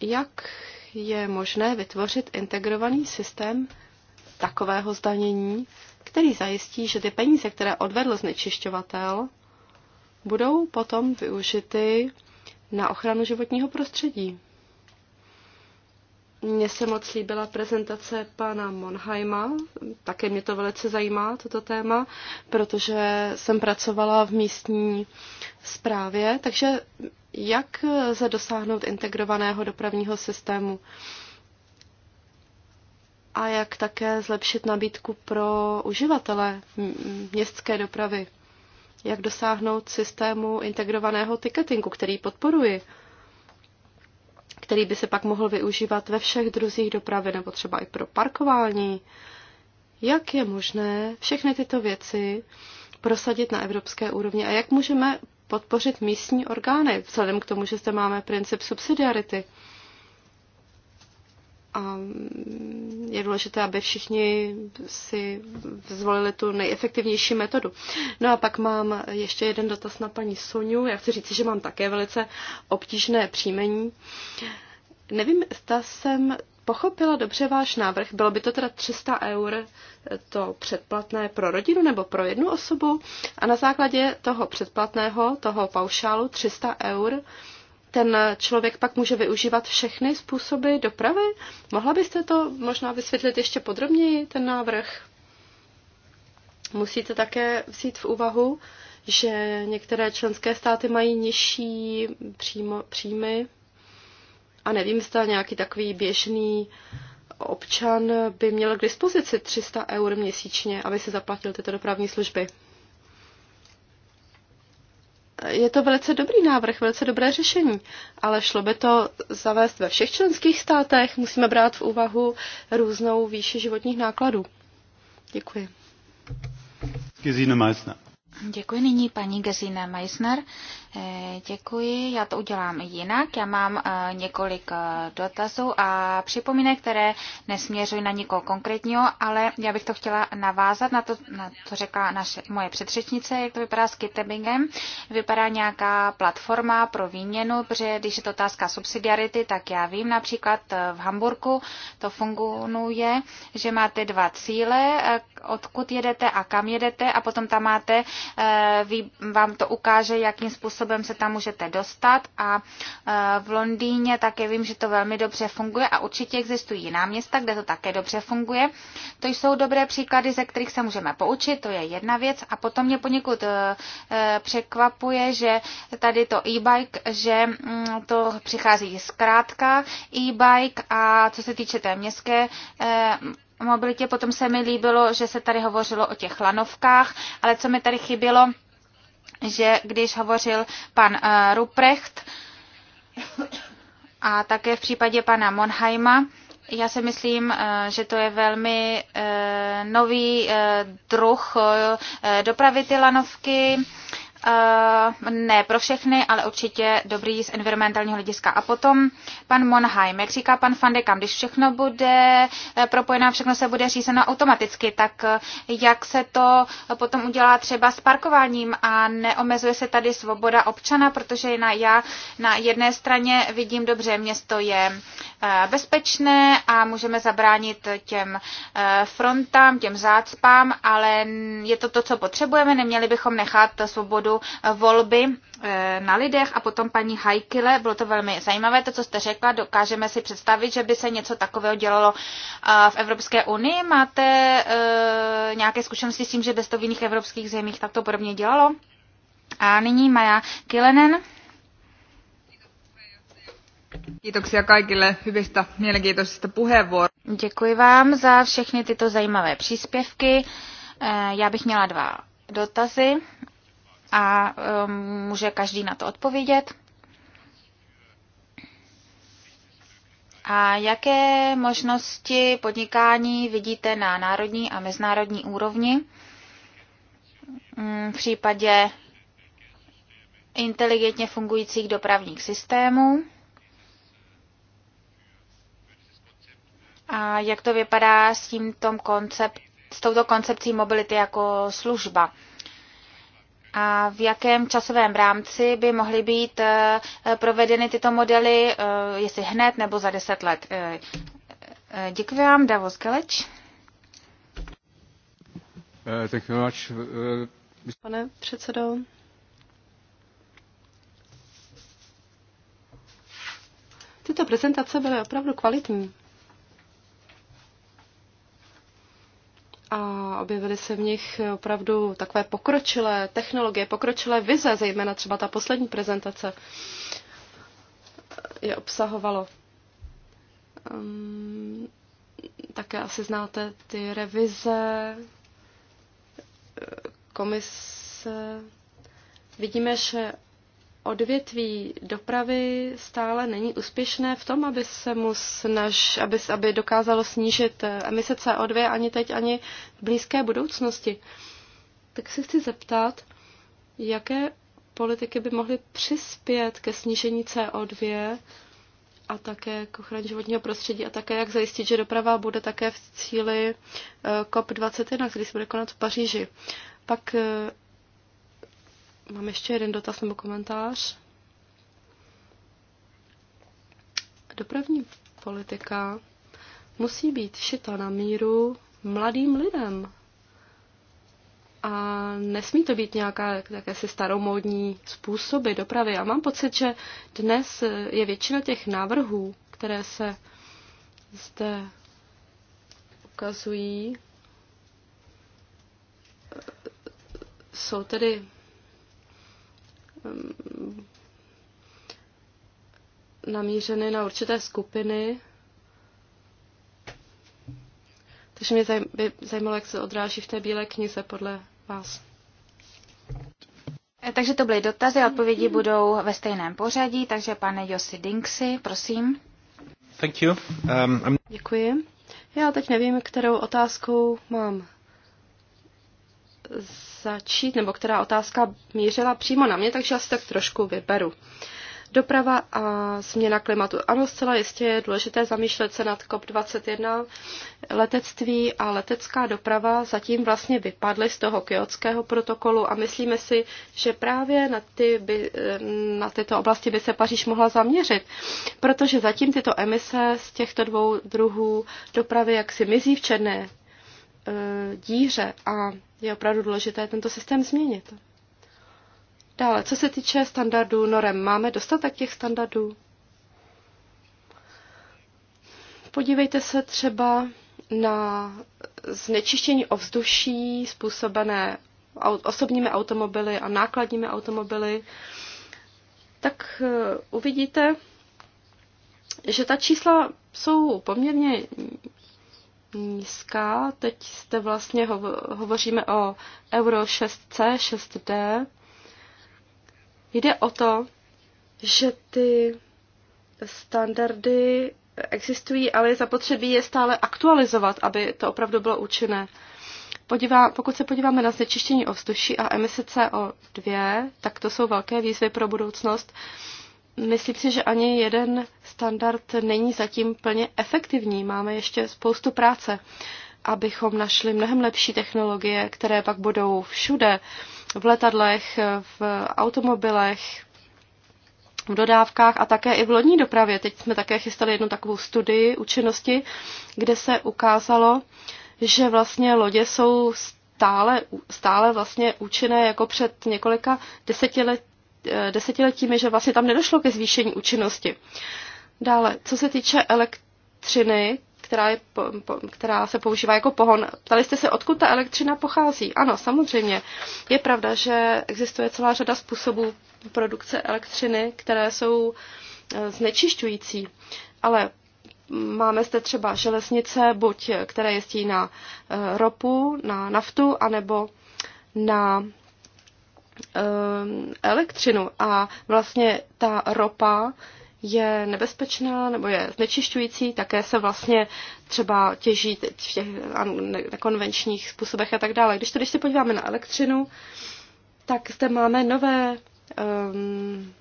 Jak je možné vytvořit integrovaný systém takového zdanění, který zajistí, že ty peníze, které odvedl znečišťovatel, budou potom využity na ochranu životního prostředí. Mně se moc líbila prezentace pana Monheima, také mě to velice zajímá, toto téma, protože jsem pracovala v místní správě, takže jak se dosáhnout integrovaného dopravního systému a jak také zlepšit nabídku pro uživatele městské dopravy, jak dosáhnout systému integrovaného ticketingu, který podporuji který by se pak mohl využívat ve všech druzích dopravy nebo třeba i pro parkování. Jak je možné všechny tyto věci prosadit na evropské úrovni a jak můžeme podpořit místní orgány, vzhledem k tomu, že zde máme princip subsidiarity? a je důležité, aby všichni si zvolili tu nejefektivnější metodu. No a pak mám ještě jeden dotaz na paní Soniu. Já chci říct, že mám také velice obtížné příjmení. Nevím, zda jsem pochopila dobře váš návrh. Bylo by to teda 300 eur to předplatné pro rodinu nebo pro jednu osobu a na základě toho předplatného, toho paušálu 300 eur ten člověk pak může využívat všechny způsoby dopravy? Mohla byste to možná vysvětlit ještě podrobněji, ten návrh? Musíte také vzít v úvahu, že některé členské státy mají nižší přímo, příjmy a nevím, zda nějaký takový běžný občan by měl k dispozici 300 eur měsíčně, aby si zaplatil tyto dopravní služby je to velice dobrý návrh, velice dobré řešení, ale šlo by to zavést ve všech členských státech. Musíme brát v úvahu různou výši životních nákladů. Děkuji. Gesine Meissner. Děkuji nyní paní Gesine Meissner. Eh, děkuji, já to udělám jinak. Já mám eh, několik eh, dotazů a připomínek, které nesměřují na nikoho konkrétního, ale já bych to chtěla navázat na to, na to řekla naše, moje předřečnice, jak to vypadá s kitabingem. Vypadá nějaká platforma pro výměnu, protože když je to otázka subsidiarity, tak já vím například v Hamburgu to funguje, že máte dva cíle, odkud jedete a kam jedete a potom tam máte, vám to ukáže, jakým způsobem způsobem se tam můžete dostat a e, v Londýně také vím, že to velmi dobře funguje a určitě existují jiná města, kde to také dobře funguje. To jsou dobré příklady, ze kterých se můžeme poučit, to je jedna věc a potom mě poněkud e, e, překvapuje, že tady to e-bike, že mm, to přichází zkrátka e-bike a co se týče té městské mobilitě. Potom se mi líbilo, že se tady hovořilo o těch lanovkách, ale co mi tady chybělo, že když hovořil pan eh, Ruprecht a také v případě pana Monheima, já si myslím, eh, že to je velmi eh, nový druh dopravy ty lanovky. Eh, ne pro všechny, ale určitě dobrý z environmentálního hlediska. A potom pan Monheim, jak říká pan Fandekam, když všechno bude eh, propojeno, všechno se bude řízeno automaticky, tak eh, jak se to potom udělá třeba s parkováním a neomezuje se tady svoboda občana, protože na, já na jedné straně vidím dobře, město je bezpečné a můžeme zabránit těm frontám, těm zácpám, ale je to to, co potřebujeme, neměli bychom nechat svobodu opravdu volby eh, na lidech a potom paní Hajkile, bylo to velmi zajímavé, to, co jste řekla, dokážeme si představit, že by se něco takového dělalo eh, v Evropské unii. Máte eh, nějaké zkušenosti s tím, že by to v jiných evropských zemích takto podobně dělalo? A nyní Maja Kilenen. Kiitoksia kaikille hyvistä mielenkiintoisista puheenvuoroista. Děkuji vám za všechny tyto zajímavé příspěvky. Já bych měla dva dotazy a um, může každý na to odpovědět. A jaké možnosti podnikání vidíte na národní a mezinárodní úrovni mm, v případě inteligentně fungujících dopravních systémů? A jak to vypadá s, tímto koncept, s touto koncepcí mobility jako služba? a v jakém časovém rámci by mohly být eh, provedeny tyto modely, eh, jestli hned nebo za deset let. Eh, děkuji vám, Davos Keleč. Pane předsedo, tyto prezentace byly opravdu kvalitní. a objevily se v nich opravdu takové pokročilé technologie, pokročilé vize, zejména třeba ta poslední prezentace je obsahovalo. Um, také asi znáte ty revize, e, komise. Vidíme, že odvětví dopravy stále není úspěšné v tom, aby se mu snaž, aby, aby dokázalo snížit eh, emise CO2 ani teď, ani v blízké budoucnosti. Tak se chci zeptat, jaké politiky by mohly přispět ke snížení CO2 a také k ochraně životního prostředí a také jak zajistit, že doprava bude také v cíli eh, COP21, který se bude konat v Paříži. Pak eh, Mám ještě jeden dotaz nebo komentář. Dopravní politika musí být šita na míru mladým lidem. A nesmí to být nějaká jakési staromódní způsoby dopravy. A mám pocit, že dnes je většina těch návrhů, které se zde ukazují, jsou tedy Mm, namířeny na určité skupiny. Takže mě by zajímalo, jak se odráží v té bílé knize podle vás. E, takže to byly dotazy, odpovědi budou ve stejném pořadí, takže pane Josi Dinksy, prosím. Thank you. Um, I'm... Děkuji. Já teď nevím, kterou otázkou mám začít, nebo která otázka mířila přímo na mě, takže já se tak trošku vyberu. Doprava a změna klimatu. Ano, zcela jistě je důležité zamýšlet se nad COP21. Letectví a letecká doprava zatím vlastně vypadly z toho kyotského protokolu a myslíme si, že právě na, ty by, na tyto oblasti by se Paříž mohla zaměřit, protože zatím tyto emise z těchto dvou druhů dopravy jaksi mizí v černé eh, díře a je opravdu důležité tento systém změnit. Dále, co se týče standardů norem, máme dostatek těch standardů? Podívejte se třeba na znečištění ovzduší způsobené osobními automobily a nákladními automobily, tak eh, uvidíte, že ta čísla jsou poměrně nízká. Teď jste vlastně hovo- hovoříme o Euro 6C, 6D. Jde o to, že ty standardy existují, ale je zapotřebí je stále aktualizovat, aby to opravdu bylo účinné. Podívá, pokud se podíváme na znečištění ovzduší a emise CO2, tak to jsou velké výzvy pro budoucnost. Myslím si, že ani jeden standard není zatím plně efektivní. Máme ještě spoustu práce, abychom našli mnohem lepší technologie, které pak budou všude, v letadlech, v automobilech, v dodávkách a také i v lodní dopravě. Teď jsme také chystali jednu takovou studii účinnosti, kde se ukázalo, že vlastně lodě jsou stále, stále vlastně účinné jako před několika desetiletí desetiletími, že vlastně tam nedošlo ke zvýšení účinnosti. Dále, co se týče elektřiny, která, je, po, po, která se používá jako pohon. Ptali jste se, odkud ta elektřina pochází? Ano, samozřejmě. Je pravda, že existuje celá řada způsobů produkce elektřiny, které jsou eh, znečišťující, ale máme zde třeba železnice, buď které jezdí na eh, ropu, na naftu, anebo na Um, elektřinu a vlastně ta ropa je nebezpečná nebo je znečišťující, také se vlastně třeba těží v těch nekonvenčních způsobech a tak dále. Když to, když se podíváme na elektřinu, tak zde máme nové um,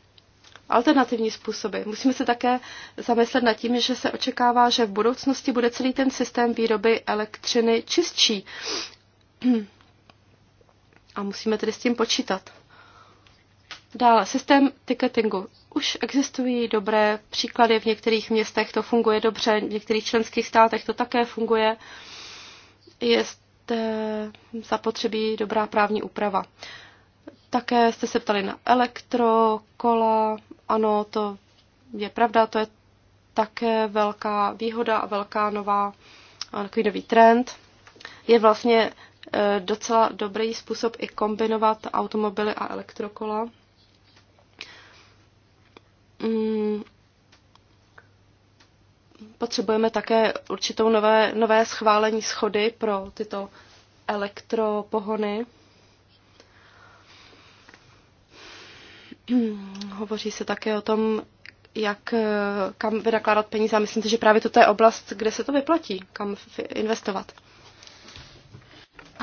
alternativní způsoby. Musíme se také zamyslet nad tím, že se očekává, že v budoucnosti bude celý ten systém výroby elektřiny čistší. a musíme tedy s tím počítat. Dále, systém ticketingu. Už existují dobré příklady, v některých městech to funguje dobře, v některých členských státech to také funguje. Je zapotřebí dobrá právní úprava. Také jste se ptali na elektrokola. Ano, to je pravda, to je také velká výhoda a velká nová, takový nový trend. Je vlastně Eh, docela dobrý způsob i kombinovat automobily a elektrokola. Mm. Potřebujeme také určitou nové, nové schválení schody pro tyto elektropohony. Hmm, hovoří se také o tom, jak eh, kam vynakládat peníze. A myslím si, že právě toto je oblast, kde se to vyplatí, kam investovat.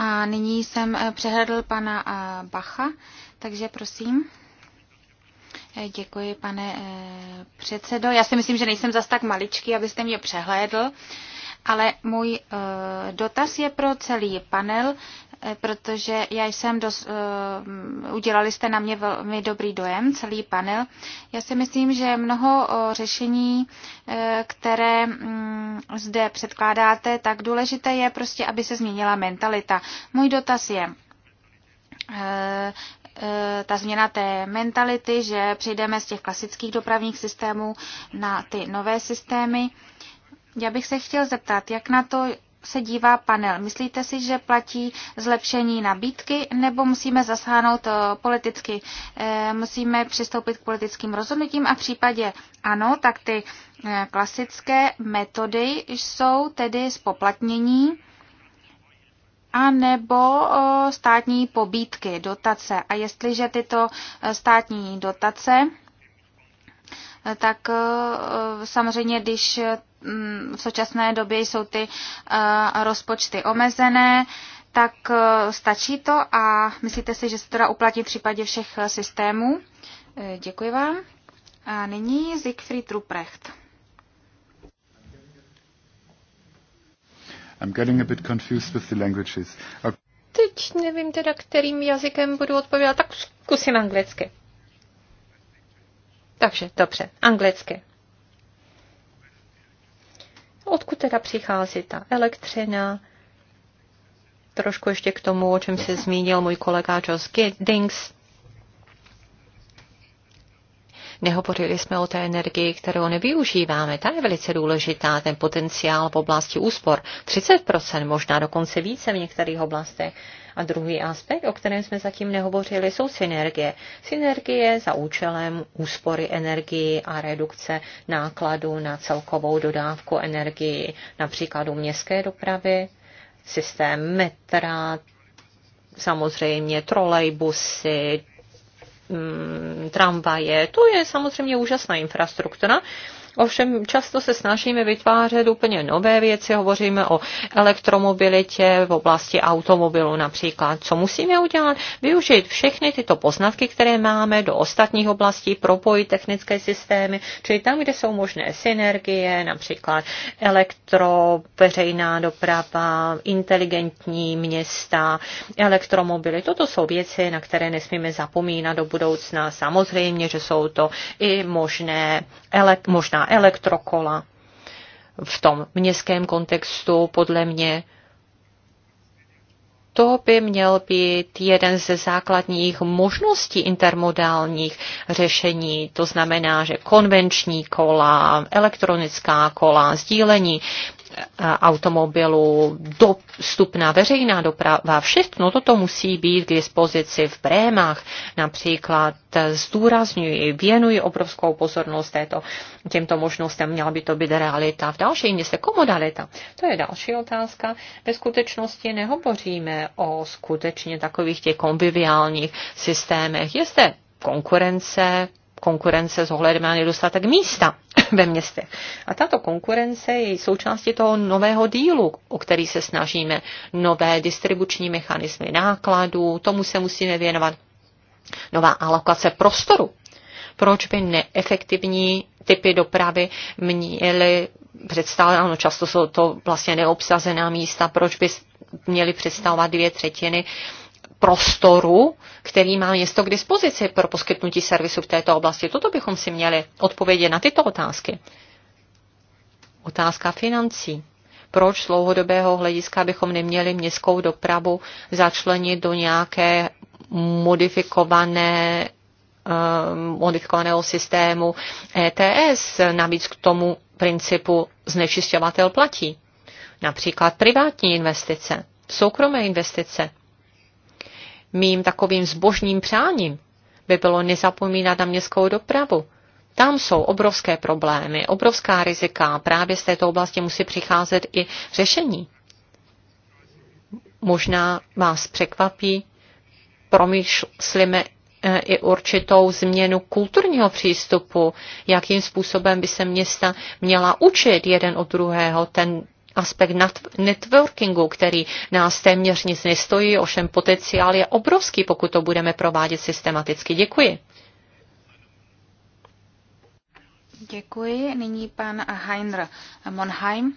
A nyní jsem eh, přehledl pana eh, Bacha, takže prosím. Eh, děkuji, pane předsedo. Já si myslím, že nejsem zas tak maličký, abyste mě přehlédl, ale můj dotaz je pro celý panel. Eh, protože já jsem dos, uh, udělali jste na mě velmi dobrý dojem, celý panel. Já si myslím, že mnoho uh, řešení, uh, které um, zde předkládáte, tak důležité je prostě, aby se změnila mentalita. Můj dotaz je, uh, ta změna té mentality, že přejdeme z těch klasických dopravních systémů na ty nové systémy. Já bych se chtěl zeptat, jak na to se dívá panel. Myslíte si, že platí zlepšení nabídky, nebo musíme zasáhnout eh, politicky? Eh, musíme přistoupit k politickým rozhodnutím a v případě ano, tak ty eh, klasické metody jsou tedy spoplatnění a nebo státní pobídky, dotace. A jestliže tyto státní dotace tak samozřejmě, když Mm, v současné době jsou ty eh, rozpočty omezené, tak eh, stačí to a myslíte si, že se teda uplatí v případě všech eh, systémů? Děkuji vám. A nyní Siegfried Ruprecht. I'm getting a bit confused with the languages. Okay. Teď nevím teda, kterým jazykem budu odpovídat, tak zkusím anglicky. Takže, dobře, anglicky. Odkud teda přichází ta elektřina? Trošku ještě k tomu, o čem se zmínil můj kolega Josh Giddings. Nehovořili jsme o té energii, kterou nevyužíváme. Ta je velice důležitá, ten potenciál v oblasti úspor. 30%, možná dokonce více v některých oblastech. A druhý aspekt, o kterém jsme zatím nehovořili, jsou synergie. Synergie za účelem úspory energii a redukce nákladů na celkovou dodávku energii, například u městské dopravy, systém metra, samozřejmě trolejbusy, mm, tramvaje. To je samozřejmě úžasná infrastruktura, Ovšem často se snažíme vytvářet úplně nové věci, hovoříme o elektromobilitě v oblasti automobilu například. Co musíme udělat? Využít všechny tyto poznatky, které máme do ostatních oblastí, propojit technické systémy, čili tam, kde jsou možné synergie, například elektro, veřejná doprava, inteligentní města, elektromobily. Toto jsou věci, na které nesmíme zapomínat do budoucna. Samozřejmě, že jsou to i možné, ele, možná elektrokola. V tom městském kontextu podle mě to by měl být jeden ze základních možností intermodálních řešení. To znamená, že konvenční kola, elektronická kola, sdílení automobilů, dostupná veřejná doprava, všechno toto musí být k dispozici v brémách. Například zdůrazňuji, věnuji obrovskou pozornost této, těmto možnostem, měla by to být realita. V další městě komodalita, to je další otázka. Ve skutečnosti nehovoříme o skutečně takových těch konviviálních systémech. Je zde konkurence, konkurence s ohledem na nedostatek místa ve městě. A tato konkurence je součástí toho nového dílu, o který se snažíme. Nové distribuční mechanismy nákladů, tomu se musíme věnovat. Nová alokace prostoru. Proč by neefektivní typy dopravy měly představovat, ano, často jsou to vlastně neobsazená místa, proč by měly představovat dvě třetiny prostoru, který má město k dispozici pro poskytnutí servisu v této oblasti. Toto bychom si měli odpovědět na tyto otázky. Otázka financí. Proč z dlouhodobého hlediska bychom neměli městskou dopravu začlenit do nějaké modifikované eh, modifikovaného systému ETS, navíc k tomu principu znečišťovatel platí. Například privátní investice, soukromé investice. Mým takovým zbožním přáním by bylo nezapomínat na městskou dopravu. Tam jsou obrovské problémy, obrovská rizika. Právě z této oblasti musí přicházet i řešení. Možná vás překvapí, promýšlíme eh, i určitou změnu kulturního přístupu, jakým způsobem by se města měla učit jeden od druhého. Ten aspekt networkingu, který nás téměř nic nestojí, ovšem potenciál je obrovský, pokud to budeme provádět systematicky. Děkuji. Děkuji. Nyní pan Heinr Monheim.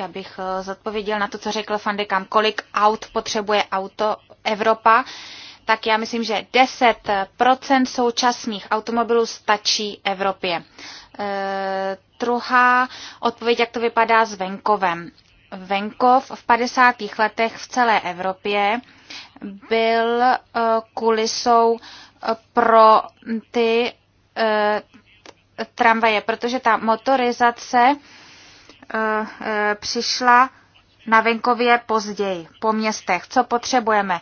Já bych eh, zodpověděl na to, co řekl Fandekam, Kolik aut potřebuje auto Evropa? tak já myslím, že 10% současných automobilů stačí Evropě. E, druhá odpověď, jak to vypadá s venkovem. Venkov v 50. letech v celé Evropě byl e, kulisou e, pro ty e, tramvaje, protože ta motorizace přišla na venkově později, po městech. Co potřebujeme?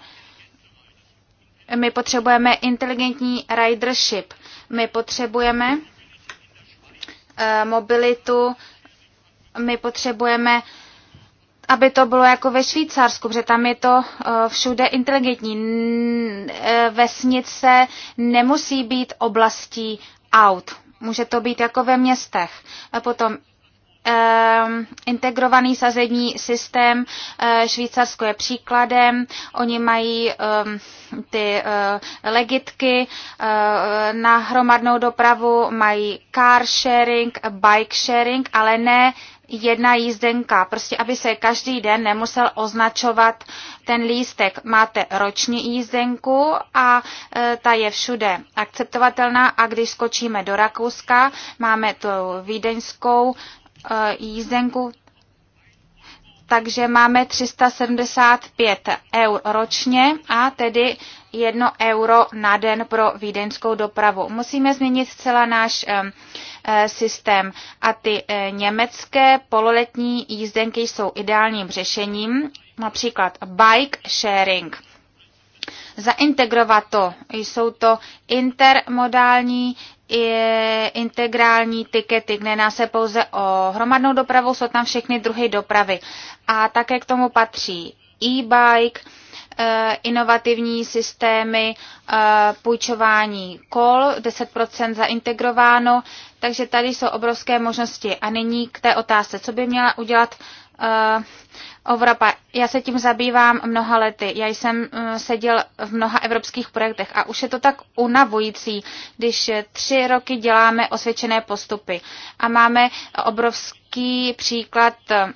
My potřebujeme inteligentní ridership. My potřebujeme eh, mobilitu. My potřebujeme aby to bylo jako ve Švýcarsku, protože tam je to eh, všude inteligentní. Eh, vesnice nemusí být oblastí aut. Může to být jako ve městech. A potom Ehm, integrovaný sazební systém. Eh, Švýcarsko je příkladem. Oni mají ehm, ty eh, legitky eh, na hromadnou dopravu, mají car sharing, bike sharing, ale ne jedna jízdenka, prostě aby se každý den nemusel označovat ten lístek. Máte roční jízdenku a e, ta je všude akceptovatelná a když skočíme do Rakouska, máme tu vídeňskou Eh, jízdenku, takže máme 375 eur ročně a tedy 1 euro na den pro vídeňskou dopravu. Musíme změnit celá náš eh, eh, systém a ty německé pololetní jízdenky jsou ideálním řešením, například bike sharing zaintegrovat to. Jsou to intermodální je integrální kde nás se pouze o hromadnou dopravu, jsou tam všechny druhy dopravy. A také k tomu patří e-bike, eh, inovativní systémy eh, půjčování kol, 10% zaintegrováno, takže tady jsou obrovské možnosti. A nyní k té otázce, co by měla udělat Eh, Evropa. Já se tím zabývám mnoha lety. Já jsem eh, seděl v mnoha evropských projektech a už je to tak unavující, když tři roky děláme osvědčené postupy a máme obrovský příklad eh,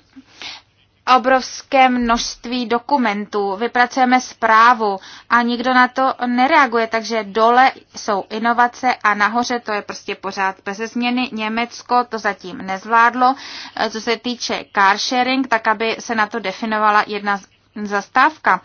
obrovské množství dokumentů, vypracujeme zprávu a nikdo na to nereaguje, takže dole jsou inovace a nahoře to je prostě pořád bez změny. Německo to zatím nezvládlo. E, co se týče car sharing, tak aby se na to definovala jedna zastávka.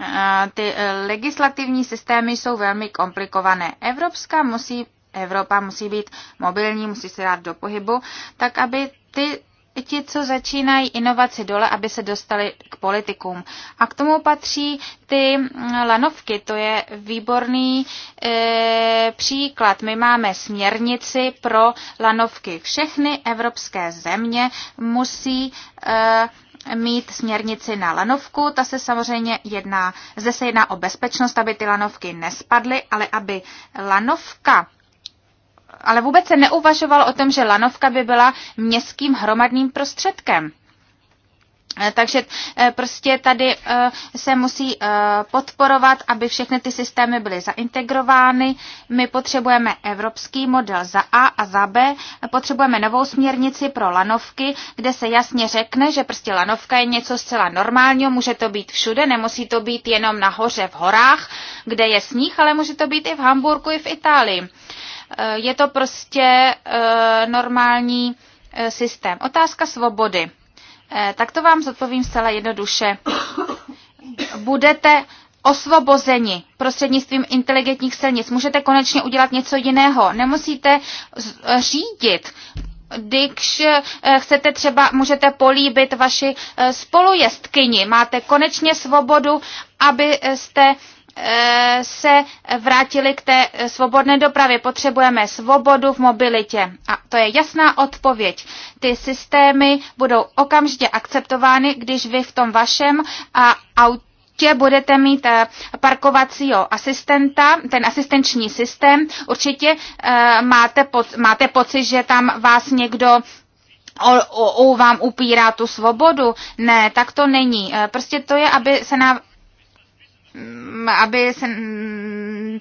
E, ty e, legislativní systémy jsou velmi komplikované. Evropská musí Evropa musí být mobilní, musí se dát do pohybu, tak aby ty ti, co začínají inovaci dole, aby se dostali k politikům. A k tomu patří ty mm, lanovky, to je výborný e, příklad. My máme směrnici pro lanovky. Všechny evropské země musí e, mít směrnici na lanovku. Ta se samozřejmě jedná, zde se jedná o bezpečnost, aby ty lanovky nespadly, ale aby lanovka ale vůbec se neuvažovalo o tom, že lanovka by byla městským hromadným prostředkem. Eh, takže eh, prostě tady eh, se musí podporovat, aby všechny ty systémy byly zaintegrovány. My potřebujeme evropský model za A a za B. Potřebujeme novou směrnici pro lanovky, kde se jasně řekne, že prostě lanovka je něco zcela normálního, může to být všude, nemusí to být jenom nahoře v horách, kde je sníh, ale může to být i v Hamburgu, i v Itálii. Je to prostě normální systém. Otázka svobody. Eh, tak to vám zodpovím zcela jednoduše. Budete osvobozeni prostřednictvím inteligentních silnic. Můžete konečně udělat něco jiného. Nemusíte eh, řídit když eh, chcete třeba, můžete políbit vaši spolujezdkyni, máte konečně svobodu, abyste se vrátili k té svobodné dopravě. Potřebujeme svobodu v mobilitě. A to je jasná odpověď. Ty systémy budou okamžitě akceptovány, když vy v tom vašem a aut budete mít eh, parkovacího asistenta, ten asistenční systém, určitě eh, máte, poc, máte pocit, že tam vás někdo O, o, o, vám upírá tu svobodu. Ne, tak to není. Eh, prostě to je, aby se na, aby se,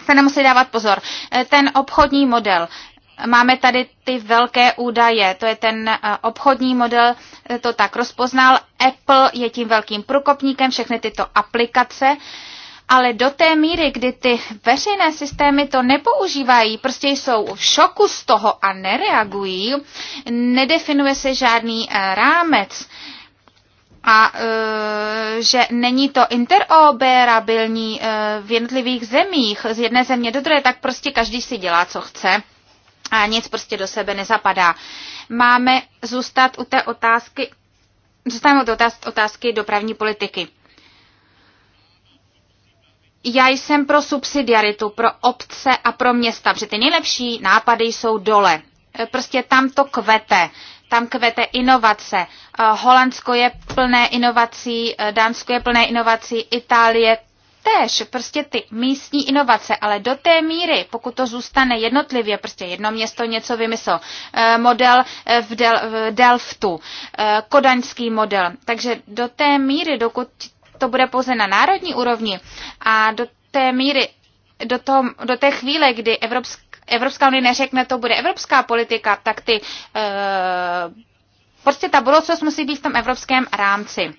se nemuseli dávat pozor. Eh, ten obchodní model. Máme tady ty velké údaje, to je ten eh, obchodní model, eh, to tak rozpoznal. Apple je tím velkým průkopníkem, všechny tyto aplikace ale do té míry, kdy ty veřejné systémy to nepoužívají, prostě jsou v šoku z toho a nereagují, nedefinuje se žádný rámec, a eh, že není to interoperabilní eh, v jednotlivých zemích z jedné země do druhé, tak prostě každý si dělá, co chce a nic prostě do sebe nezapadá. Máme zůstat u té otázky, zůstaneme u té otázky dopravní politiky. Já jsem pro subsidiaritu, pro obce a pro města, protože ty nejlepší nápady jsou dole. Eh, prostě tam to kvete tam kvete inovace. Eh, Holandsko je plné inovací, eh, Dánsko je plné inovací, Itálie tež, prostě ty místní inovace, ale do té míry, pokud to zůstane jednotlivě, prostě jedno město něco vymyslel, eh, model v, Del, v Delftu, kodaňský model, takže do té míry, dokud to bude pouze na národní úrovni a do té míry, do, tom, do té chvíle, kdy Evropská Evropská unie neřekne, to bude evropská politika, tak ty, eh, prostě ta budoucnost musí být v tom evropském rámci.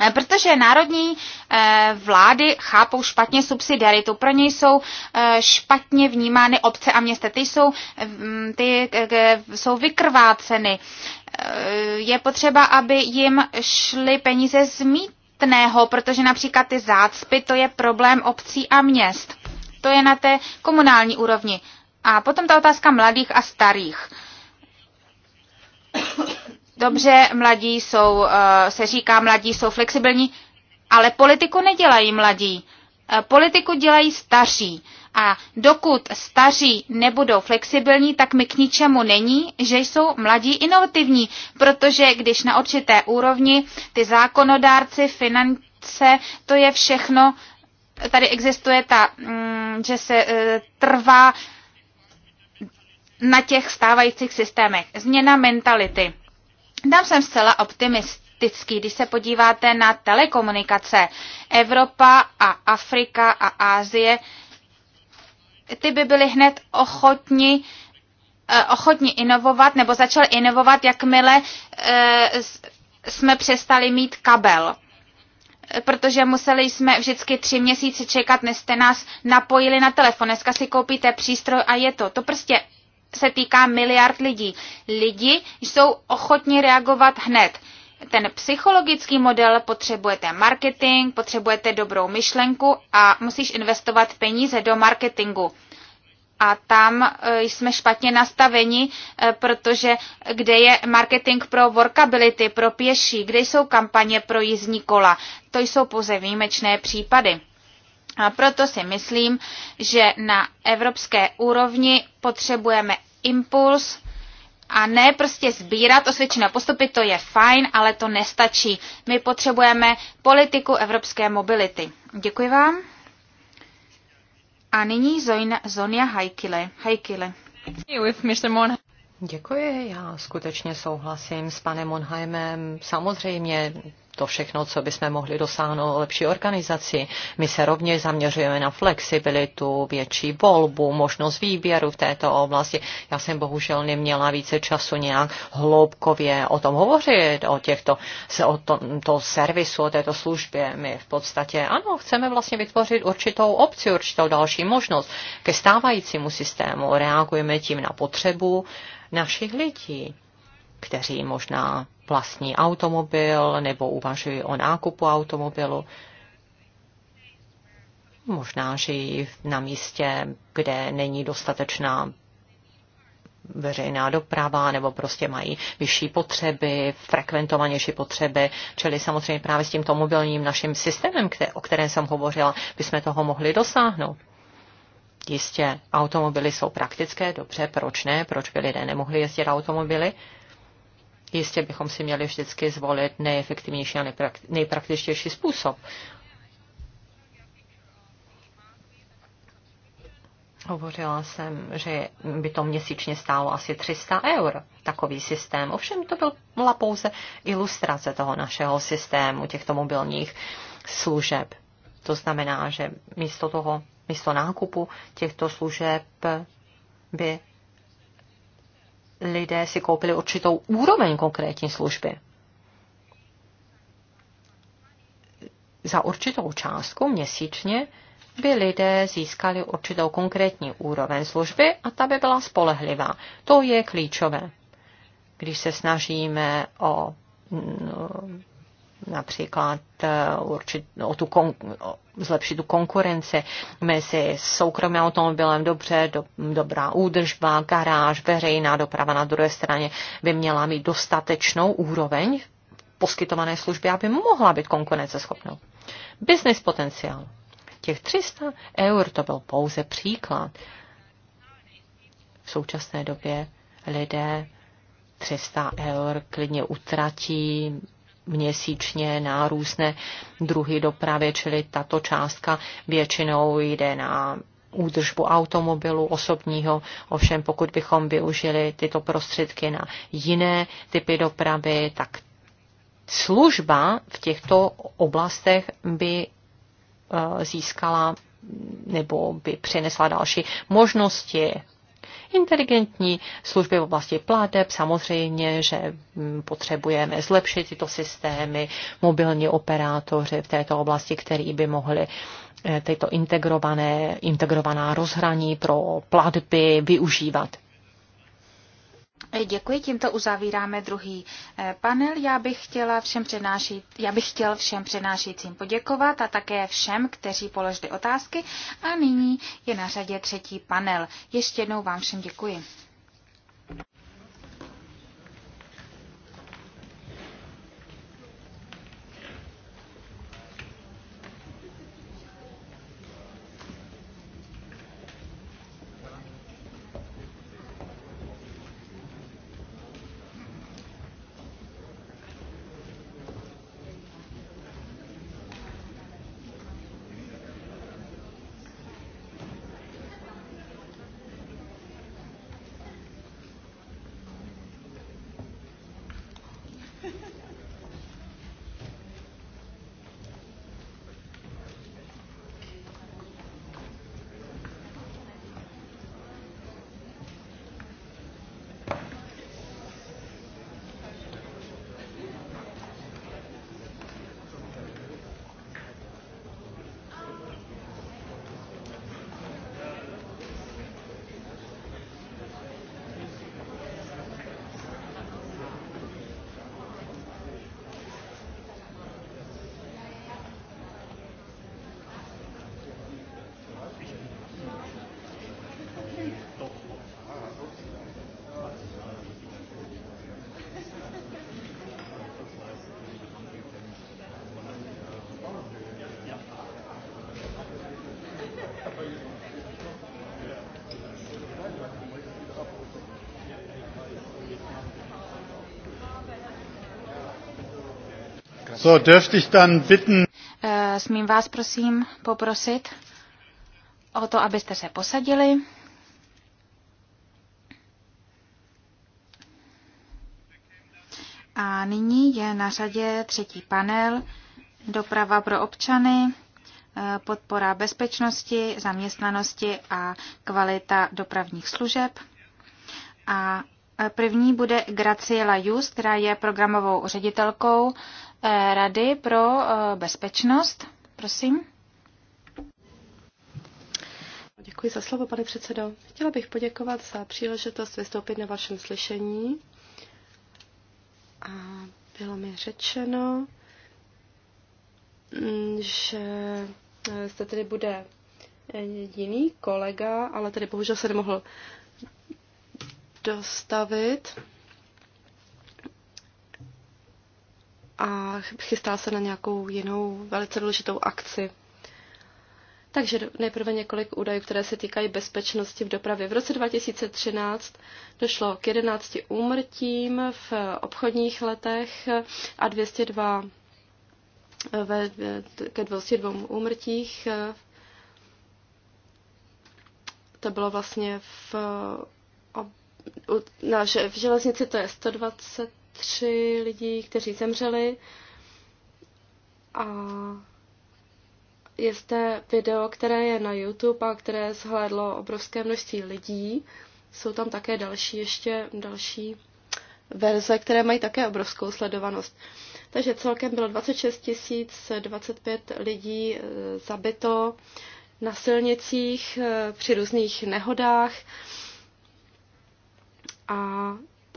Eh, protože národní eh, vlády chápou špatně subsidiaritu. Pro ně jsou špatně vnímány obce a města. Ty jsou, mm, ty jsou vykrváceny. Je potřeba, aby jim šly peníze z mítného, protože například ty zácpy, to je problém obcí a měst. To je na té komunální úrovni. A potom ta otázka mladých a starých. Dobře, mladí jsou, eh, se říká, mladí jsou flexibilní, ale politiku nedělají mladí. Eh, politiku dělají staří. A dokud staří nebudou flexibilní, tak mi k ničemu není, že jsou mladí inovativní, protože když na určité úrovni ty zákonodárci, finance, to je všechno, tady existuje ta, mm, že se eh, trvá na těch stávajících systémech. Změna mentality. Tam jsem zcela optimistický, když se podíváte na telekomunikace. Evropa a Afrika a Ázie, ty by byly hned ochotni eh, ochotni inovovat nebo začal inovovat, jakmile eh, jsme přestali mít kabel protože museli jsme vždycky tři měsíce čekat, než jste nás napojili na telefon. Dneska si koupíte přístroj a je to. To prostě se týká miliard lidí. Lidi jsou ochotni reagovat hned. Ten psychologický model potřebujete marketing, potřebujete dobrou myšlenku a musíš investovat peníze do marketingu a tam eh, jsme špatně nastaveni, eh, protože kde je marketing pro workability, pro pěší, kde jsou kampaně pro jízdní kola, to jsou pouze výjimečné případy. A proto si myslím, že na evropské úrovni potřebujeme impuls a ne prostě sbírat osvědčené postupy, to je fajn, ale to nestačí. My potřebujeme politiku evropské mobility. Děkuji vám. A nyní Zojna, Zonia Hajkile. Hajkile. Děkuji, já skutečně souhlasím s panem Monheimem. Samozřejmě to všechno, co bychom mohli dosáhnout lepší organizaci. My se rovněž zaměřujeme na flexibilitu, větší volbu, možnost výběru v této oblasti. Já jsem bohužel neměla více času nějak hloubkově o tom hovořit, o těchto, o tomto servisu, o této službě. My v podstatě, ano, chceme vlastně vytvořit určitou opci, určitou další možnost ke stávajícímu systému. Reagujeme tím na potřebu našich lidí, kteří možná vlastní automobil nebo uvažují o nákupu automobilu. Možná žijí na místě, kde není dostatečná veřejná doprava, nebo prostě mají vyšší potřeby, frekventovanější potřeby, čili samozřejmě právě s tímto mobilním naším systémem, které, o kterém jsem hovořila, bychom toho mohli dosáhnout. Jistě, automobily jsou praktické, dobře, proč ne, proč by lidé nemohli jezdit automobily, Jistě bychom si měli vždycky zvolit nejefektivnější a nejpraktičtější způsob. Hovořila jsem, že by to měsíčně stálo asi 300 eur, takový systém. Ovšem to byla pouze ilustrace toho našeho systému, těchto mobilních služeb. To znamená, že místo toho, místo nákupu těchto služeb by lidé si koupili určitou úroveň konkrétní služby. Za určitou částku měsíčně by lidé získali určitou konkrétní úroveň služby a ta by byla spolehlivá. To je klíčové. Když se snažíme o mm, například eh, určit, o tu kon, o, zlepšit tu konkurenci mezi soukromým automobilem, dobře, do, dobrá údržba, garáž, veřejná doprava na druhé straně by měla mít dostatečnou úroveň poskytované služby, aby mohla být konkurenceschopnou. Business potenciál. Těch 300 eur to byl pouze příklad. V současné době lidé 300 eur klidně utratí měsíčně na různé druhy dopravy, čili tato částka většinou jde na údržbu automobilu osobního. Ovšem, pokud bychom využili tyto prostředky na jiné typy dopravy, tak služba v těchto oblastech by eh, získala nebo by přinesla další možnosti Inteligentní služby v oblasti pláteb, samozřejmě, že mm, potřebujeme zlepšit tyto systémy, mobilní operátoři v této oblasti, který by mohli eh, tyto integrované, integrovaná rozhraní pro platby využívat. Eh, děkuji, tímto uzavíráme druhý eh, panel. Já bych, chtěla všem přenášit, já bych chtěl všem přenášejícím poděkovat a také všem, kteří položili otázky. A nyní je na řadě třetí panel. Ještě jednou vám všem děkuji. So, dürfte ich dann bitten... Eh, smím vás prosím poprosit o to, abyste se posadili. A nyní je na řadě třetí panel Doprava pro občany, eh, podpora bezpečnosti, zaměstnanosti a kvalita dopravních služeb. A eh, první bude Graciela Just, která je programovou ředitelkou Eh, Rady pro eh, bezpečnost. Prosím. Děkuji za slovo, pane předsedo. Chtěla bych poděkovat za příležitost vystoupit na vašem slyšení. A bylo mi řečeno, mm, že jste eh, tedy bude jiný kolega, ale tedy bohužel se nemohl dostavit. a chystá se na nějakou jinou velice důležitou akci. Takže nejprve několik údajů, které se týkají bezpečnosti v dopravě. V roce 2013 došlo k 11 úmrtím v obchodních letech a 202 ve, ke 202 úmrtích. To bylo vlastně v, na, v železnici to je 120 tři lidi, kteří zemřeli. A je zde video, které je na YouTube a které zhlédlo obrovské množství lidí. Jsou tam také další ještě další verze, které mají také obrovskou sledovanost. Takže celkem bylo 26 025 25 lidí eh, zabito na silnicích eh, při různých nehodách. A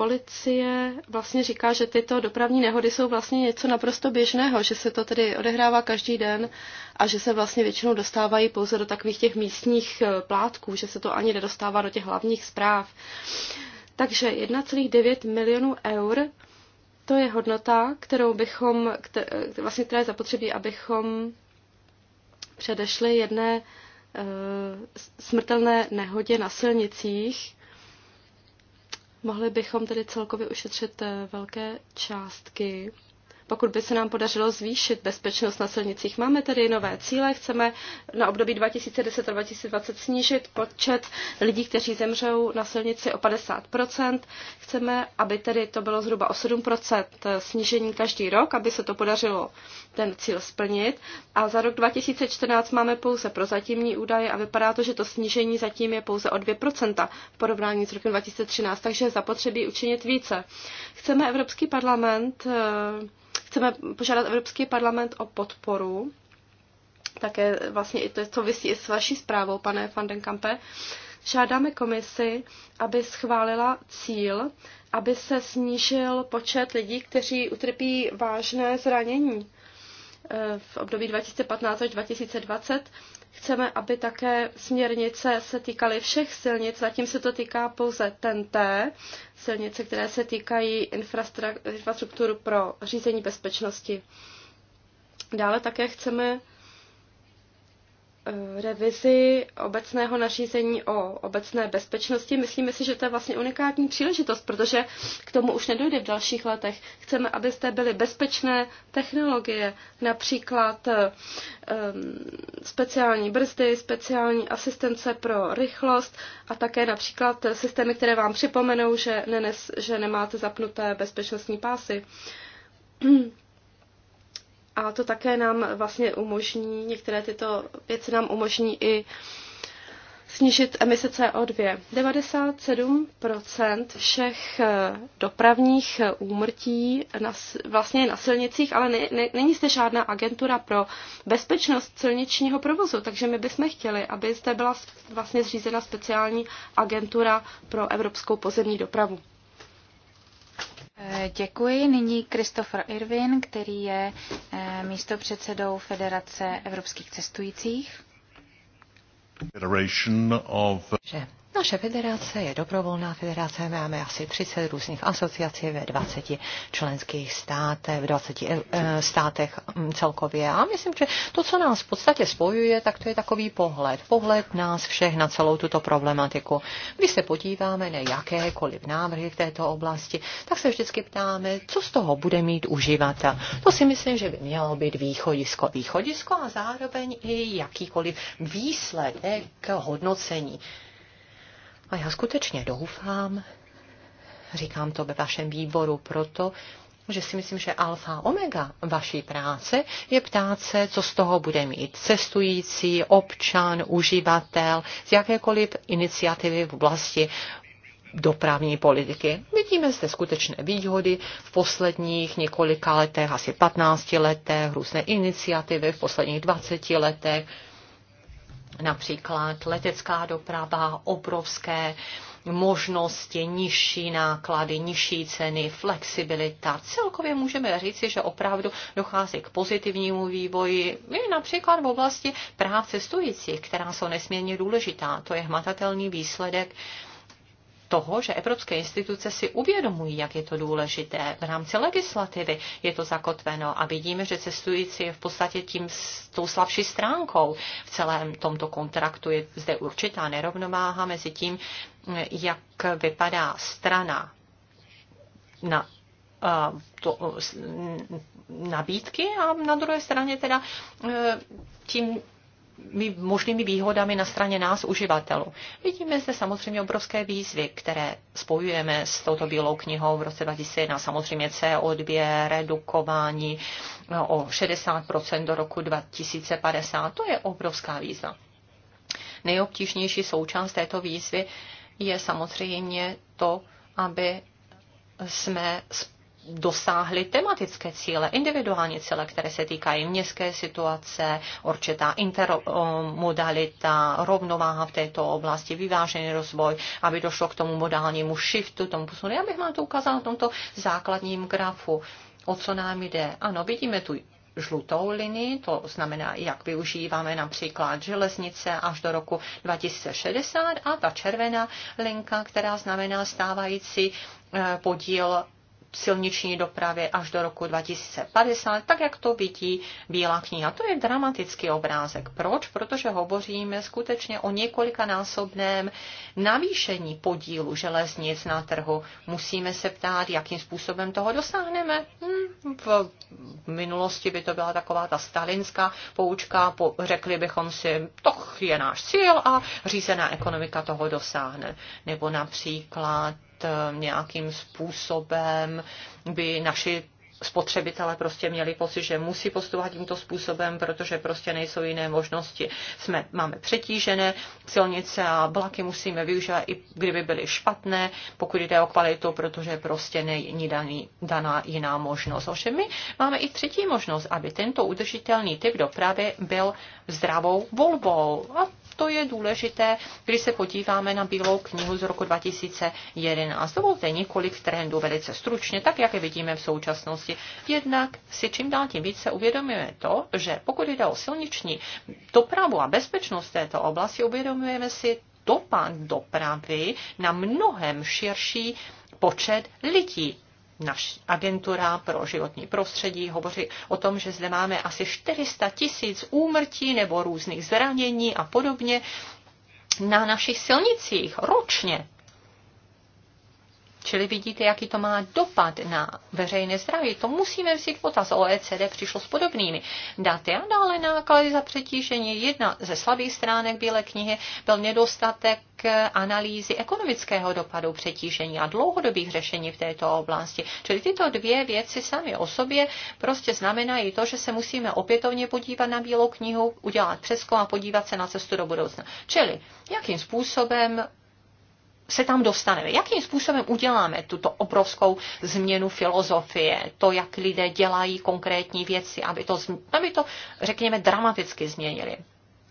policie vlastně říká, že tyto dopravní nehody jsou vlastně něco naprosto běžného, že se to tedy odehrává každý den a že se vlastně většinou dostávají pouze do takových těch místních eh, plátků, že se to ani nedostává do těch hlavních zpráv. Takže 1,9 milionů eur to je hodnota, kterou bychom, eh, vlastně která je zapotřebí, abychom předešli jedné eh, smrtelné nehodě na silnicích, Mohli bychom tedy celkově ušetřit eh, velké částky pokud by se nám podařilo zvýšit bezpečnost na silnicích. Máme tedy nové cíle, chceme na období 2010 a 2020 snížit počet lidí, kteří zemřou na silnici o 50 Chceme, aby tedy to bylo zhruba o 7 snížení každý rok, aby se to podařilo ten cíl splnit. A za rok 2014 máme pouze prozatímní údaje a vypadá to, že to snížení zatím je pouze o 2 v porovnání s rokem 2013, takže je zapotřebí učinit více. Chceme Evropský parlament eh, Chceme požádat Evropský parlament o podporu, také vlastně i to souvisí i s vaší zprávou, pane van den Kampe. Žádáme komisi, aby schválila cíl, aby se snížil počet lidí, kteří utrpí vážné zranění eh, v období 2015 až 2020 Chceme, aby také směrnice se týkaly všech silnic, zatím se to týká pouze TNT, silnice, které se týkají infrastruktur pro řízení bezpečnosti. Dále také chceme Eh, revizi obecného nařízení o obecné bezpečnosti. Myslíme si, že to je vlastně unikátní příležitost, protože k tomu už nedojde v dalších letech. Chceme, abyste byly bezpečné technologie, například um, speciální brzdy, speciální asistence pro rychlost a také například systémy, které vám připomenou, že, nenes, že nemáte zapnuté bezpečnostní pásy. A to také nám vlastně umožní, některé tyto věci nám umožní i snížit emise CO2. 97% všech eh, dopravních eh, úmrtí na, vlastně na silnicích, ale ne, ne, není zde žádná agentura pro bezpečnost silničního provozu, takže my bychom chtěli, aby zde byla vlastně zřízena speciální agentura pro evropskou pozemní dopravu. Eh, děkuji. Nyní Christopher Irvin, který je eh, místo předsedou Federace evropských cestujících. Naše federace je dobrovolná federace, máme asi 30 různých asociací ve 20 členských státech, v 20 eh, státech mm, celkově. A myslím, že to, co nás v podstatě spojuje, tak to je takový pohled. Pohled nás všech na celou tuto problematiku. Když se podíváme na jakékoliv návrhy v této oblasti, tak se vždycky ptáme, co z toho bude mít uživatel. To si myslím, že by mělo být východisko. Východisko a zároveň i jakýkoliv výsledek hodnocení a já skutečně doufám, říkám to ve vašem výboru proto, že si myslím, že alfa omega vaší práce je ptát se, co z toho bude mít cestující, občan, uživatel, z jakékoliv iniciativy v oblasti dopravní politiky. Vidíme zde skutečné výhody v posledních několika letech, asi 15 letech, různé iniciativy v posledních 20 letech, Například letecká doprava, obrovské možnosti, nižší náklady, nižší ceny, flexibilita. Celkově můžeme říci, že opravdu dochází k pozitivnímu vývoji, i například v oblasti práv cestujících, která jsou nesmírně důležitá. To je hmatatelný výsledek uh, toho, že evropské instituce si uvědomují, jak je to důležité v rámci legislativy. Je to zakotveno a vidíme, že cestující je v podstatě tím tou slabší stránkou v celém tomto kontraktu. Je zde určitá nerovnováha mezi tím, jak vypadá strana na eh, to, nabídky a na druhé straně teda eh, tím možnými výhodami na straně nás, uživatelů. Vidíme zde samozřejmě obrovské výzvy, které spojujeme s touto bílou knihou v roce 2001. Samozřejmě CO2, redukování eh, o 60% do roku 2050. To je obrovská výzva. Nejobtížnější součást této výzvy je samozřejmě to, aby jsme dosáhli tematické cíle, individuální cíle, které se týkají městské situace, určitá intermodalita, rovnováha v této oblasti, vyvážený rozvoj, aby došlo k tomu modálnímu shiftu, tomu posunu. Já bych vám to ukázal na tomto základním grafu. O co nám jde? Ano, vidíme tu žlutou linii, to znamená, jak využíváme například železnice až do roku 2060 a ta červená linka, která znamená stávající eh, podíl silniční dopravě až do roku 2050, tak jak to vidí Bílá kniha. To je dramatický obrázek. Proč? Protože hovoříme skutečně o několikanásobném navýšení podílu železnic na trhu. Musíme se ptát, jakým způsobem toho dosáhneme. Hm, v minulosti by to byla taková ta stalinská poučka, po, řekli bychom si, to je náš cíl a řízená ekonomika toho dosáhne. Nebo například Eh, nějakým způsobem, by naši spotřebitelé prostě měli pocit, že musí postupovat tímto způsobem, protože prostě nejsou jiné možnosti. Jsme, máme přetížené silnice a vlaky musíme využívat, i kdyby byly špatné, pokud jde o kvalitu, protože prostě není daný, daná jiná možnost. Ovšem my máme i třetí možnost, aby tento udržitelný typ dopravy byl zdravou volbou. A to je důležité, když se podíváme na Bílou knihu z roku 2011. Dovolte několik trendů velice stručně, tak jak je vidíme v současnosti. Jednak si čím dál tím více uvědomujeme to, že pokud jde o silniční dopravu a bezpečnost této oblasti, uvědomujeme si dopad dopravy na mnohem širší počet lidí naš agentura pro životní prostředí hovoří o tom, že zde máme asi 400 tisíc úmrtí nebo různých zranění a podobně na našich silnicích ročně. Čili vidíte, jaký to má dopad na veřejné zdraví. To musíme vzít potaz. OECD přišlo s podobnými daty. A dále náklady za přetížení. Jedna ze slabých stránek Bílé knihy byl nedostatek analýzy ekonomického dopadu přetížení a dlouhodobých řešení v této oblasti. Čili tyto dvě věci sami o sobě prostě znamenají to, že se musíme opětovně podívat na Bílou knihu, udělat přeskum a podívat se na cestu do budoucna. Čili jakým způsobem se tam dostaneme. Jakým způsobem uděláme tuto obrovskou změnu filozofie, to, jak lidé dělají konkrétní věci, aby to, aby to řekněme, dramaticky změnili.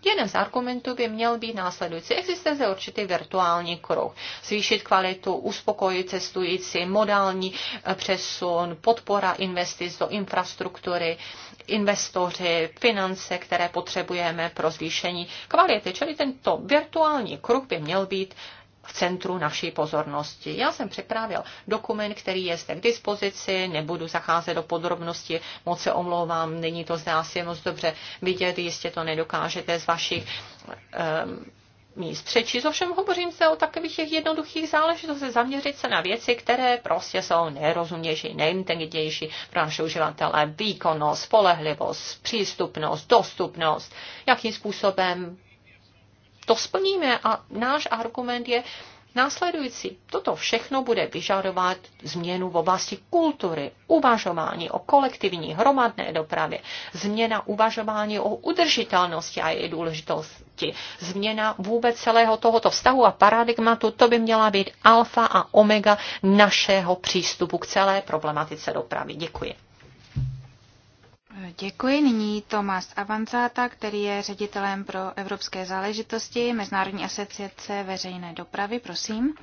Jeden z argumentů by měl být následující. Existuje zde určitý virtuální kruh. Zvýšit kvalitu, uspokojit cestující, modální eh, přesun, podpora investic do infrastruktury, investoři, finance, které potřebujeme pro zvýšení kvality. Čili tento virtuální kruh by měl být v centru naší pozornosti. Já jsem připravil dokument, který je zde k dispozici, nebudu zacházet do podrobnosti, moc se omlouvám, není to zde asi moc dobře vidět, jistě to nedokážete z vašich um, míst přečíst. Ovšem hovořím se o takových těch jednoduchých záležitostech, zaměřit se na věci, které prostě jsou nejrozumější, nejinteligentnější pro naše uživatele. Výkonnost, spolehlivost, přístupnost, dostupnost, jakým způsobem to splníme. A náš argument je následující. Toto všechno bude vyžadovat změnu v oblasti kultury, uvažování o kolektivní hromadné dopravě, změna uvažování o udržitelnosti a její důležitosti, změna vůbec celého tohoto vztahu a paradigmatu, to by měla být alfa a omega našeho přístupu k celé problematice dopravy. Děkuji. Děkuji. Nyní Tomas Avanzáta, který je ředitelem pro evropské záležitosti Mezinárodní asociace veřejné dopravy. Prosím.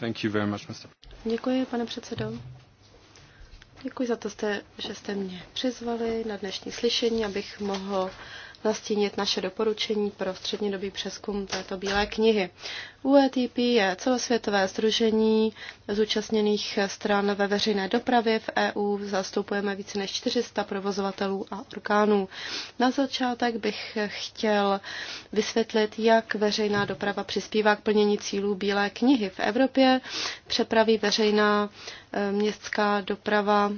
Thank you very much, Mr. Děkuji, pane předsedo. Děkuji za to, že jste mě přizvali na dnešní slyšení, abych mohl nastínit naše doporučení pro střednědobý přeskum této bílé knihy. UETP je celosvětové združení zúčastněných stran ve veřejné dopravě v EU. Zastupujeme více než 400 provozovatelů a orgánů. Na začátek bych chtěl vysvětlit, jak veřejná doprava přispívá k plnění cílů bílé knihy. V Evropě přepraví veřejná eh, městská doprava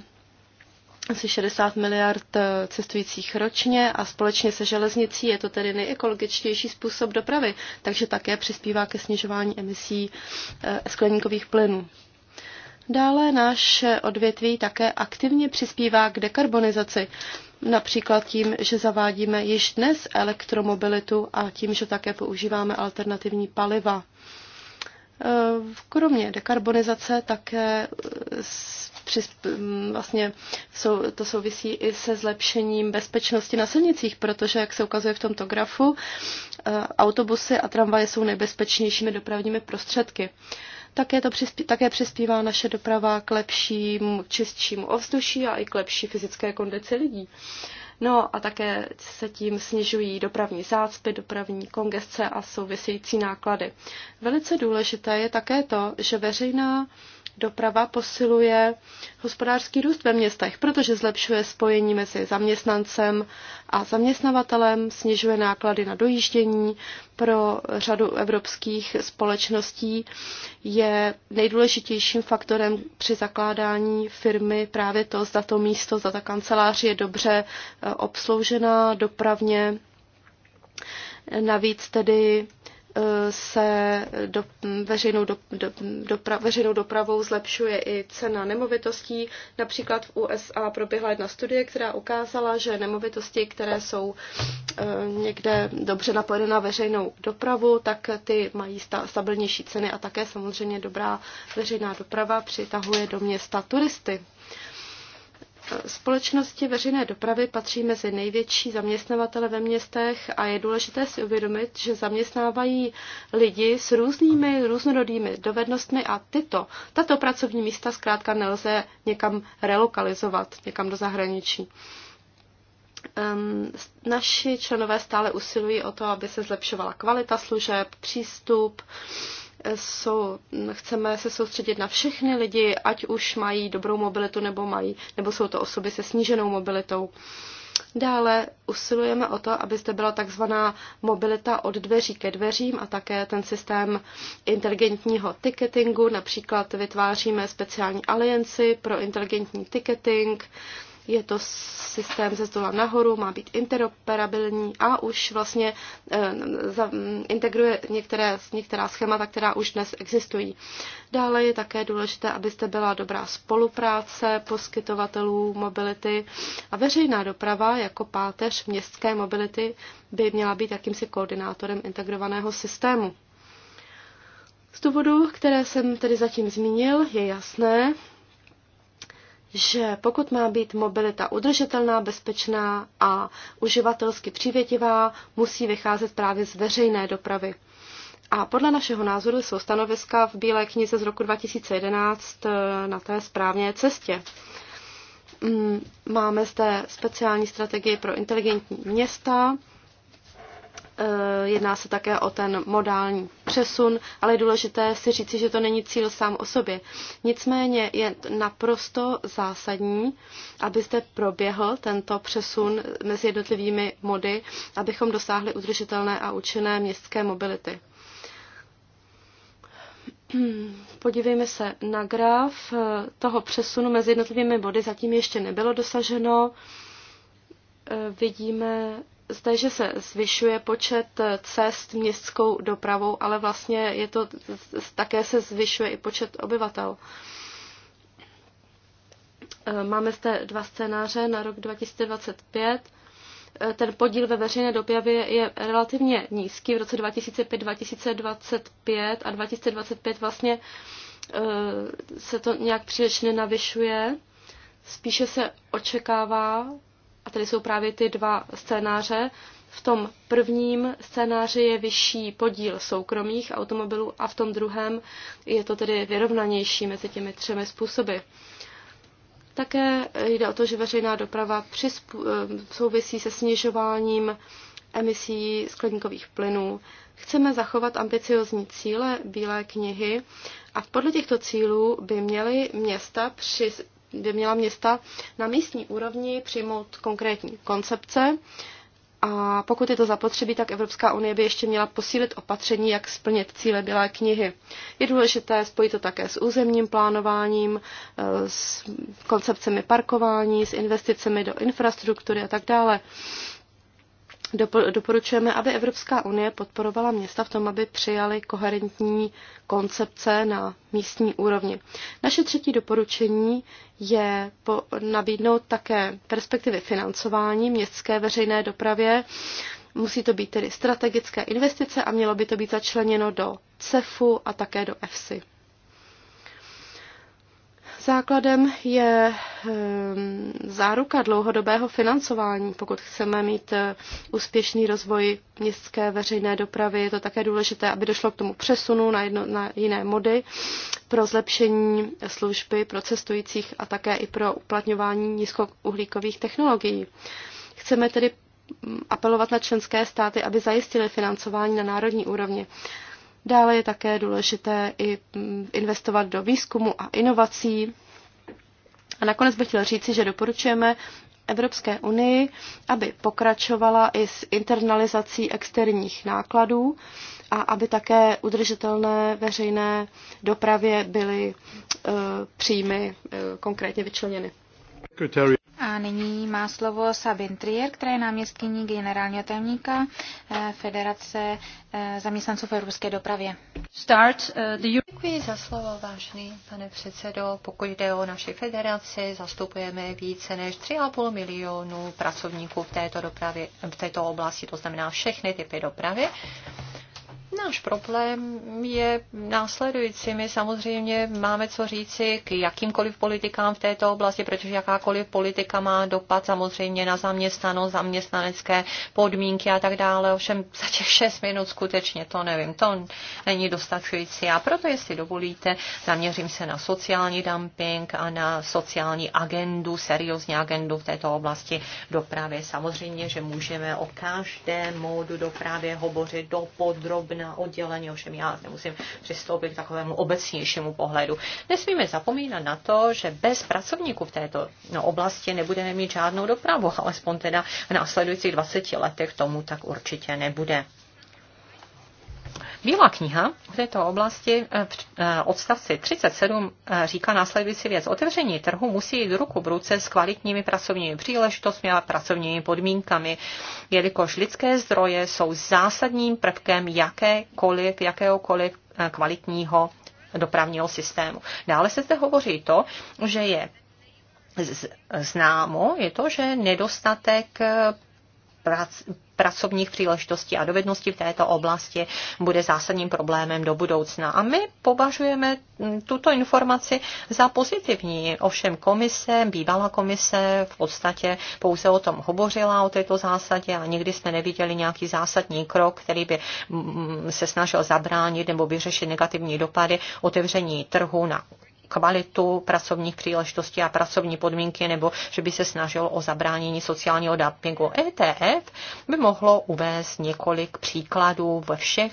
asi 60 miliard eh, cestujících ročně a společně se železnicí je to tedy nejekologičtější způsob dopravy, takže také přispívá ke snižování emisí eh, skleníkových plynů. Dále naše odvětví také aktivně přispívá k dekarbonizaci, například tím, že zavádíme již dnes elektromobilitu a tím, že také používáme alternativní paliva. Eh, kromě dekarbonizace také Mm, vlastně sou, to souvisí i se zlepšením bezpečnosti na silnicích, protože, jak se ukazuje v tomto grafu, e, autobusy a tramvaje jsou nejbezpečnějšími dopravními prostředky. Také, to přispí, také přispívá naše doprava k lepšímu, čistšímu ovzduší a i k lepší fyzické kondici lidí. No a také se tím snižují dopravní zácpy, dopravní kongesce a související náklady. Velice důležité je také to, že veřejná doprava posiluje hospodářský růst ve městech, protože zlepšuje spojení mezi zaměstnancem a zaměstnavatelem, snižuje náklady na dojíždění. Pro řadu evropských společností je nejdůležitějším faktorem při zakládání firmy právě to, zda to místo, zda ta kancelář je dobře eh, obsloužená dopravně. Navíc tedy se do, veřejnou, do, do, dopra, veřejnou dopravou zlepšuje i cena nemovitostí. Například v USA proběhla jedna studie, která ukázala, že nemovitosti, které jsou eh, někde dobře napojeny na veřejnou dopravu, tak ty mají sta, stabilnější ceny a také samozřejmě dobrá veřejná doprava přitahuje do města turisty. Společnosti veřejné dopravy patří mezi největší zaměstnavatele ve městech a je důležité si uvědomit, že zaměstnávají lidi s různými, různorodými dovednostmi a tyto, tato pracovní místa zkrátka nelze někam relokalizovat, někam do zahraničí. Um, naši členové stále usilují o to, aby se zlepšovala kvalita služeb, přístup, um, jsou, chceme se soustředit na všechny lidi, ať už mají dobrou mobilitu nebo mají, nebo jsou to osoby se sníženou mobilitou. Dále usilujeme o to, aby zde byla takzvaná mobilita od dveří ke dveřím a také ten systém inteligentního ticketingu. Například vytváříme speciální alianci pro inteligentní ticketing, je to systém ze zdola nahoru, má být interoperabilní a už vlastně eh, integruje některé, některá schémata, která už dnes existují. Dále je také důležité, abyste byla dobrá spolupráce poskytovatelů mobility a veřejná doprava jako páteř městské mobility by měla být jakýmsi koordinátorem integrovaného systému. Z důvodu, které jsem tedy zatím zmínil, je jasné, že pokud má být mobilita udržitelná, bezpečná a uživatelsky přívětivá, musí vycházet právě z veřejné dopravy. A podle našeho názoru jsou stanoviska v Bílé knize z roku 2011 eh, na té správné cestě. Mm, máme zde speciální strategie pro inteligentní města, Eh, jedná se také o ten modální přesun, ale je důležité si říci, že to není cíl sám o sobě. Nicméně je naprosto zásadní, aby zde proběhl tento přesun mezi jednotlivými mody, abychom dosáhli udržitelné a účinné městské mobility. Podívejme se na graf eh, toho přesunu mezi jednotlivými body. Zatím ještě nebylo dosaženo. Eh, vidíme zde, že se zvyšuje počet cest městskou dopravou, ale vlastně je to, také se zvyšuje i počet obyvatel. E, máme zde dva scénáře na rok 2025. E, ten podíl ve veřejné dopravě je relativně nízký. V roce 2005, 2025 a 2025 vlastně e, se to nějak příliš nenavyšuje. Spíše se očekává a tady jsou právě ty dva scénáře. V tom prvním scénáři je vyšší podíl soukromých automobilů a v tom druhém je to tedy vyrovnanější mezi těmi třemi způsoby. Také jde o to, že veřejná doprava eh, souvisí se snižováním emisí skleníkových plynů. Chceme zachovat ambiciozní cíle Bílé knihy a podle těchto cílů by měly města při, kde měla města na místní úrovni přijmout konkrétní koncepce. A pokud je to zapotřebí, tak Evropská unie by ještě měla posílit opatření, jak splnit cíle Bílé knihy. Je důležité spojit to také s územním plánováním, eh, s koncepcemi parkování, s investicemi do infrastruktury a tak dále. Doporučujeme, aby Evropská unie podporovala města v tom, aby přijali koherentní koncepce na místní úrovni. Naše třetí doporučení je nabídnout také perspektivy financování městské veřejné dopravě. Musí to být tedy strategické investice a mělo by to být začleněno do CEFu a také do EFSI. Základem je ehm, záruka dlouhodobého financování. Pokud chceme mít eh, úspěšný rozvoj městské veřejné dopravy, je to také důležité, aby došlo k tomu přesunu na, jedno, na jiné mody pro zlepšení služby pro cestujících a také i pro uplatňování nízkouhlíkových technologií. Chceme tedy mm, apelovat na členské státy, aby zajistili financování na národní úrovni. Dále je také důležité i mm, investovat do výzkumu a inovací. A nakonec bych chtěl říci, že doporučujeme Evropské unii, aby pokračovala i s internalizací externích nákladů a aby také udržitelné veřejné dopravě byly e, příjmy e, konkrétně vyčleněny. A nyní má slovo Sabin Trier, která je náměstkyní generálního tajemníka eh, Federace eh, zaměstnanců v evropské dopravě. Start, uh, the... Děkuji za slovo, vážný pane předsedo. Pokud jde o naši federaci, zastupujeme více než 3,5 milionu pracovníků v této, dopravě, v této oblasti, to znamená všechny typy dopravy. Náš problém je následující. My samozřejmě máme co říci k jakýmkoliv politikám v této oblasti, protože jakákoliv politika má dopad samozřejmě na zaměstnanost, zaměstnanecké podmínky a tak dále. Ovšem za těch šest minut skutečně to nevím, to není dostačující. A proto, jestli dovolíte, zaměřím se na sociální dumping a na sociální agendu, seriózní agendu v této oblasti dopravy. Samozřejmě, že můžeme o každém módu dopravy hovořit do podrobna na oddělení, ovšem já nemusím přistoupit k takovému obecnějšímu pohledu. Nesmíme zapomínat na to, že bez pracovníků v této no, oblasti nebudeme mít žádnou dopravu, alespoň teda v následujících 20 letech tomu tak určitě nebude. Bílá kniha v této oblasti eh, v eh, odstavci 37 eh, říká následující věc. Otevření trhu musí jít ruku v ruce s kvalitními pracovními příležitostmi a pracovními podmínkami, jelikož lidské zdroje jsou zásadním prvkem jakékoliv, jakéhokoliv kvalitního dopravního systému. Dále se zde hovoří to, že je známo, je to, že nedostatek pracovních příležitostí a dovedností v této oblasti bude zásadním problémem do budoucna. A my považujeme mm, tuto informaci za pozitivní. Ovšem komise, bývalá komise v podstatě pouze o tom hovořila, o této zásadě a nikdy jsme neviděli nějaký zásadní krok, který by mm, se snažil zabránit nebo vyřešit negativní dopady otevření trhu na kvalitu pracovních příležitostí a pracovní podmínky, nebo že by se snažilo o zabránění sociálního dumpingu. ETF by mohlo uvést několik příkladů ve všech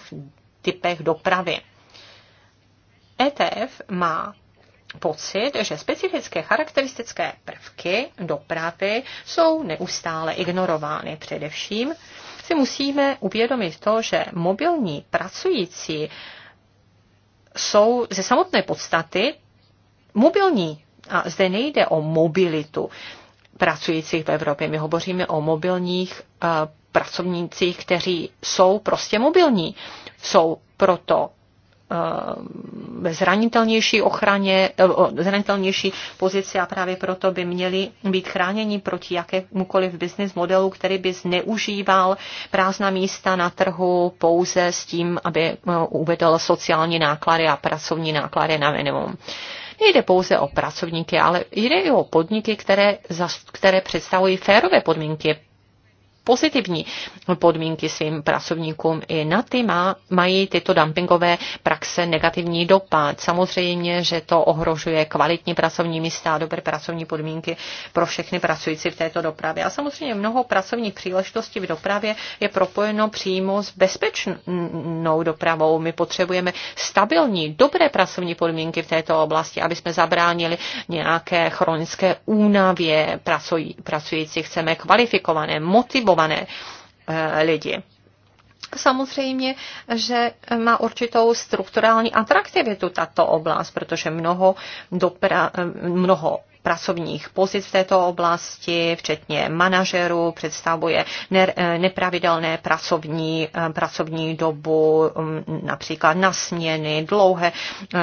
typech dopravy. ETF má pocit, že specifické charakteristické prvky dopravy jsou neustále ignorovány. Především si musíme uvědomit to, že mobilní pracující jsou ze samotné podstaty mobilní. A zde nejde o mobilitu pracujících v Evropě. My hovoříme o mobilních eh, pracovnících, kteří jsou prostě mobilní. Jsou proto eh, zranitelnější ochraně, eh, zranitelnější pozici a právě proto by měli být chráněni proti jakémukoliv business modelu, který by zneužíval prázdná místa na trhu pouze s tím, aby uvedl sociální náklady a pracovní náklady na minimum. Nejde pouze o pracovníky, ale jde i o podniky, které, které představují férové podmínky pozitivní podmínky svým pracovníkům. I na ty má, mají tyto dumpingové praxe negativní dopad. Samozřejmě, že to ohrožuje kvalitní pracovní místa a dobré pracovní podmínky pro všechny pracující v této dopravě. A samozřejmě mnoho pracovních příležitostí v dopravě je propojeno přímo s bezpečnou dopravou. My potřebujeme stabilní, dobré pracovní podmínky v této oblasti, aby jsme zabránili nějaké chronické únavě pracujících. Chceme kvalifikované, motivované motivované eh, lidi. Samozřejmě, že má určitou strukturální atraktivitu tato oblast, protože mnoho, dopra- mnoho pracovních pozic v této oblasti, včetně manažerů, představuje eh, nepravidelné pracovní, eh, pracovní dobu, mm, například na směny, dlouhé eh,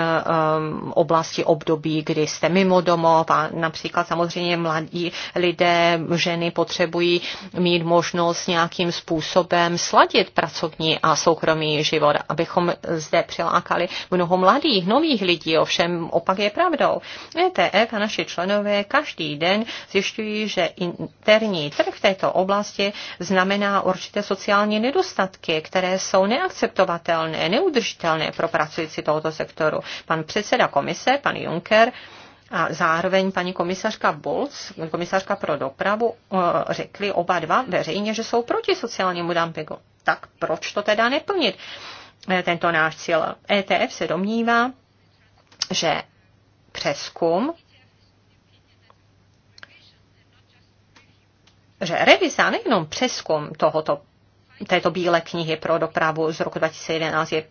oblasti období, kdy jste mimo domov a například samozřejmě mladí lidé, ženy potřebují mít možnost nějakým způsobem sladit pracovní a soukromý život, abychom zde přilákali mnoho mladých, nových lidí, ovšem opak je pravdou. ETF e, a naši členy pánové každý den zjišťují, že interní trh v této oblasti znamená určité sociální nedostatky, které jsou neakceptovatelné, neudržitelné pro pracující tohoto sektoru. Pan předseda komise, pan Juncker, a zároveň paní komisařka Bolc, komisařka pro dopravu, eh, řekli oba dva veřejně, že jsou proti sociálnímu dumpingu. Tak proč to teda neplnit? Eh, tento náš cíl ETF se domnívá, že přeskum že revize a nejenom přeskum tohoto této bílé knihy pro dopravu z roku 2011 je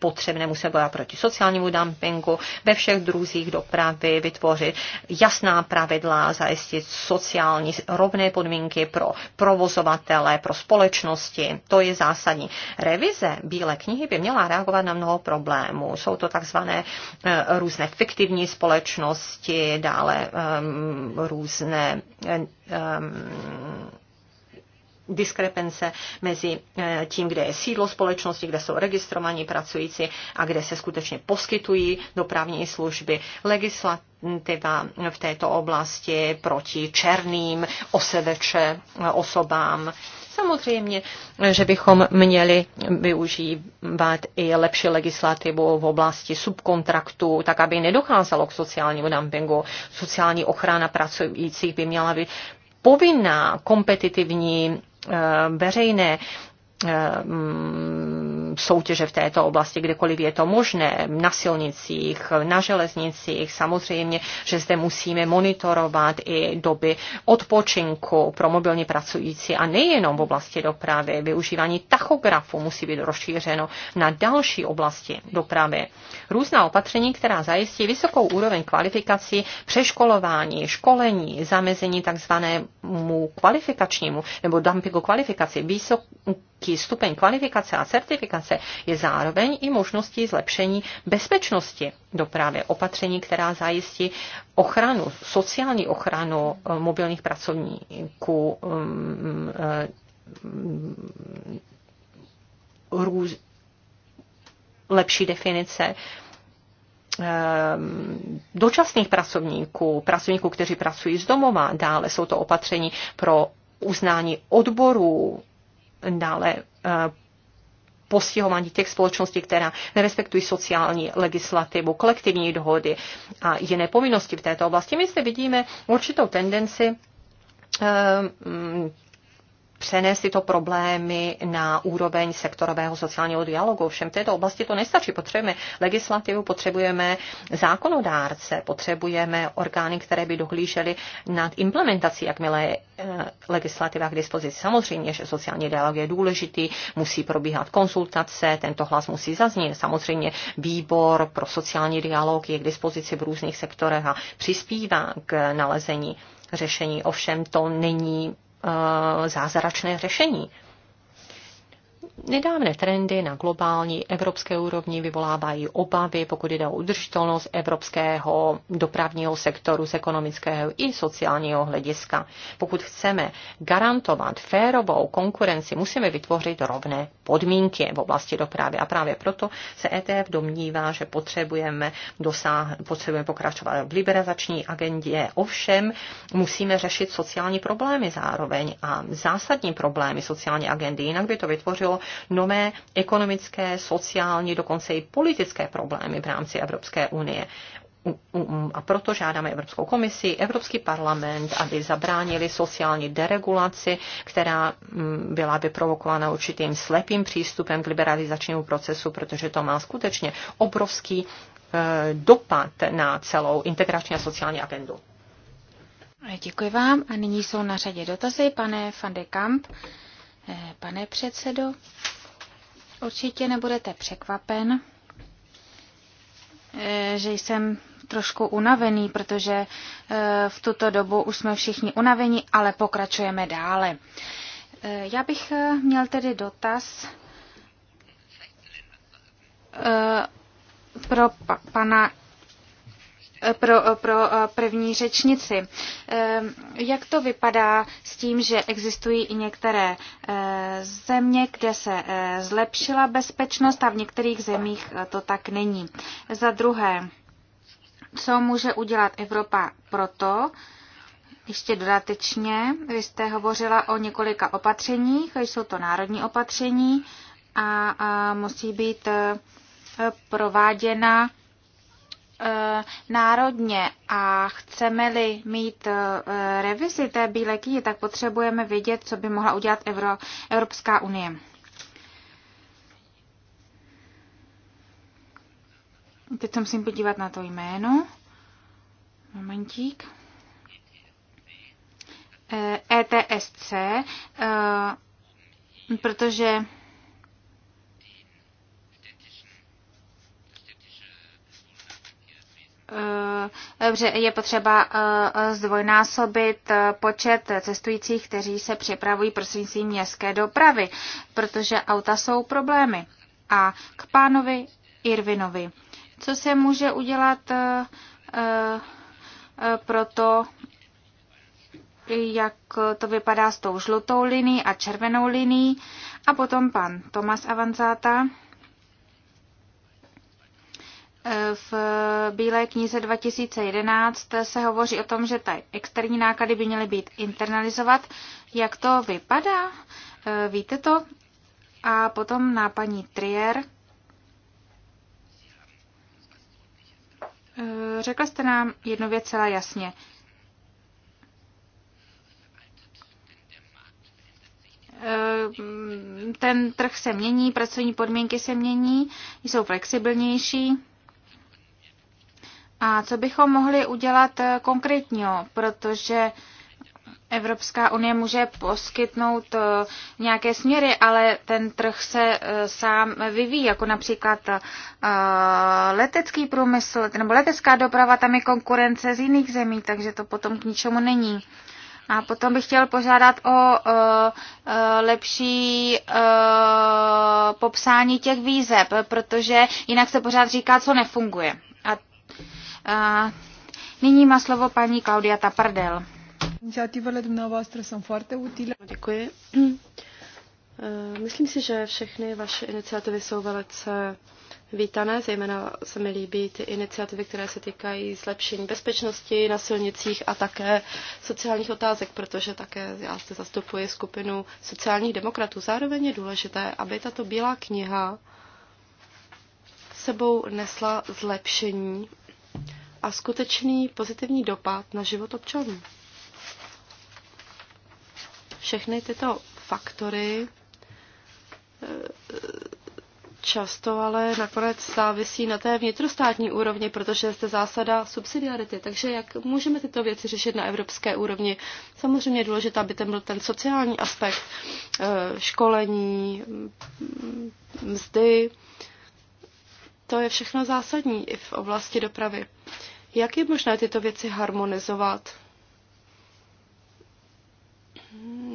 potřebné musí být proti sociálnímu dumpingu, ve všech druzích dopravy vytvořit jasná pravidla, zajistit sociální rovné podmínky pro provozovatele, pro společnosti. To je zásadní. Revize Bílé knihy by měla reagovat na mnoho problémů. Jsou to takzvané eh, různé fiktivní společnosti, dále um, různé um, diskrepence mezi eh, tím, kde je sídlo společnosti, kde jsou registrovaní pracující a kde se skutečně poskytují dopravní služby. Legislativa v této oblasti proti černým oseveče eh, osobám. Samozřejmě, že bychom měli využívat i lepší legislativu v oblasti subkontraktu, tak aby nedocházelo k sociálnímu dumpingu. Sociální ochrana pracujících by měla být povinná kompetitivní Eh, veřejné eh, mm, soutěže v této oblasti, kdekoliv je to možné, na silnicích, na železnicích. Samozřejmě, že zde musíme monitorovat i doby odpočinku pro mobilně pracující a nejenom v oblasti dopravy. Využívání tachografu musí být rozšířeno na další oblasti dopravy. Různá opatření, která zajistí vysokou úroveň kvalifikací, přeškolování, školení, zamezení takzvanému kvalifikačnímu nebo dumpingu kvalifikaci, vysoký stupeň kvalifikace a certifikace, komunikace je zároveň i možností zlepšení bezpečnosti dopravy, opatření, která zajistí ochranu, sociální ochranu eh, mobilních pracovníků eh, mm, růz, lepší definice eh, dočasných pracovníků, pracovníků, kteří pracují z domova, dále jsou to opatření pro uznání odborů, dále postihování těch společností, která nerespektují sociální legislativu, kolektivní dohody a jiné povinnosti v této oblasti. My zde vidíme určitou tendenci eh, mm, přenést tyto problémy na úroveň sektorového sociálního dialogu. Všem této oblasti to nestačí. Potřebujeme legislativu, potřebujeme zákonodárce, potřebujeme orgány, které by dohlížely nad implementací, jakmile eh, legislativa k dispozici. Samozřejmě, že sociální dialog je důležitý, musí probíhat konsultace, tento hlas musí zaznít. Samozřejmě výbor pro sociální dialog je k dispozici v různých sektorech a přispívá k nalezení řešení. Ovšem to není Eh, zázračné řešení. Nedávné trendy na globální evropské úrovni vyvolávají obavy, pokud jde o udržitelnost evropského dopravního sektoru z ekonomického i sociálního hlediska. Pokud chceme garantovat férovou konkurenci, musíme vytvořit rovné podmínky v oblasti dopravy. A právě proto se ETF domnívá, že potřebujeme, dosáh, potřebujeme pokračovat v liberalizační agendě. Ovšem musíme řešit sociální problémy zároveň a zásadní problémy sociální agendy. Jinak by to vytvořilo nové ekonomické, sociální, dokonce i politické problémy v rámci Evropské unie a proto žádáme Evropskou komisi, Evropský parlament, aby zabránili sociální deregulaci, která mm, byla vyprovokována určitým slepým přístupem k liberalizačnímu procesu, protože to má skutečně obrovský e, dopad na celou integrační a sociální agendu. Děkuji vám a nyní jsou na řadě dotazy, pane van de Kamp. E, pane předsedo, určitě nebudete překvapen, Eh, že jsem trošku unavený, protože eh, v tuto dobu už jsme všichni unavení, ale pokračujeme dále. Eh, já bych měl tedy dotaz pro pana pro, pro eh, první řečnici. Eh, jak to vypadá s tím, že existují i některé eh, země, kde se zlepšila bezpečnost a v některých zemích to tak není? Za druhé, co může udělat Evropa proto, ještě dodatečně, vy jste hovořila o několika opatřeních, jsou to národní opatření a, a musí být prováděna Eh, národně a chceme-li mít eh, revizi té bílé knihy, tak potřebujeme vědět, co by mohla udělat Evro, Evropská unie. Teď se musím podívat na to jméno. Momentík. ETSC, eh, e protože Eh, že je potřeba eh, zdvojnásobit eh, počet cestujících, kteří se přepravují prostřednictvím městské dopravy, protože auta jsou problémy. A k pánovi Irvinovi. Co se může udělat pro to, jak to vypadá s tou žlutou linií a červenou linií. A potom pan Tomas Avanzáta. V Bílé knize 2011 se hovoří o tom, že ty externí náklady by měly být internalizovat. Jak to vypadá? E, víte to? A potom na paní Trier. E, řekla jste nám jednu věc celá jasně. E, ten trh se mění, pracovní podmínky se mění, jsou flexibilnější. A co bychom mohli udělat eh, konkrétního, protože Evropská unie může poskytnout eh, nějaké směry, ale ten trh se eh, sám vyvíjí, jako například letecký průmysl nebo letecká doprava, tam je konkurence z jiných zemí, takže to potom k ničemu není. A potom bych chtěl požádat o lepší popsání těch výzeb, protože jinak se pořád říká, co nefunguje. A a nyní má slovo paní Klaudia Tapardel. Iniciativele dumneavoastră sunt foarte utile. Děkuji. Myslím si, že všechny vaše iniciativy jsou velice vítané, zejména se mi líbí ty iniciativy, které se týkají zlepšení bezpečnosti na silnicích a také sociálních otázek, protože také já se zastupuji skupinu sociálních demokratů. Zároveň je důležité, aby tato bílá kniha sebou nesla zlepšení a skutečný pozitivní dopad na život občanů. Všechny tyto faktory eh, často ale nakonec závisí na té vnitrostátní úrovni, protože je zde zásada subsidiarity. Takže jak můžeme tyto věci řešit na evropské úrovni? Samozřejmě je důležité, aby ten byl ten sociální aspekt, eh, školení, mzdy. To je všechno zásadní i v oblasti dopravy. Jak je možné tyto věci harmonizovat?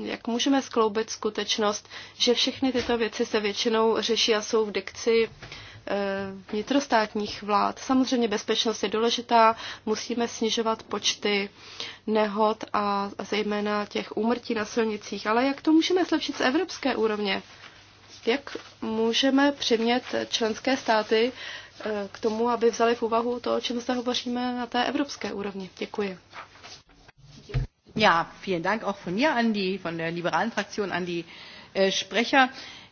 Jak můžeme skloubit skutečnost, že všechny tyto věci se většinou řeší a jsou v dikci eh, vnitrostátních vlád. Samozřejmě bezpečnost je důležitá, musíme snižovat počty nehod a zejména těch úmrtí na silnicích, ale jak to můžeme zlepšit z evropské úrovně? Jak můžeme přimět členské státy, Eh, k tomu, aby vzali v úvahu to, o čem se hovoříme na té evropské úrovni. Děkuji. Ja, vielen Dank auch von mir an die, von der liberalen Fraktion an die äh, Sprecher.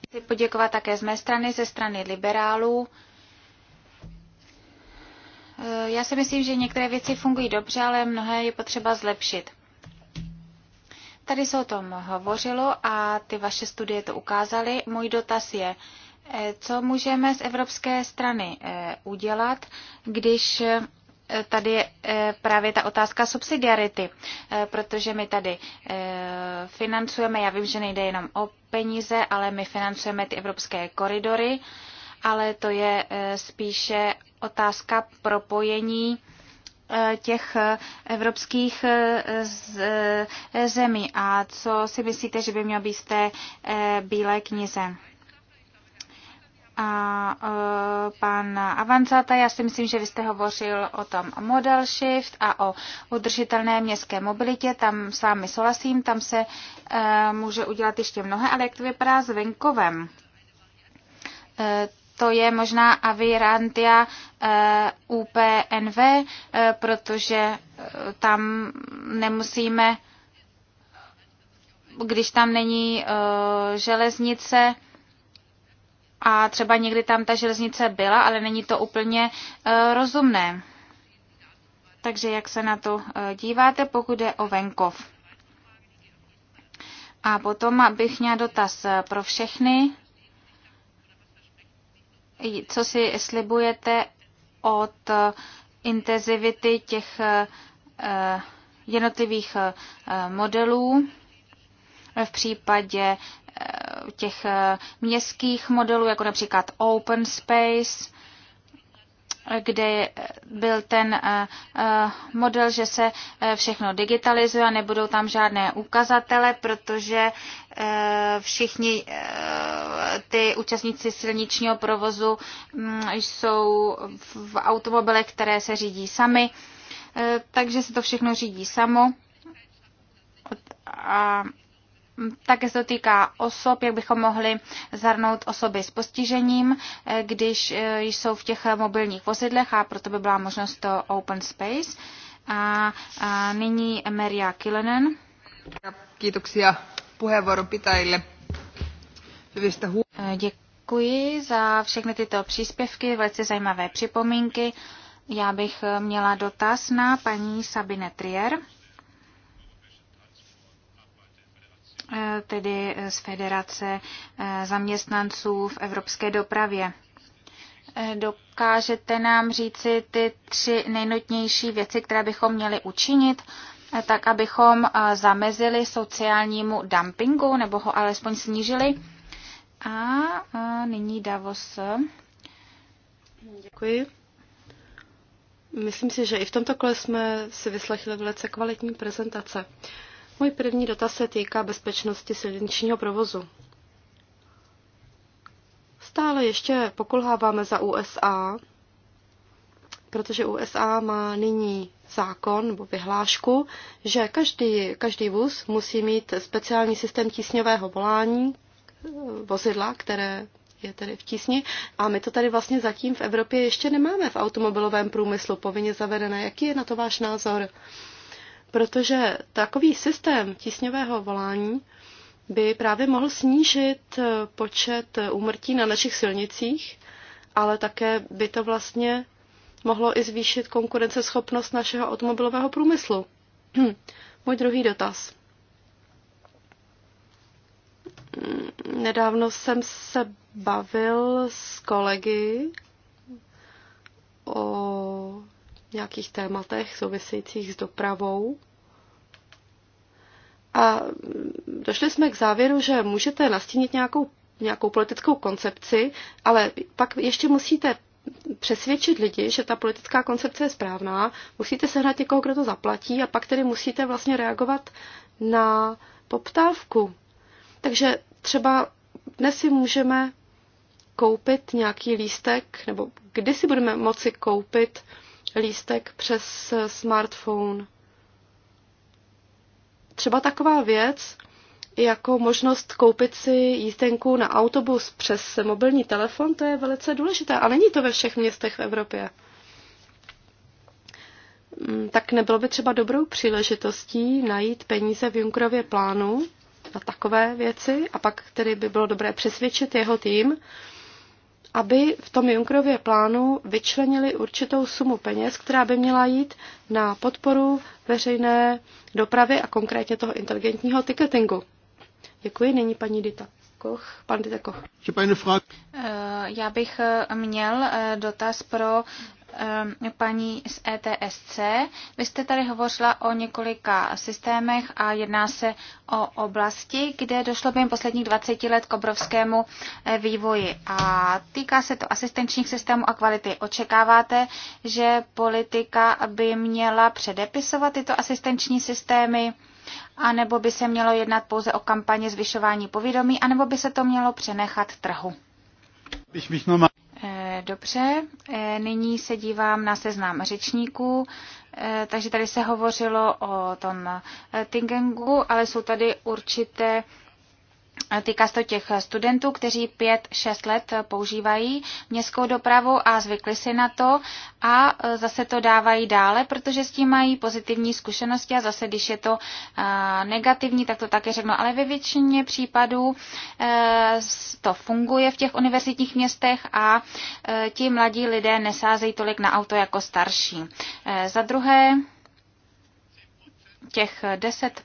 Chci poděkovat také z mé strany, ze strany liberálů. Eh, já si myslím, že některé věci fungují dobře, ale mnohé je potřeba zlepšit. Tady se o tom hovořilo a ty vaše studie to ukázaly. Můj dotaz je, Eh, co můžeme z evropské strany eh, udělat, když eh, tady je právě ta otázka subsidiarity, protože my tady financujeme, já vím, že nejde jenom o peníze, ale my financujeme ty evropské koridory, ale to je spíše otázka propojení těch evropských zemí. A co si myslíte, že by mělo být z té bílé knize? a uh, pan Avanzata, já si myslím, že vy jste hovořil o tom model shift a o udržitelné městské mobilitě, tam s vámi souhlasím, tam se uh, může udělat ještě mnohé, ale jak to vypadá s venkovem? Uh, to je možná Avirantia uh, UPNV, uh, protože uh, tam nemusíme, když tam není uh, železnice, uh, a třeba někdy tam ta železnice byla, ale není to úplně e, rozumné. Takže jak se na to e, díváte, pokud je o venkov? A potom bych měla dotaz e, pro všechny. Co si slibujete od intenzivity těch jednotlivých modelů? v případě eh, těch eh, městských modelů, jako například Open Space, kde eh, byl ten model, že se všechno digitalizuje a nebudou tam žádné ukazatele, protože všichni ty účastníci silničního provozu mm, jsou v automobilech, které se řídí sami, takže se to všechno řídí samo. A Mm, také se to týká osob, jak bychom mohli zahrnout osoby s postižením, eh, když eh, jsou v těch mobilních vozidlech a proto by byla možnost to open space. A, a nyní Maria Kilenen. Kiitoksia puheenvuoron pitäjille. Hyvistä eh, Děkuji za všechny tyto příspěvky, velice zajímavé připomínky. Já bych měla dotaz na paní Sabine Trier. Eh, tedy z Federace eh, zaměstnanců v evropské dopravě. Eh, dokážete nám říci ty tři nejnutnější věci, které bychom měli učinit, tak abychom zamezili sociálnímu dumpingu nebo ho alespoň snížili? A nyní Davos. Děkuji. Myslím si, že i v tomto kole jsme si vyslechli velice kvalitní prezentace. Uh, můj první dotaz se týká bezpečnosti silničního provozu. Stále ještě pokulháváme za USA, protože USA má nyní zákon nebo vyhlášku, že každý, každý vůz musí mít speciální systém tísňového volání eh, vozidla, které je tedy v tísni. A my to tady vlastně zatím v Evropě ještě nemáme v automobilovém průmyslu povinně zavedené. Jaký je na to váš názor? protože takový systém tísňového volání by právě mohl snížit eh, počet eh, úmrtí na našich silnicích, ale také by to vlastně mohlo i zvýšit konkurenceschopnost našeho automobilového průmyslu. Můj druhý dotaz. Nedávno jsem se bavil s kolegy o nějakých tématech souvisejících s dopravou. A došli jsme k závěru, že můžete nastínit nějakou, nějakou politickou koncepci, ale pak ještě musíte přesvědčit lidi, že ta politická koncepce je správná, musíte sehnat někoho, kdo to zaplatí a pak tedy musíte vlastně reagovat na poptávku. Takže třeba dnes si můžeme koupit nějaký lístek, nebo kdy si budeme moci koupit lístek přes smartphone. Třeba taková věc, jako možnost koupit si jízdenku na autobus přes mobilní telefon, to je velice důležité. A není to ve všech městech v Evropě. Mm, tak nebylo by třeba dobrou příležitostí najít peníze v Junkrově plánu na takové věci a pak tedy by bylo dobré přesvědčit jeho tým, aby v tom Junkerově plánu vyčlenili určitou sumu peněz, která by měla jít na podporu veřejné dopravy a konkrétně toho inteligentního ticketingu. Děkuji, nyní paní Dita. pan eh, Já bych eh, měl eh, dotaz pro Ehm, paní z ETSC. Vy jste tady hovořila o několika systémech a jedná se o oblasti, kde došlo během posledních 20 let k obrovskému eh, vývoji. A týká se to asistenčních systémů a kvality. Očekáváte, že politika by měla předepisovat tyto asistenční systémy? A nebo by se mělo jednat pouze o kampaně zvyšování povědomí, anebo by se to mělo přenechat trhu? Bych, bych nur Dobře, eh, nyní se dívám na seznam řečníků, eh, takže tady se hovořilo o tom eh, Tingengu, ale jsou tady určité Týká se to těch studentů, kteří 5-6 let používají městskou dopravu a zvykli si na to a e, zase to dávají dále, protože s tím mají pozitivní zkušenosti a zase, když je to e, negativní, tak to také řeknu. Ale ve většině případů e, to funguje v těch univerzitních městech a ti mladí lidé nesázejí tolik na auto jako starší. Za druhé, těch 10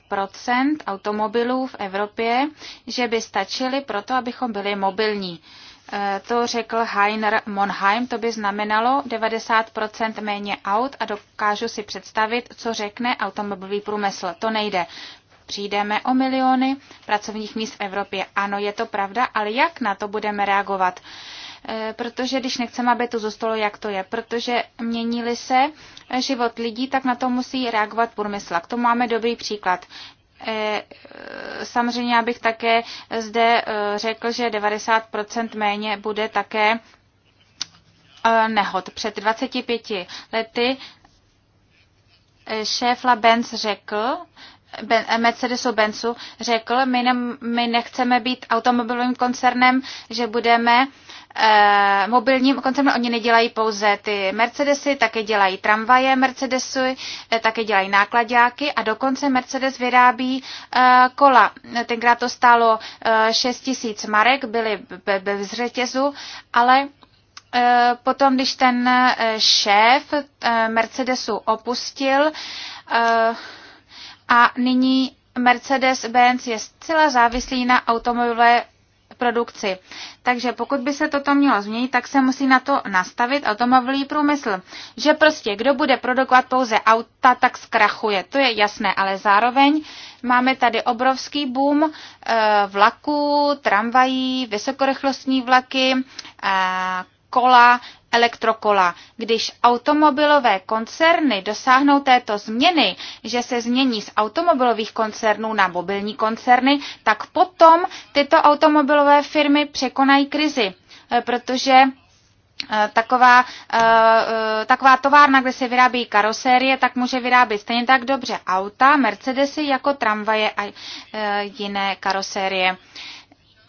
automobilů v Evropě, že by stačily to, abychom byli mobilní. E, to řekl Heiner Monheim, to by znamenalo 90% méně aut a dokážu si představit, co řekne automobilový průmysl. To nejde. Přijdeme o miliony pracovních míst v Evropě. Ano, je to pravda, ale jak na to budeme reagovat? Eh, protože když nechceme, aby to zůstalo, jak to je, protože měnili se život lidí, tak na to musí reagovat průmysl. K tomu máme dobrý příklad. Eh, samozřejmě, abych také zde eh, řekl, že 90% méně bude také nehod. Před 25 lety šéf Benz řekl, ben, Mercedesu Benzu řekl, my, ne, my nechceme být automobilovým koncernem, že budeme uh, Eh, mobilním koncernem. Oni nedělají pouze ty Mercedesy, také dělají tramvaje Mercedesy, eh, také dělají nákladňáky a dokonce Mercedes vyrábí eh, kola. Tenkrát to stálo 6 tisíc marek, byly bez řetězu, ale potom, když ten šéf Mercedesu opustil a nyní Mercedes-Benz je zcela závislý na automobilové produkci. Takže pokud by se toto mělo změnit, tak se musí na to nastavit automobilový průmysl. Že prostě kdo bude produkovat pouze auta, tak zkrachuje. To je jasné, ale zároveň máme tady obrovský boom eh, vlaků, tramvají, vysokorychlostní vlaky, eh, kola, elektrokola. Když automobilové koncerny dosáhnou této změny, že se změní z automobilových koncernů na mobilní koncerny, tak potom tyto automobilové firmy překonají krizi, eh, protože eh, taková, eh, taková továrna, kde se vyrábí karosérie, tak může vyrábět stejně tak dobře auta, Mercedesy jako tramvaje a jiné karosérie.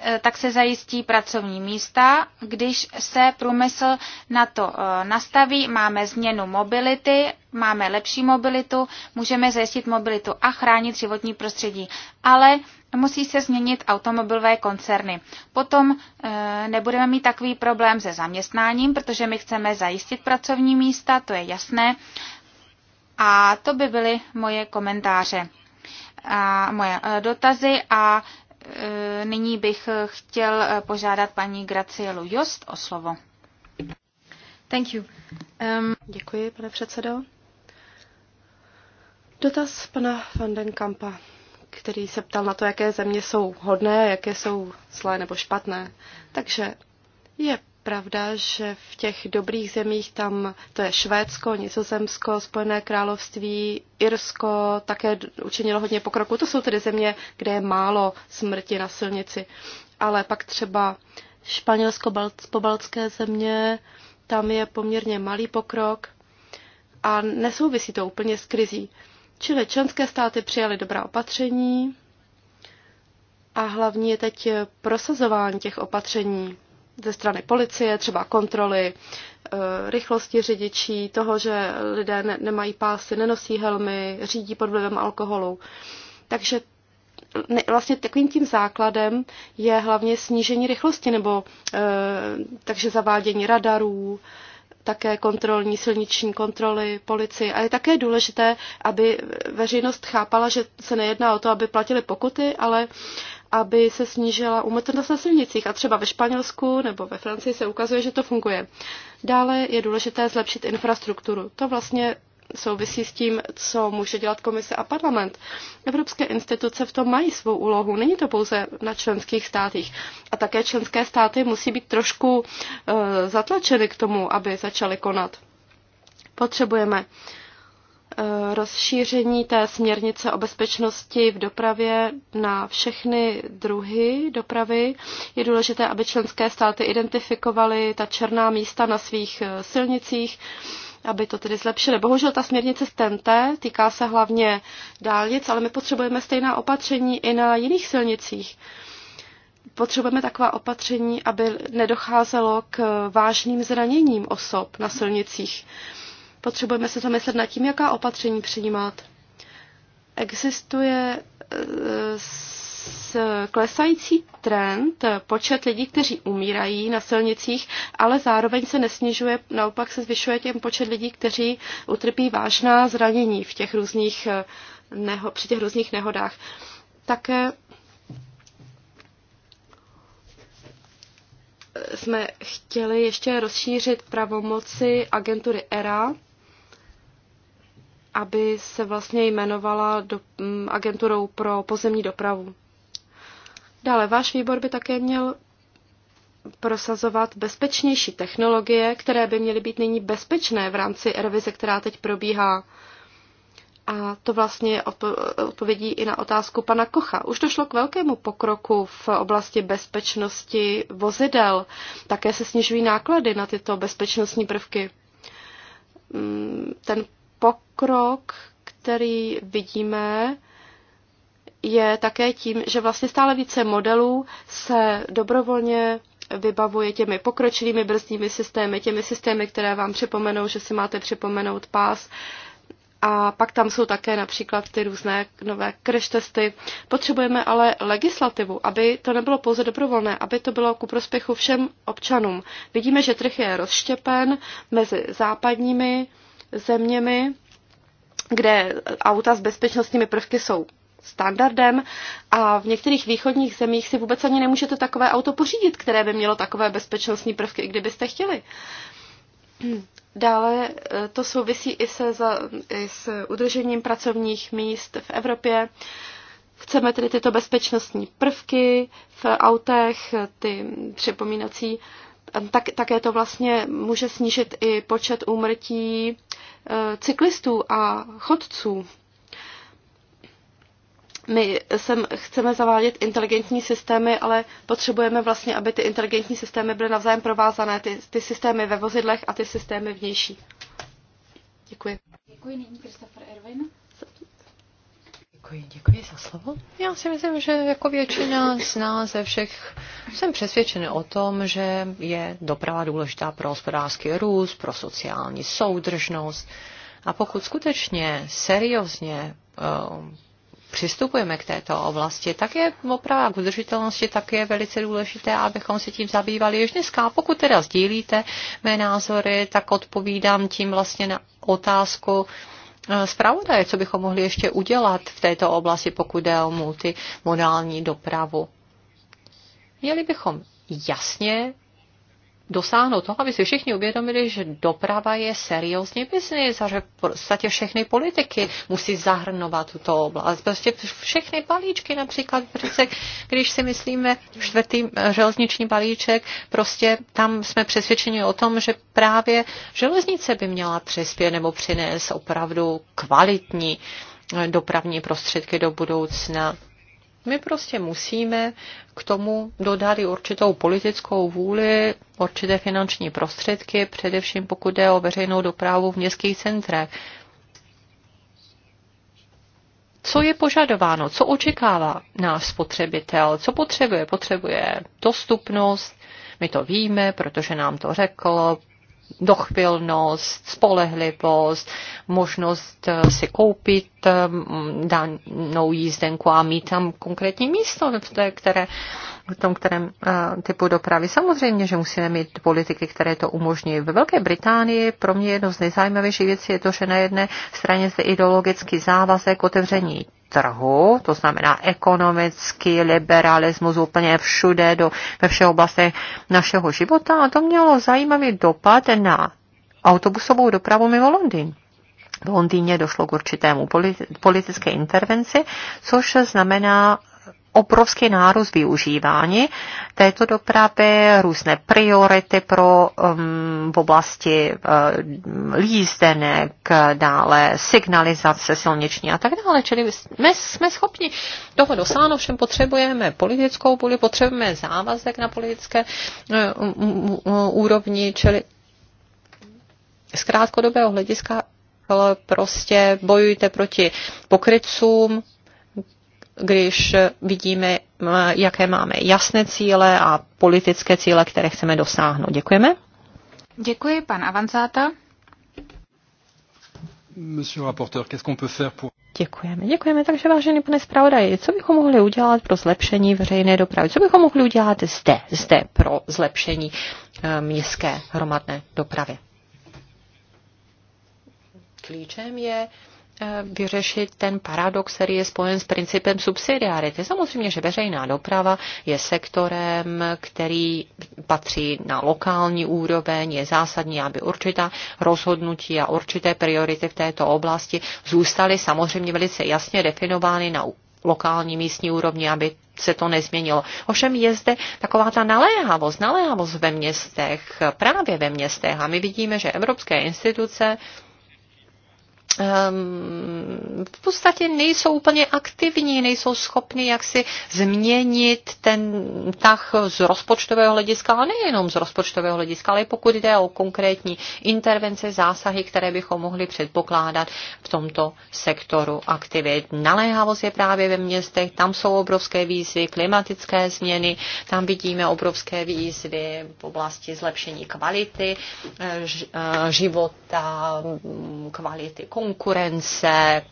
Eh, tak se zajistí pracovní místa. Když se průmysl na to eh, nastaví, máme změnu mobility, máme lepší mobilitu, můžeme zajistit mobilitu a chránit životní prostředí. Ale musí se změnit automobilové koncerny. Potom eh, nebudeme mít takový problém se zaměstnáním, protože my chceme zajistit pracovní místa, to je jasné. A to by byly moje komentáře, a moje dotazy a Eh, nyní bych chtěl eh, požádat paní Gracielu Jost o slovo. Thank you. Um... Děkuji, pane předsedo. Dotaz pana van den Kampa, který se ptal na to, jaké země jsou hodné, jaké jsou zlé nebo špatné. Takže je pravda, že v těch dobrých zemích, tam to je Švédsko, Nizozemsko, Spojené království, Irsko také učinilo hodně pokroku. To jsou tedy země, kde je málo smrti na silnici. Ale pak třeba Španělsko, pobaltské země, tam je poměrně malý pokrok a nesouvisí to úplně s krizí. Čili členské státy přijaly dobrá opatření a hlavní je teď prosazování těch opatření ze strany policie, třeba kontroly e, rychlosti řidičí, toho, že lidé nemají pásy, nenosí helmy, řídí pod vlivem alkoholu. Takže vlastně takovým tím základem je hlavně snížení rychlosti nebo e, takže zavádění radarů, také kontrolní silniční kontroly policie. A je také důležité, aby veřejnost chápala, že se nejedná o to, aby platili pokuty, ale aby se snížila umrtnost na silnicích. A třeba ve Španělsku nebo ve Francii se ukazuje, že to funguje. Dále je důležité zlepšit infrastrukturu. To vlastně souvisí s tím, co může dělat komise a parlament. Evropské instituce v tom mají svou úlohu, není to pouze na členských státech. A také členské státy musí být trošku uh, zatlačeny k tomu, aby začaly konat. Potřebujeme Eh, rozšíření té směrnice o bezpečnosti v dopravě na všechny druhy dopravy. Je důležité, aby členské státy identifikovaly ta černá místa na svých eh, silnicích, aby to tedy zlepšili. Bohužel ta směrnice z TNT týká se hlavně dálnic, ale my potřebujeme stejná opatření i na jiných silnicích. Potřebujeme taková opatření, aby nedocházelo k eh, vážným zraněním osob na silnicích. Potřebujeme se zamyslet nad tím, jaká opatření přijímat. Existuje eh, s klesající trend počet lidí, kteří umírají na silnicích, ale zároveň se nesnižuje, naopak se zvyšuje těm počet lidí, kteří utrpí vážná zranění v těch různých eh, neho, při těch různých nehodách. Také eh, jsme chtěli ještě rozšířit pravomoci agentury ERA, aby se vlastně jmenovala do, mm, agenturou pro pozemní dopravu. Dále váš výbor by také měl prosazovat bezpečnější technologie, které by měly být nyní bezpečné v rámci revize, která teď probíhá. A to vlastně odpovědí i na otázku pana Kocha. Už došlo k velkému pokroku v oblasti bezpečnosti vozidel. Také se snižují náklady na tyto bezpečnostní prvky. Mm, ten pokrok, který vidíme, je také tím, že vlastně stále více modelů se dobrovolně vybavuje těmi pokročilými brzdními systémy, těmi systémy, které vám připomenou, že si máte připomenout pás. A pak tam jsou také například ty různé nové crash testy. Potřebujeme ale legislativu, aby to nebylo pouze dobrovolné, aby to bylo ku prospěchu všem občanům. Vidíme, že trh je rozštěpen mezi západními zeměmi, kde auta s bezpečnostními prvky jsou standardem a v některých východních zemích si vůbec ani nemůžete takové auto pořídit, které by mělo takové bezpečnostní prvky, i kdybyste chtěli. Dále eh, to souvisí i, se za, i s udržením pracovních míst v Evropě. Chceme tedy tyto bezpečnostní prvky v autech, ty připomínací tak, také to vlastně může snížit i počet úmrtí eh, cyklistů a chodců. My sem chceme zavádět inteligentní systémy, ale potřebujeme vlastně, aby ty inteligentní systémy byly navzájem provázané, ty, ty systémy ve vozidlech a ty systémy vnější. Děkuji. Děkuji, nyní Christopher Erwin. Děkuji, děkuji za slovo. Já si myslím, že jako většina z nás ze všech jsem přesvědčen o tom, že je doprava důležitá pro hospodářský růst, pro sociální soudržnost. A pokud skutečně seriózně uh, přistupujeme k této oblasti, tak je oprava k udržitelnosti tak je velice důležité, abychom se tím zabývali již dneska. A pokud teda sdílíte mé názory, tak odpovídám tím vlastně na otázku, uh, Eh, zpravodaje, co bychom mohli ještě udělat v této oblasti, pokud jde o multimodální dopravu. Měli bychom jasně dosáhnout toho, aby si všichni uvědomili, že doprava je seriózní biznis a že v podstatě všechny politiky musí zahrnovat tuto oblast. Prostě všechny balíčky, například přece, když si myslíme čtvrtý eh, železniční balíček, prostě tam jsme přesvědčeni o tom, že právě železnice by měla přispět nebo přinést opravdu kvalitní eh, dopravní prostředky do budoucna. My prostě musíme k tomu dodat i určitou politickou vůli, určité finanční prostředky, především pokud jde o veřejnou dopravu v městských centrech. Co je požadováno, co očekává náš spotřebitel, co potřebuje? Potřebuje dostupnost, my to víme, protože nám to řekl dochvilnost, spolehlivost, možnost eh, si koupit eh, danou jízdenku a mít tam konkrétní místo v, té, které, v tom kterém eh, typu dopravy. Samozřejmě, že musíme mít politiky, které to umožní. Ve Velké Británii pro mě jedno z nejzajímavějších věcí je to, že na jedné straně zde ideologický závazek otevření trhu, to znamená ekonomický liberalismus úplně všude, do, ve všech oblastech našeho života a to mělo zajímavý dopad na autobusovou dopravu mimo Londýn. V Londýně došlo k určitému politické intervenci, což znamená obrovský nárůst využívání této dopravy, různé priority pro um, v oblasti um, uh, lízdenek, dále signalizace silniční a tak dále. Čili jsme, jsme schopni toho dosáhnout, všem potřebujeme politickou vůli, potřebujeme závazek na politické uh, um, um, úrovni, čili z krátkodobého hlediska prostě bojujte proti pokrytcům, když vidíme, jaké máme jasné cíle a politické cíle, které chceme dosáhnout. Děkujeme. Děkuji, pan Avanzáta. Monsieur rapporteur, qu'est-ce qu'on peut faire pour... Děkujeme, děkujeme. Takže vážený pane zpravodaj, co bychom mohli udělat pro zlepšení veřejné dopravy? Co bychom mohli udělat zde, zde pro zlepšení eh, městské hromadné dopravy? Klíčem je Eh, vyřešit ten paradox, který je spojen s principem subsidiarity. Samozřejmě, že veřejná doprava je sektorem, který patří na lokální úroveň, je zásadní, aby určitá rozhodnutí a určité priority v této oblasti zůstaly samozřejmě velice jasně definovány na lokální místní úrovni, aby se to nezměnilo. Ovšem je zde taková ta naléhavost, naléhavost ve městech, právě ve městech. A my vidíme, že evropské instituce Ehm, v podstatě nejsou úplně aktivní, nejsou schopni jaksi změnit ten tah z rozpočtového hlediska, ale nejenom z rozpočtového hlediska, ale pokud jde o konkrétní intervence, zásahy, které bychom mohli předpokládat v tomto sektoru aktivit. Naléhavost je právě ve městech, tam jsou obrovské výzvy, klimatické změny, tam vidíme obrovské výzvy v oblasti zlepšení kvality eh, eh, života, mm, kvality konkrétní konkurence,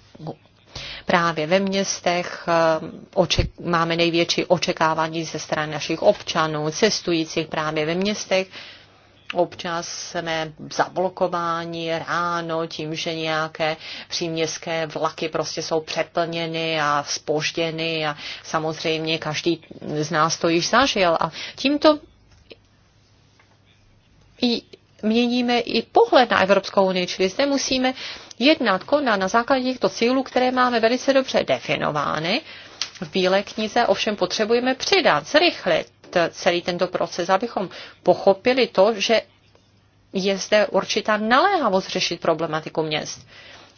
právě ve městech eh, oček, máme největší očekávání ze strany našich občanů, cestujících právě ve městech. Občas jsme zablokováni ráno tím, že nějaké příměstské vlaky prostě jsou přeplněny a spožděny a samozřejmě každý z nás to již zažil. A tímto i měníme i pohled na Evropskou unii, čili zde musíme jednat, konat na základě těchto cílů, které máme velice dobře definovány. V Bílé knize ovšem potřebujeme přidat, zrychlit celý tento proces, abychom pochopili to, že je zde určitá naléhavost řešit problematiku měst.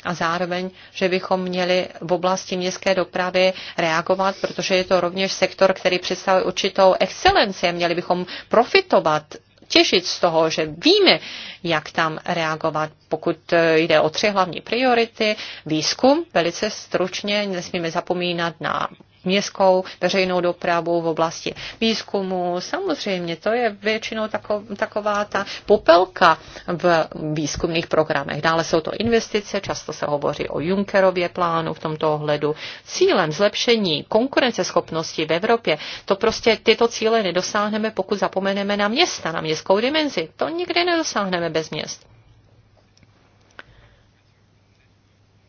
A zároveň, že bychom měli v oblasti městské dopravy reagovat, protože je to rovněž sektor, který představuje určitou excelenci. Měli bychom profitovat Těšit z toho, že víme, jak tam reagovat, pokud e, jde o tři hlavní priority. Výzkum, velice stručně, nesmíme zapomínat na městskou veřejnou dopravu v oblasti výzkumu. Samozřejmě to je většinou taková ta popelka v výzkumných programech. Dále jsou to investice, často se hovoří o Junckerově plánu v tomto ohledu. Cílem zlepšení konkurenceschopnosti v Evropě, to prostě tyto cíle nedosáhneme, pokud zapomeneme na města, na městskou dimenzi. To nikdy nedosáhneme bez měst.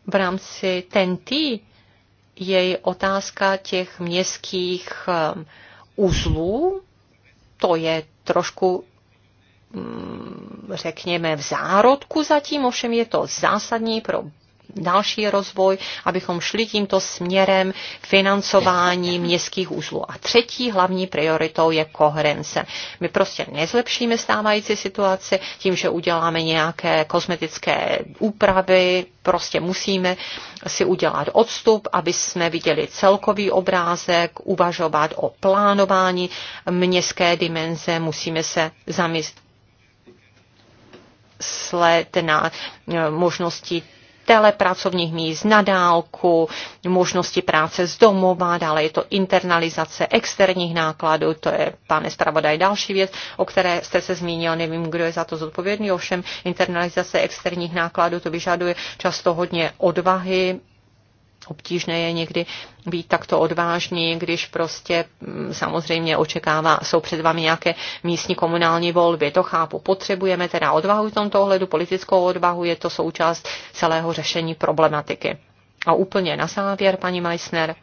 v rámci TNT je otázka těch městských um, uzlů. To je trošku mm, řekněme, v zárodku zatím, ovšem je to zásadní pro další rozvoj, abychom šli tímto směrem financování městských uzlů. A třetí hlavní prioritou je koherence. My prostě nezlepšíme stávající situaci tím, že uděláme nějaké kosmetické úpravy, prostě musíme si udělat odstup, aby jsme viděli celkový obrázek, uvažovat o plánování městské dimenze, musíme se zamyslet na možnosti telepracovních míst na dálku, možnosti práce z domova, dále je to internalizace externích nákladů, to je, pane zpravodaj, další věc, o které jste se zmínil, nevím, kdo je za to zodpovědný, ovšem internalizace externích nákladů, to vyžaduje často hodně odvahy, obtížné je někdy být takto odvážní, když prostě mm, samozřejmě očekává, jsou před vámi nějaké místní komunální volby. To chápu. Potřebujeme teda odvahu v tomto ohledu, politickou odvahu, je to součást celého řešení problematiky. A úplně na závěr, paní Meissner,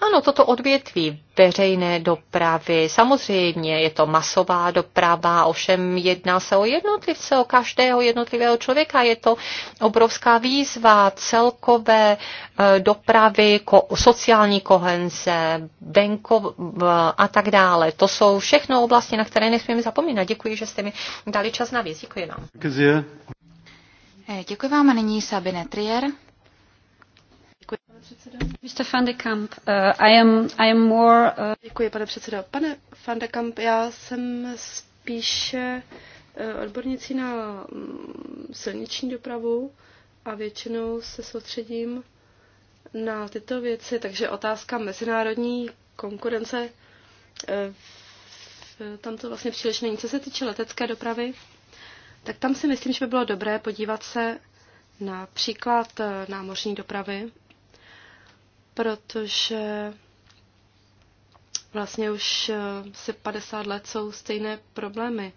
ano, toto odvětví veřejné dopravy, samozřejmě je to masová doprava, ovšem jedná se o jednotlivce, o každého jednotlivého člověka. Je to obrovská výzva celkové eh, dopravy, ko- sociální kohenze, venkov eh, a tak dále. To jsou všechno oblasti, na které nesmíme zapomínat. Děkuji, že jste mi dali čas na věc. Děkuji vám. Děkuji vám a nyní Sabine Trier. Eh, eh, Děkuji, pane předsedo. Pane Van de Kamp, já jsem spíše eh, odbornicí na mm, silniční dopravu a většinou se soustředím na tyto věci, takže otázka mezinárodní konkurence, tam to vlastně příliš není. Co se týče letecké dopravy, tak tam si myslím, že by bylo dobré podívat se na příklad námořní dopravy protože vlastně už eh, se 50 let jsou stejné problémy.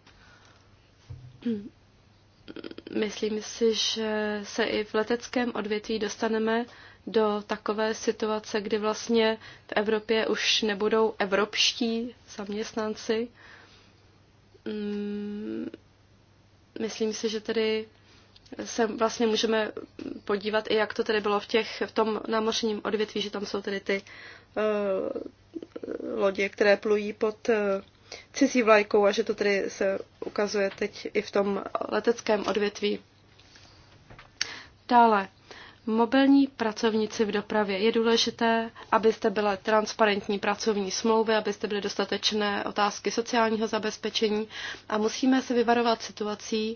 Myslím si, že se i v leteckém odvětví dostaneme do takové situace, kdy vlastně v Evropě už nebudou evropští zaměstnanci. Mm, myslím si, že tedy se vlastně můžeme podívat i jak to tedy bylo v, těch, v tom námořním odvětví, že tam jsou tedy ty uh, lodě, které plují pod uh, cizí vlajkou a že to tedy se ukazuje teď i v tom leteckém odvětví. Dále, mobilní pracovníci v dopravě. Je důležité, abyste byly transparentní pracovní smlouvy, abyste byly dostatečné otázky sociálního zabezpečení a musíme se vyvarovat situací,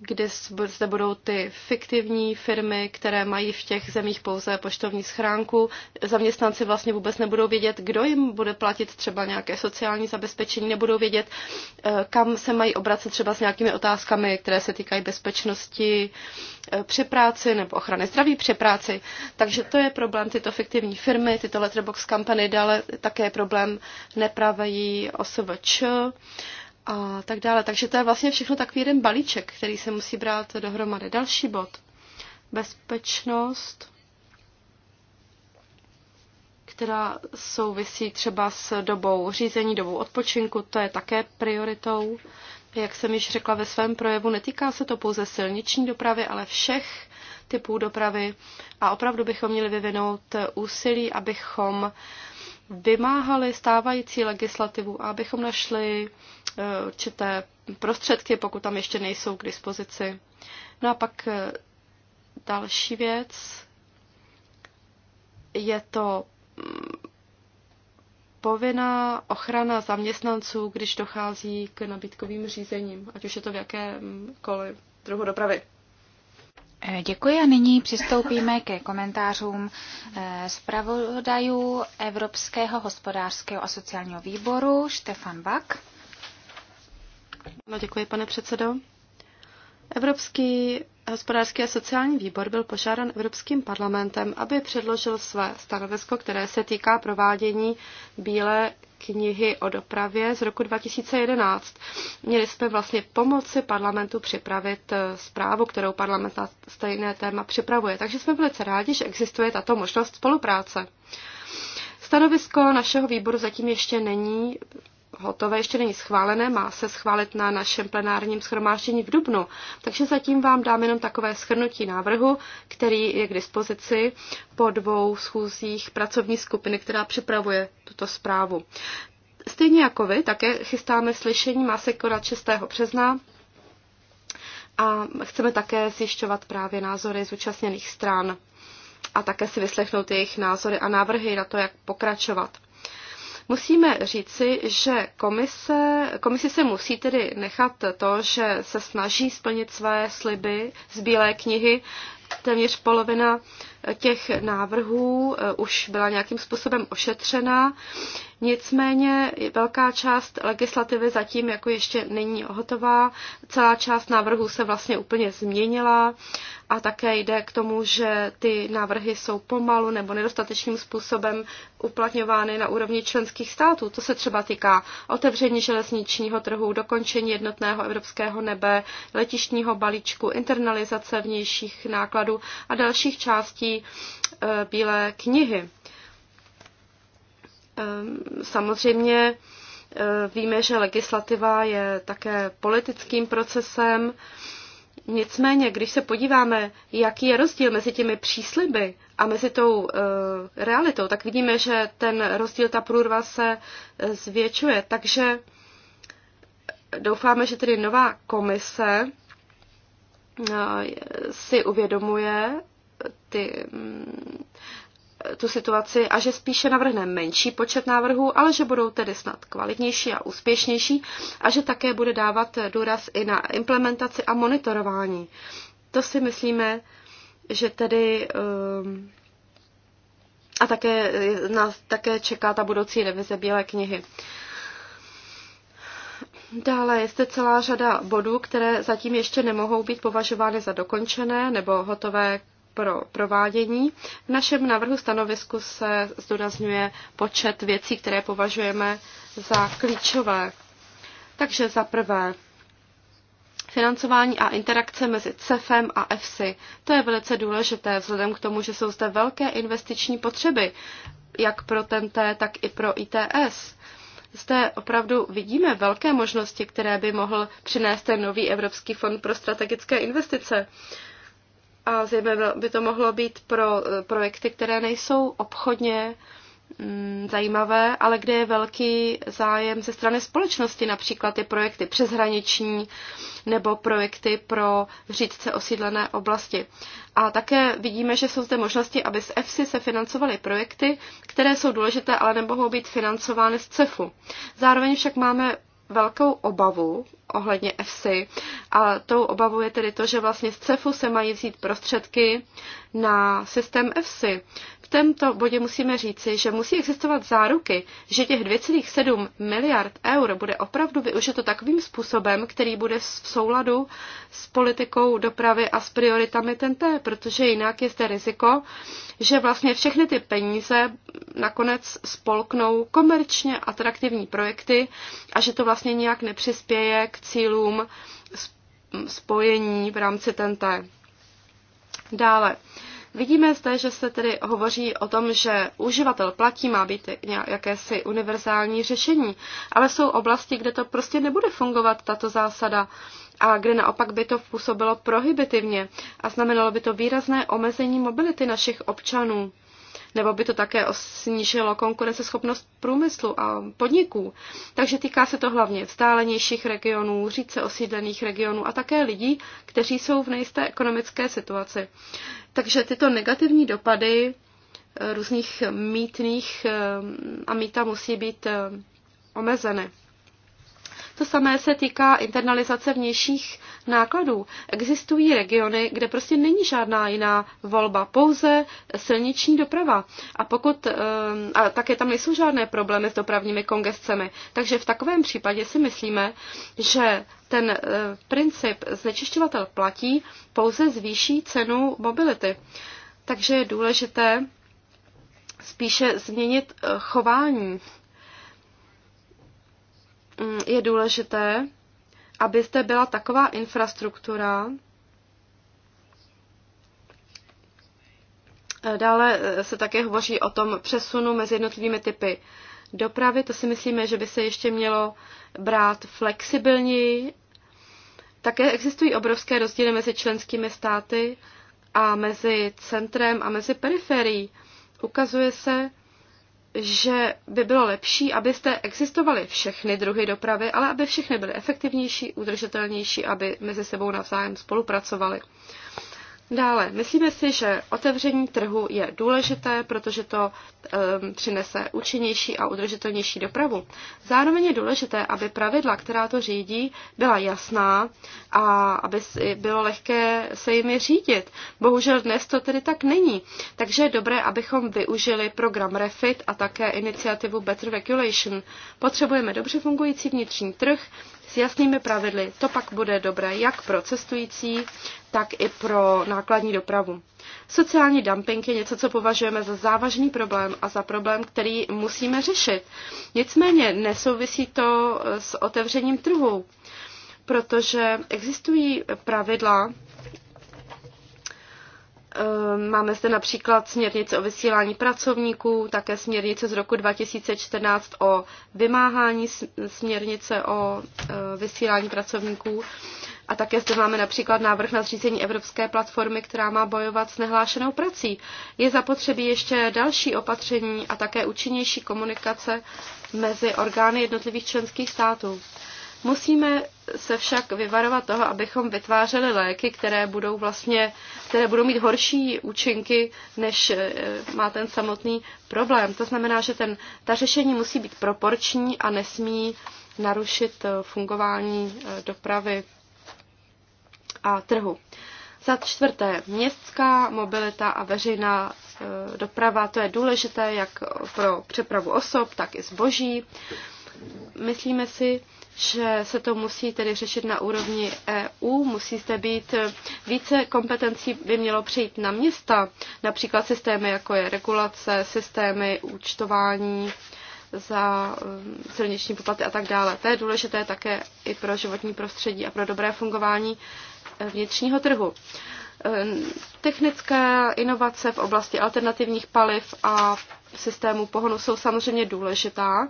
kde zde budou ty fiktivní firmy, které mají v těch zemích pouze poštovní schránku. Zaměstnanci vlastně vůbec nebudou vědět, kdo jim bude platit třeba nějaké sociální zabezpečení, nebudou vědět, eh, kam se mají obracet třeba s nějakými otázkami, které se týkají bezpečnosti eh, při práci nebo ochrany zdraví při práci. Takže to je problém tyto fiktivní firmy, tyto letterbox kampany, dále také problém nepravají OSVČ a tak dále. Takže to je vlastně všechno takový jeden balíček, který se musí brát dohromady. Další bod. Bezpečnost, která souvisí třeba s dobou řízení, dobou odpočinku, to je také prioritou. Jak jsem již řekla ve svém projevu, netýká se to pouze silniční dopravy, ale všech typů dopravy a opravdu bychom měli vyvinout úsilí, abychom vymáhali stávající legislativu a abychom našli Eh, určité prostředky, pokud tam ještě nejsou k dispozici. No a pak eh, další věc je to mm, povinná ochrana zaměstnanců, když dochází k nabídkovým řízením, ať už je to v jakémkoliv druhu dopravy. Eh, děkuji a nyní přistoupíme ke komentářům zpravodajů Evropského hospodářského a sociálního výboru Štefan Bak. No, děkuji, pane předsedo. Evropský hospodářský a sociální výbor byl požádán Evropským parlamentem, aby předložil své stanovisko, které se týká provádění Bílé knihy o dopravě z roku 2011. Měli jsme vlastně pomoci parlamentu připravit eh, zprávu, kterou parlament na stejné téma připravuje. Takže jsme velice rádi, že existuje tato možnost spolupráce. Stanovisko našeho výboru zatím ještě není hotové, ještě není schválené, má se schválit na našem plenárním schromáždění v Dubnu. Takže zatím vám dám jenom takové schrnutí návrhu, který je k dispozici po dvou schůzích pracovní skupiny, která připravuje tuto zprávu. Stejně jako vy, také chystáme slyšení, má se konat 6. března a chceme také zjišťovat právě názory zúčastněných stran a také si vyslechnout jejich názory a návrhy na to, jak pokračovat. Musíme říci, že komise, komisi se musí tedy nechat to, že se snaží splnit své sliby z Bílé knihy. Téměř polovina těch návrhů eh, už byla nějakým způsobem ošetřena. Nicméně velká část legislativy zatím jako ještě není hotová. Celá část návrhů se vlastně úplně změnila a také jde k tomu, že ty návrhy jsou pomalu nebo nedostatečným způsobem uplatňovány na úrovni členských států. To se třeba týká otevření železničního trhu, dokončení jednotného evropského nebe, letištního balíčku, internalizace vnějších nákladů a dalších částí přijetí eh, Bílé knihy. Ehm, samozřejmě eh, víme, že legislativa je také politickým procesem. Nicméně, když se podíváme, jaký je rozdíl mezi těmi přísliby a mezi tou eh, realitou, tak vidíme, že ten rozdíl, ta průrva se zvětšuje. Takže doufáme, že tedy nová komise si uvědomuje, ty, mm, tu situaci a že spíše navrhne menší počet návrhů, ale že budou tedy snad kvalitnější a úspěšnější a že také bude dávat důraz i na implementaci a monitorování. To si myslíme, že tedy ehm, a také nás také čeká ta budoucí revize Bílé knihy. Dále je zde celá řada bodů, které zatím ještě nemohou být považovány za dokončené nebo hotové pro provádění. V našem návrhu stanovisku se zdůrazňuje počet věcí, které považujeme za klíčové. Takže za prvé, financování a interakce mezi CEFem a EFSI. To je velice důležité vzhledem k tomu, že jsou zde velké investiční potřeby, jak pro TNT, tak i pro ITS. Zde opravdu vidíme velké možnosti, které by mohl přinést ten nový Evropský fond pro strategické investice a zejména by to mohlo být pro eh, projekty, které nejsou obchodně mm, zajímavé, ale kde je velký zájem ze strany společnosti, například ty projekty přeshraniční nebo projekty pro řídce osídlené oblasti. A také vidíme, že jsou zde možnosti, aby z EFSI se financovaly projekty, které jsou důležité, ale nemohou být financovány z CEFu. Zároveň však máme velkou obavu ohledně EFSI a tou obavou je tedy to, že vlastně z CEFu se mají vzít prostředky na systém EFSI. V tomto bodě musíme říci, že musí existovat záruky, že těch 2,7 miliard eur bude opravdu využito takovým způsobem, který bude v souladu s politikou dopravy a s prioritami TNT, protože jinak je zde riziko, že vlastně všechny ty peníze nakonec spolknou komerčně atraktivní projekty a že to vlastně nijak nepřispěje k cílům spojení v rámci TNT. Dále. Vidíme zde, že se tedy hovoří o tom, že uživatel platí, má být jakési univerzální řešení, ale jsou oblasti, kde to prostě nebude fungovat, tato zásada, a kde naopak by to působilo prohibitivně a znamenalo by to výrazné omezení mobility našich občanů nebo by to také snížilo konkurenceschopnost průmyslu a podniků. Takže týká se to hlavně vzdálenějších regionů, řídce osídlených regionů a také lidí, kteří jsou v nejisté ekonomické situaci. Takže tyto negativní dopady eh, různých mítných eh, a míta musí být eh, omezeny. To samé se týká internalizace vnějších nákladů. Existují regiony, kde prostě není žádná jiná volba, pouze silniční doprava. A pokud ehm, a také tam nejsou žádné problémy s dopravními kongescemi. Takže v takovém případě si myslíme, že ten eh, princip znečišťovatel platí pouze zvýší cenu mobility. Takže je důležité spíše změnit eh, chování Mm, je důležité, aby zde byla taková infrastruktura, eh, Dále eh, se také hovoří o tom přesunu mezi jednotlivými typy dopravy. To si myslíme, že by se ještě mělo brát flexibilněji. Také existují obrovské rozdíly mezi členskými státy a mezi centrem a mezi periferií. Ukazuje se, že by bylo lepší, abyste existovaly všechny druhy dopravy, ale aby všechny byly efektivnější, udržitelnější, aby mezi sebou navzájem spolupracovaly. Dále, myslíme si, že otevření trhu je důležité, protože to um, přinese účinnější a udržitelnější dopravu. Zároveň je důležité, aby pravidla, která to řídí, byla jasná a aby bylo lehké se jimi řídit. Bohužel dnes to tedy tak není. Takže je dobré, abychom využili program REFIT a také iniciativu Better Regulation. Potřebujeme dobře fungující vnitřní trh, s jasnými pravidly. To pak bude dobré jak pro cestující, tak i pro nákladní dopravu. Sociální dumping je něco, co považujeme za závažný problém a za problém, který musíme řešit. Nicméně nesouvisí to s otevřením trhu, protože existují pravidla, Ehm, máme zde například směrnice o vysílání pracovníků, také směrnice z roku 2014 o vymáhání směrnice o e, vysílání pracovníků. A také zde máme například návrh na zřízení Evropské platformy, která má bojovat s nehlášenou prací. Je zapotřebí ještě další opatření a také účinnější komunikace mezi orgány jednotlivých členských států. Musíme se však vyvarovat toho, abychom vytvářeli léky, které budou, vlastně, které budou mít horší účinky, než eh, má ten samotný problém. To znamená, že ten, ta řešení musí být proporční a nesmí narušit eh, fungování eh, dopravy a trhu. Za čtvrté, městská mobilita a veřejná doprava, to je důležité jak pro přepravu osob, tak i zboží. Myslíme si, že se to musí tedy řešit na úrovni EU, musí zde být více kompetencí by mělo přejít na města, například systémy jako je regulace, systémy účtování za um, silniční poplaty a tak dále. To je důležité také i pro životní prostředí a pro dobré fungování eh, vnitřního trhu. Ehm, technické inovace v oblasti alternativních paliv a systému pohonu jsou samozřejmě důležitá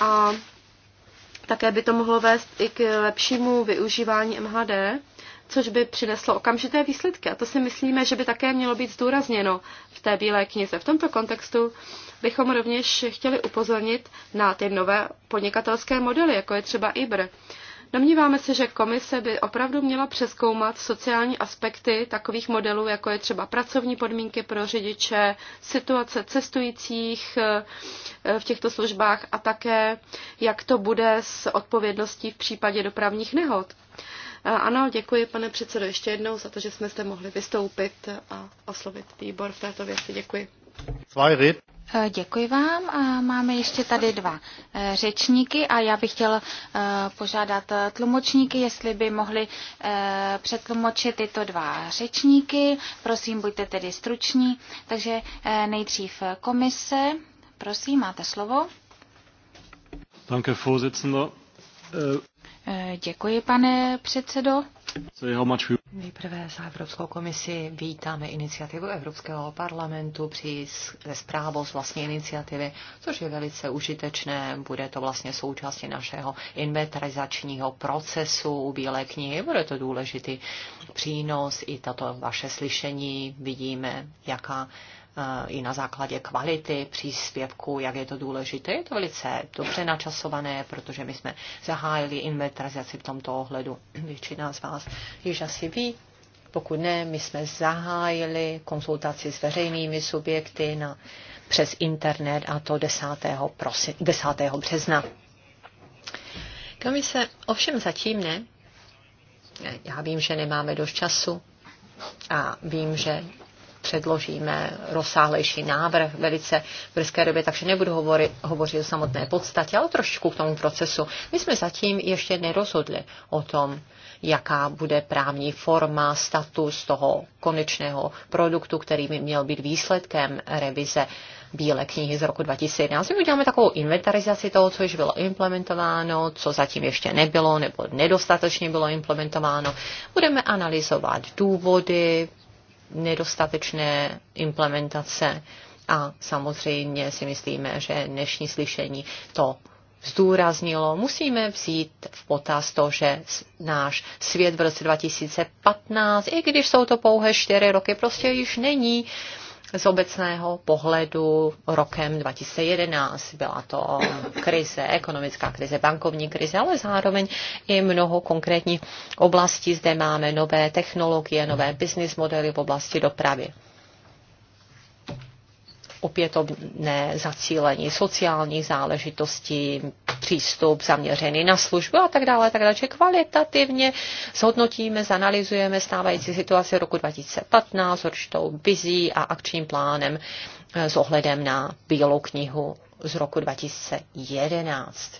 a také by to mohlo vést i k lepšímu využívání MHD, což by přineslo okamžité výsledky. A to si myslíme, že by také mělo být zdůrazněno v té bílé knize. V tomto kontextu bychom rovněž chtěli upozornit na ty nové podnikatelské modely, jako je třeba IBR. Domníváme se, že komise by opravdu měla přeskoumat sociální aspekty takových modelů, jako je třeba pracovní podmínky pro řidiče, situace cestujících eh, v těchto službách a také, jak to bude s odpovědností v případě dopravních nehod. Eh, ano, děkuji, pane předsedo, ještě jednou za to, že jsme zde mohli vystoupit a oslovit výbor v této věci. Děkuji. Eh, děkuji vám. A máme ještě tady dva eh, řečníky a já bych chtěl eh, požádat tlumočníky, jestli by mohli přetlumočit tyto dva řečníky. Prosím, buďte tedy struční. Takže nejdřív komise. Prosím, máte slovo. Danke, Děkuji, pane předsedo. So how much we Nejprve za Evropskou komisi vítáme iniciativu Evropského parlamentu při zprávou z vlastní iniciativy, což je velice užitečné. Bude to vlastně součástí našeho inventarizačního procesu u Bílé knihy. Bude to důležitý přínos. I tato vaše slyšení vidíme, jaká Eh, i na základě kvality příspěvku, jak je to důležité. Je to velice dobře načasované, protože my jsme zahájili inventarizaci v tomto ohledu. Většina z vás již asi ví, pokud ne, my jsme zahájili konzultaci s veřejnými subjekty na, přes internet a to 10. Prosi, 10. března. Komise ovšem zatím ne. Já vím, že nemáme dost času a vím, že předložíme rozsáhlejší návrh velice v brzké době, takže nebudu hovorit, hovořit o samotné podstatě, ale trošičku k tomu procesu. My jsme zatím ještě nerozhodli o tom, jaká bude právní forma, status toho konečného produktu, který by měl být výsledkem revize Bílé knihy z roku 2011. My uděláme takovou inventarizaci toho, co již bylo implementováno, co zatím ještě nebylo nebo nedostatečně bylo implementováno. Budeme analyzovat důvody, nedostatečné implementace a samozřejmě si myslíme, že dnešní slyšení to zdůraznilo, musíme vzít v potaz to, že náš svět v roce 2015, i když jsou to pouhé čtyři roky, prostě již není uh, z obecného pohledu rokem 2011. Byla to krize, ekonomická krize, bankovní krize, ale zároveň i mnoho konkrétních oblastí. Zde máme nové technologie, nové business modely v oblasti dopravy opětovné zacílení sociálních záležitostí, přístup zaměřený na službu a tak dále, tak dále. Že kvalitativně zhodnotíme, zanalizujeme stávající situaci roku 2015 s určitou vizí a akčním plánem eh, s ohledem na Bílou knihu z roku 2011.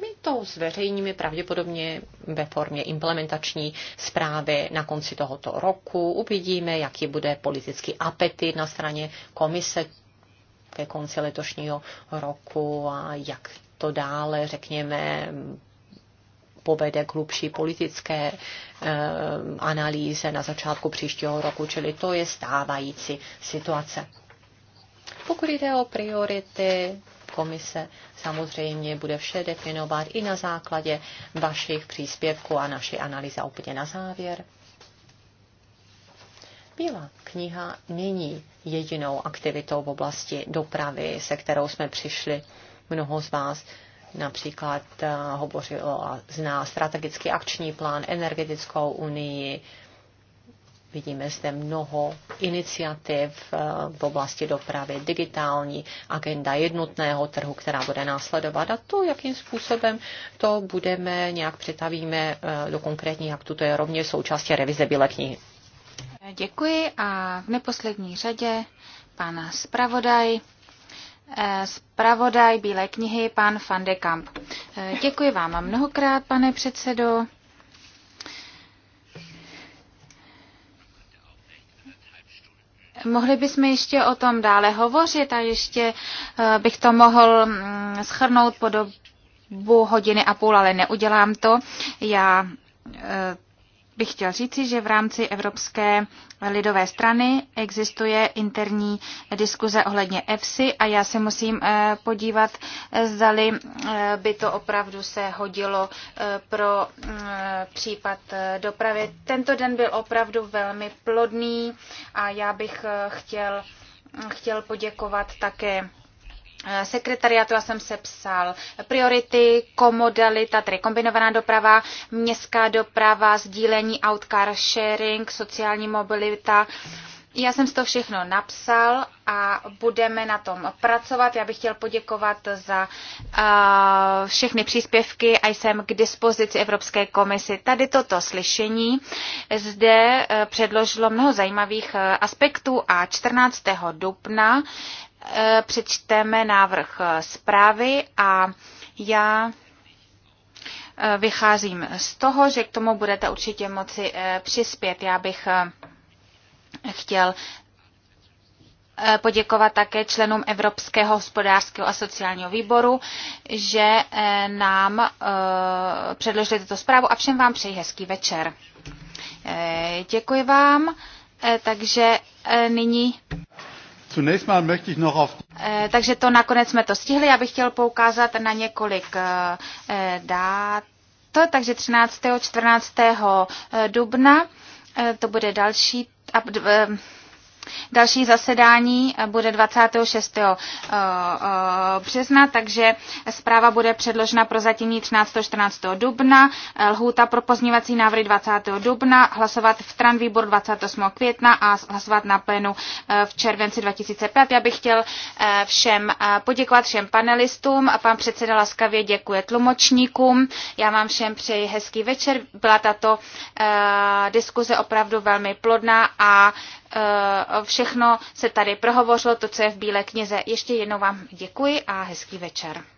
My to zveřejníme pravděpodobně ve formě implementační zprávy na konci tohoto roku. Uvidíme, jaký bude politický apetit na straně komise ke konci letošního roku a jak to dále, řekněme, povede k hlubší politické e, analýze na začátku příštího roku, čili to je stávající situace. Pokud jde o priority komise samozřejmě bude vše definovat i na základě vašich příspěvků a naší analýza úplně na závěr. Bílá kniha není jedinou aktivitou v oblasti dopravy, se kterou jsme přišli mnoho z vás například eh, hovořilo a zná strategický akční plán, energetickou unii, Vidíme zde mnoho iniciativ eh, v oblasti dopravy, digitální agenda jednotného trhu, která bude následovat a to, jakým způsobem to budeme, nějak přetavíme eh, do konkrétních aktů, to je rovněž součástí revize Bílé knihy. Děkuji a v neposlední řadě pan zpravodaj, eh, zpravodaj Bílé knihy, pan Fandekamp. Děkuji vám mnohokrát, pane předsedo. Mohli bychom ještě o tom dále hovořit a ještě eh, bych to mohl mm, schrnout po dobu hodiny a půl, ale neudělám to. Já eh, bych chtěl říci, že v rámci Evropské lidové strany existuje interní diskuze ohledně EFSI a já se musím eh, podívat, eh, zdali eh, by to opravdu se hodilo pro případ dopravy. Tento den byl opravdu velmi plodný a já bych chtěl, chtěl poděkovat také Eh, sekretariátu já jsem sepsal priority, komodalita, tedy kombinovaná doprava, městská doprava, sdílení outcar sharing, sociální mobilita. Já jsem to všechno napsal a budeme na tom pracovat. Já bych chtěl poděkovat za uh, všechny příspěvky a jsem k dispozici Evropské komisi. Tady toto slyšení zde uh, předložilo mnoho zajímavých uh, aspektů a 14. dubna přečteme návrh zprávy a já eh, vycházím z toho, že k tomu budete určitě moci eh, přispět. Já bych eh, chtěl poděkovat také členům Evropského hospodářského a sociálního výboru, že nám předložili tuto zprávu a všem vám přeji hezký večer. Děkuji vám, takže nyní. Eh, takže to nakonec jsme to stihli. Já bych chtěl poukázat na několik eh, eh, dát. Takže 13. 14. dubna to bude další a Další zasedání eh, bude 26. Eh, eh, března, takže zpráva bude předložena pro zatímní 13. 14. dubna, lhůta pro pozněvací návrhy 20. dubna, hlasovat v TRAN výbor 28. května a hlasovat na plénu v červenci 2005. Já bych chtěl všem poděkovat všem panelistům a pan předseda laskavě děkuje tlumočníkům. Já vám všem přeji hezký večer. Byla tato diskuze opravdu velmi plodná a Eh, všechno se tady prohovořilo, to, co je v Bílé knize. Ještě jednou vám děkuji a hezký večer.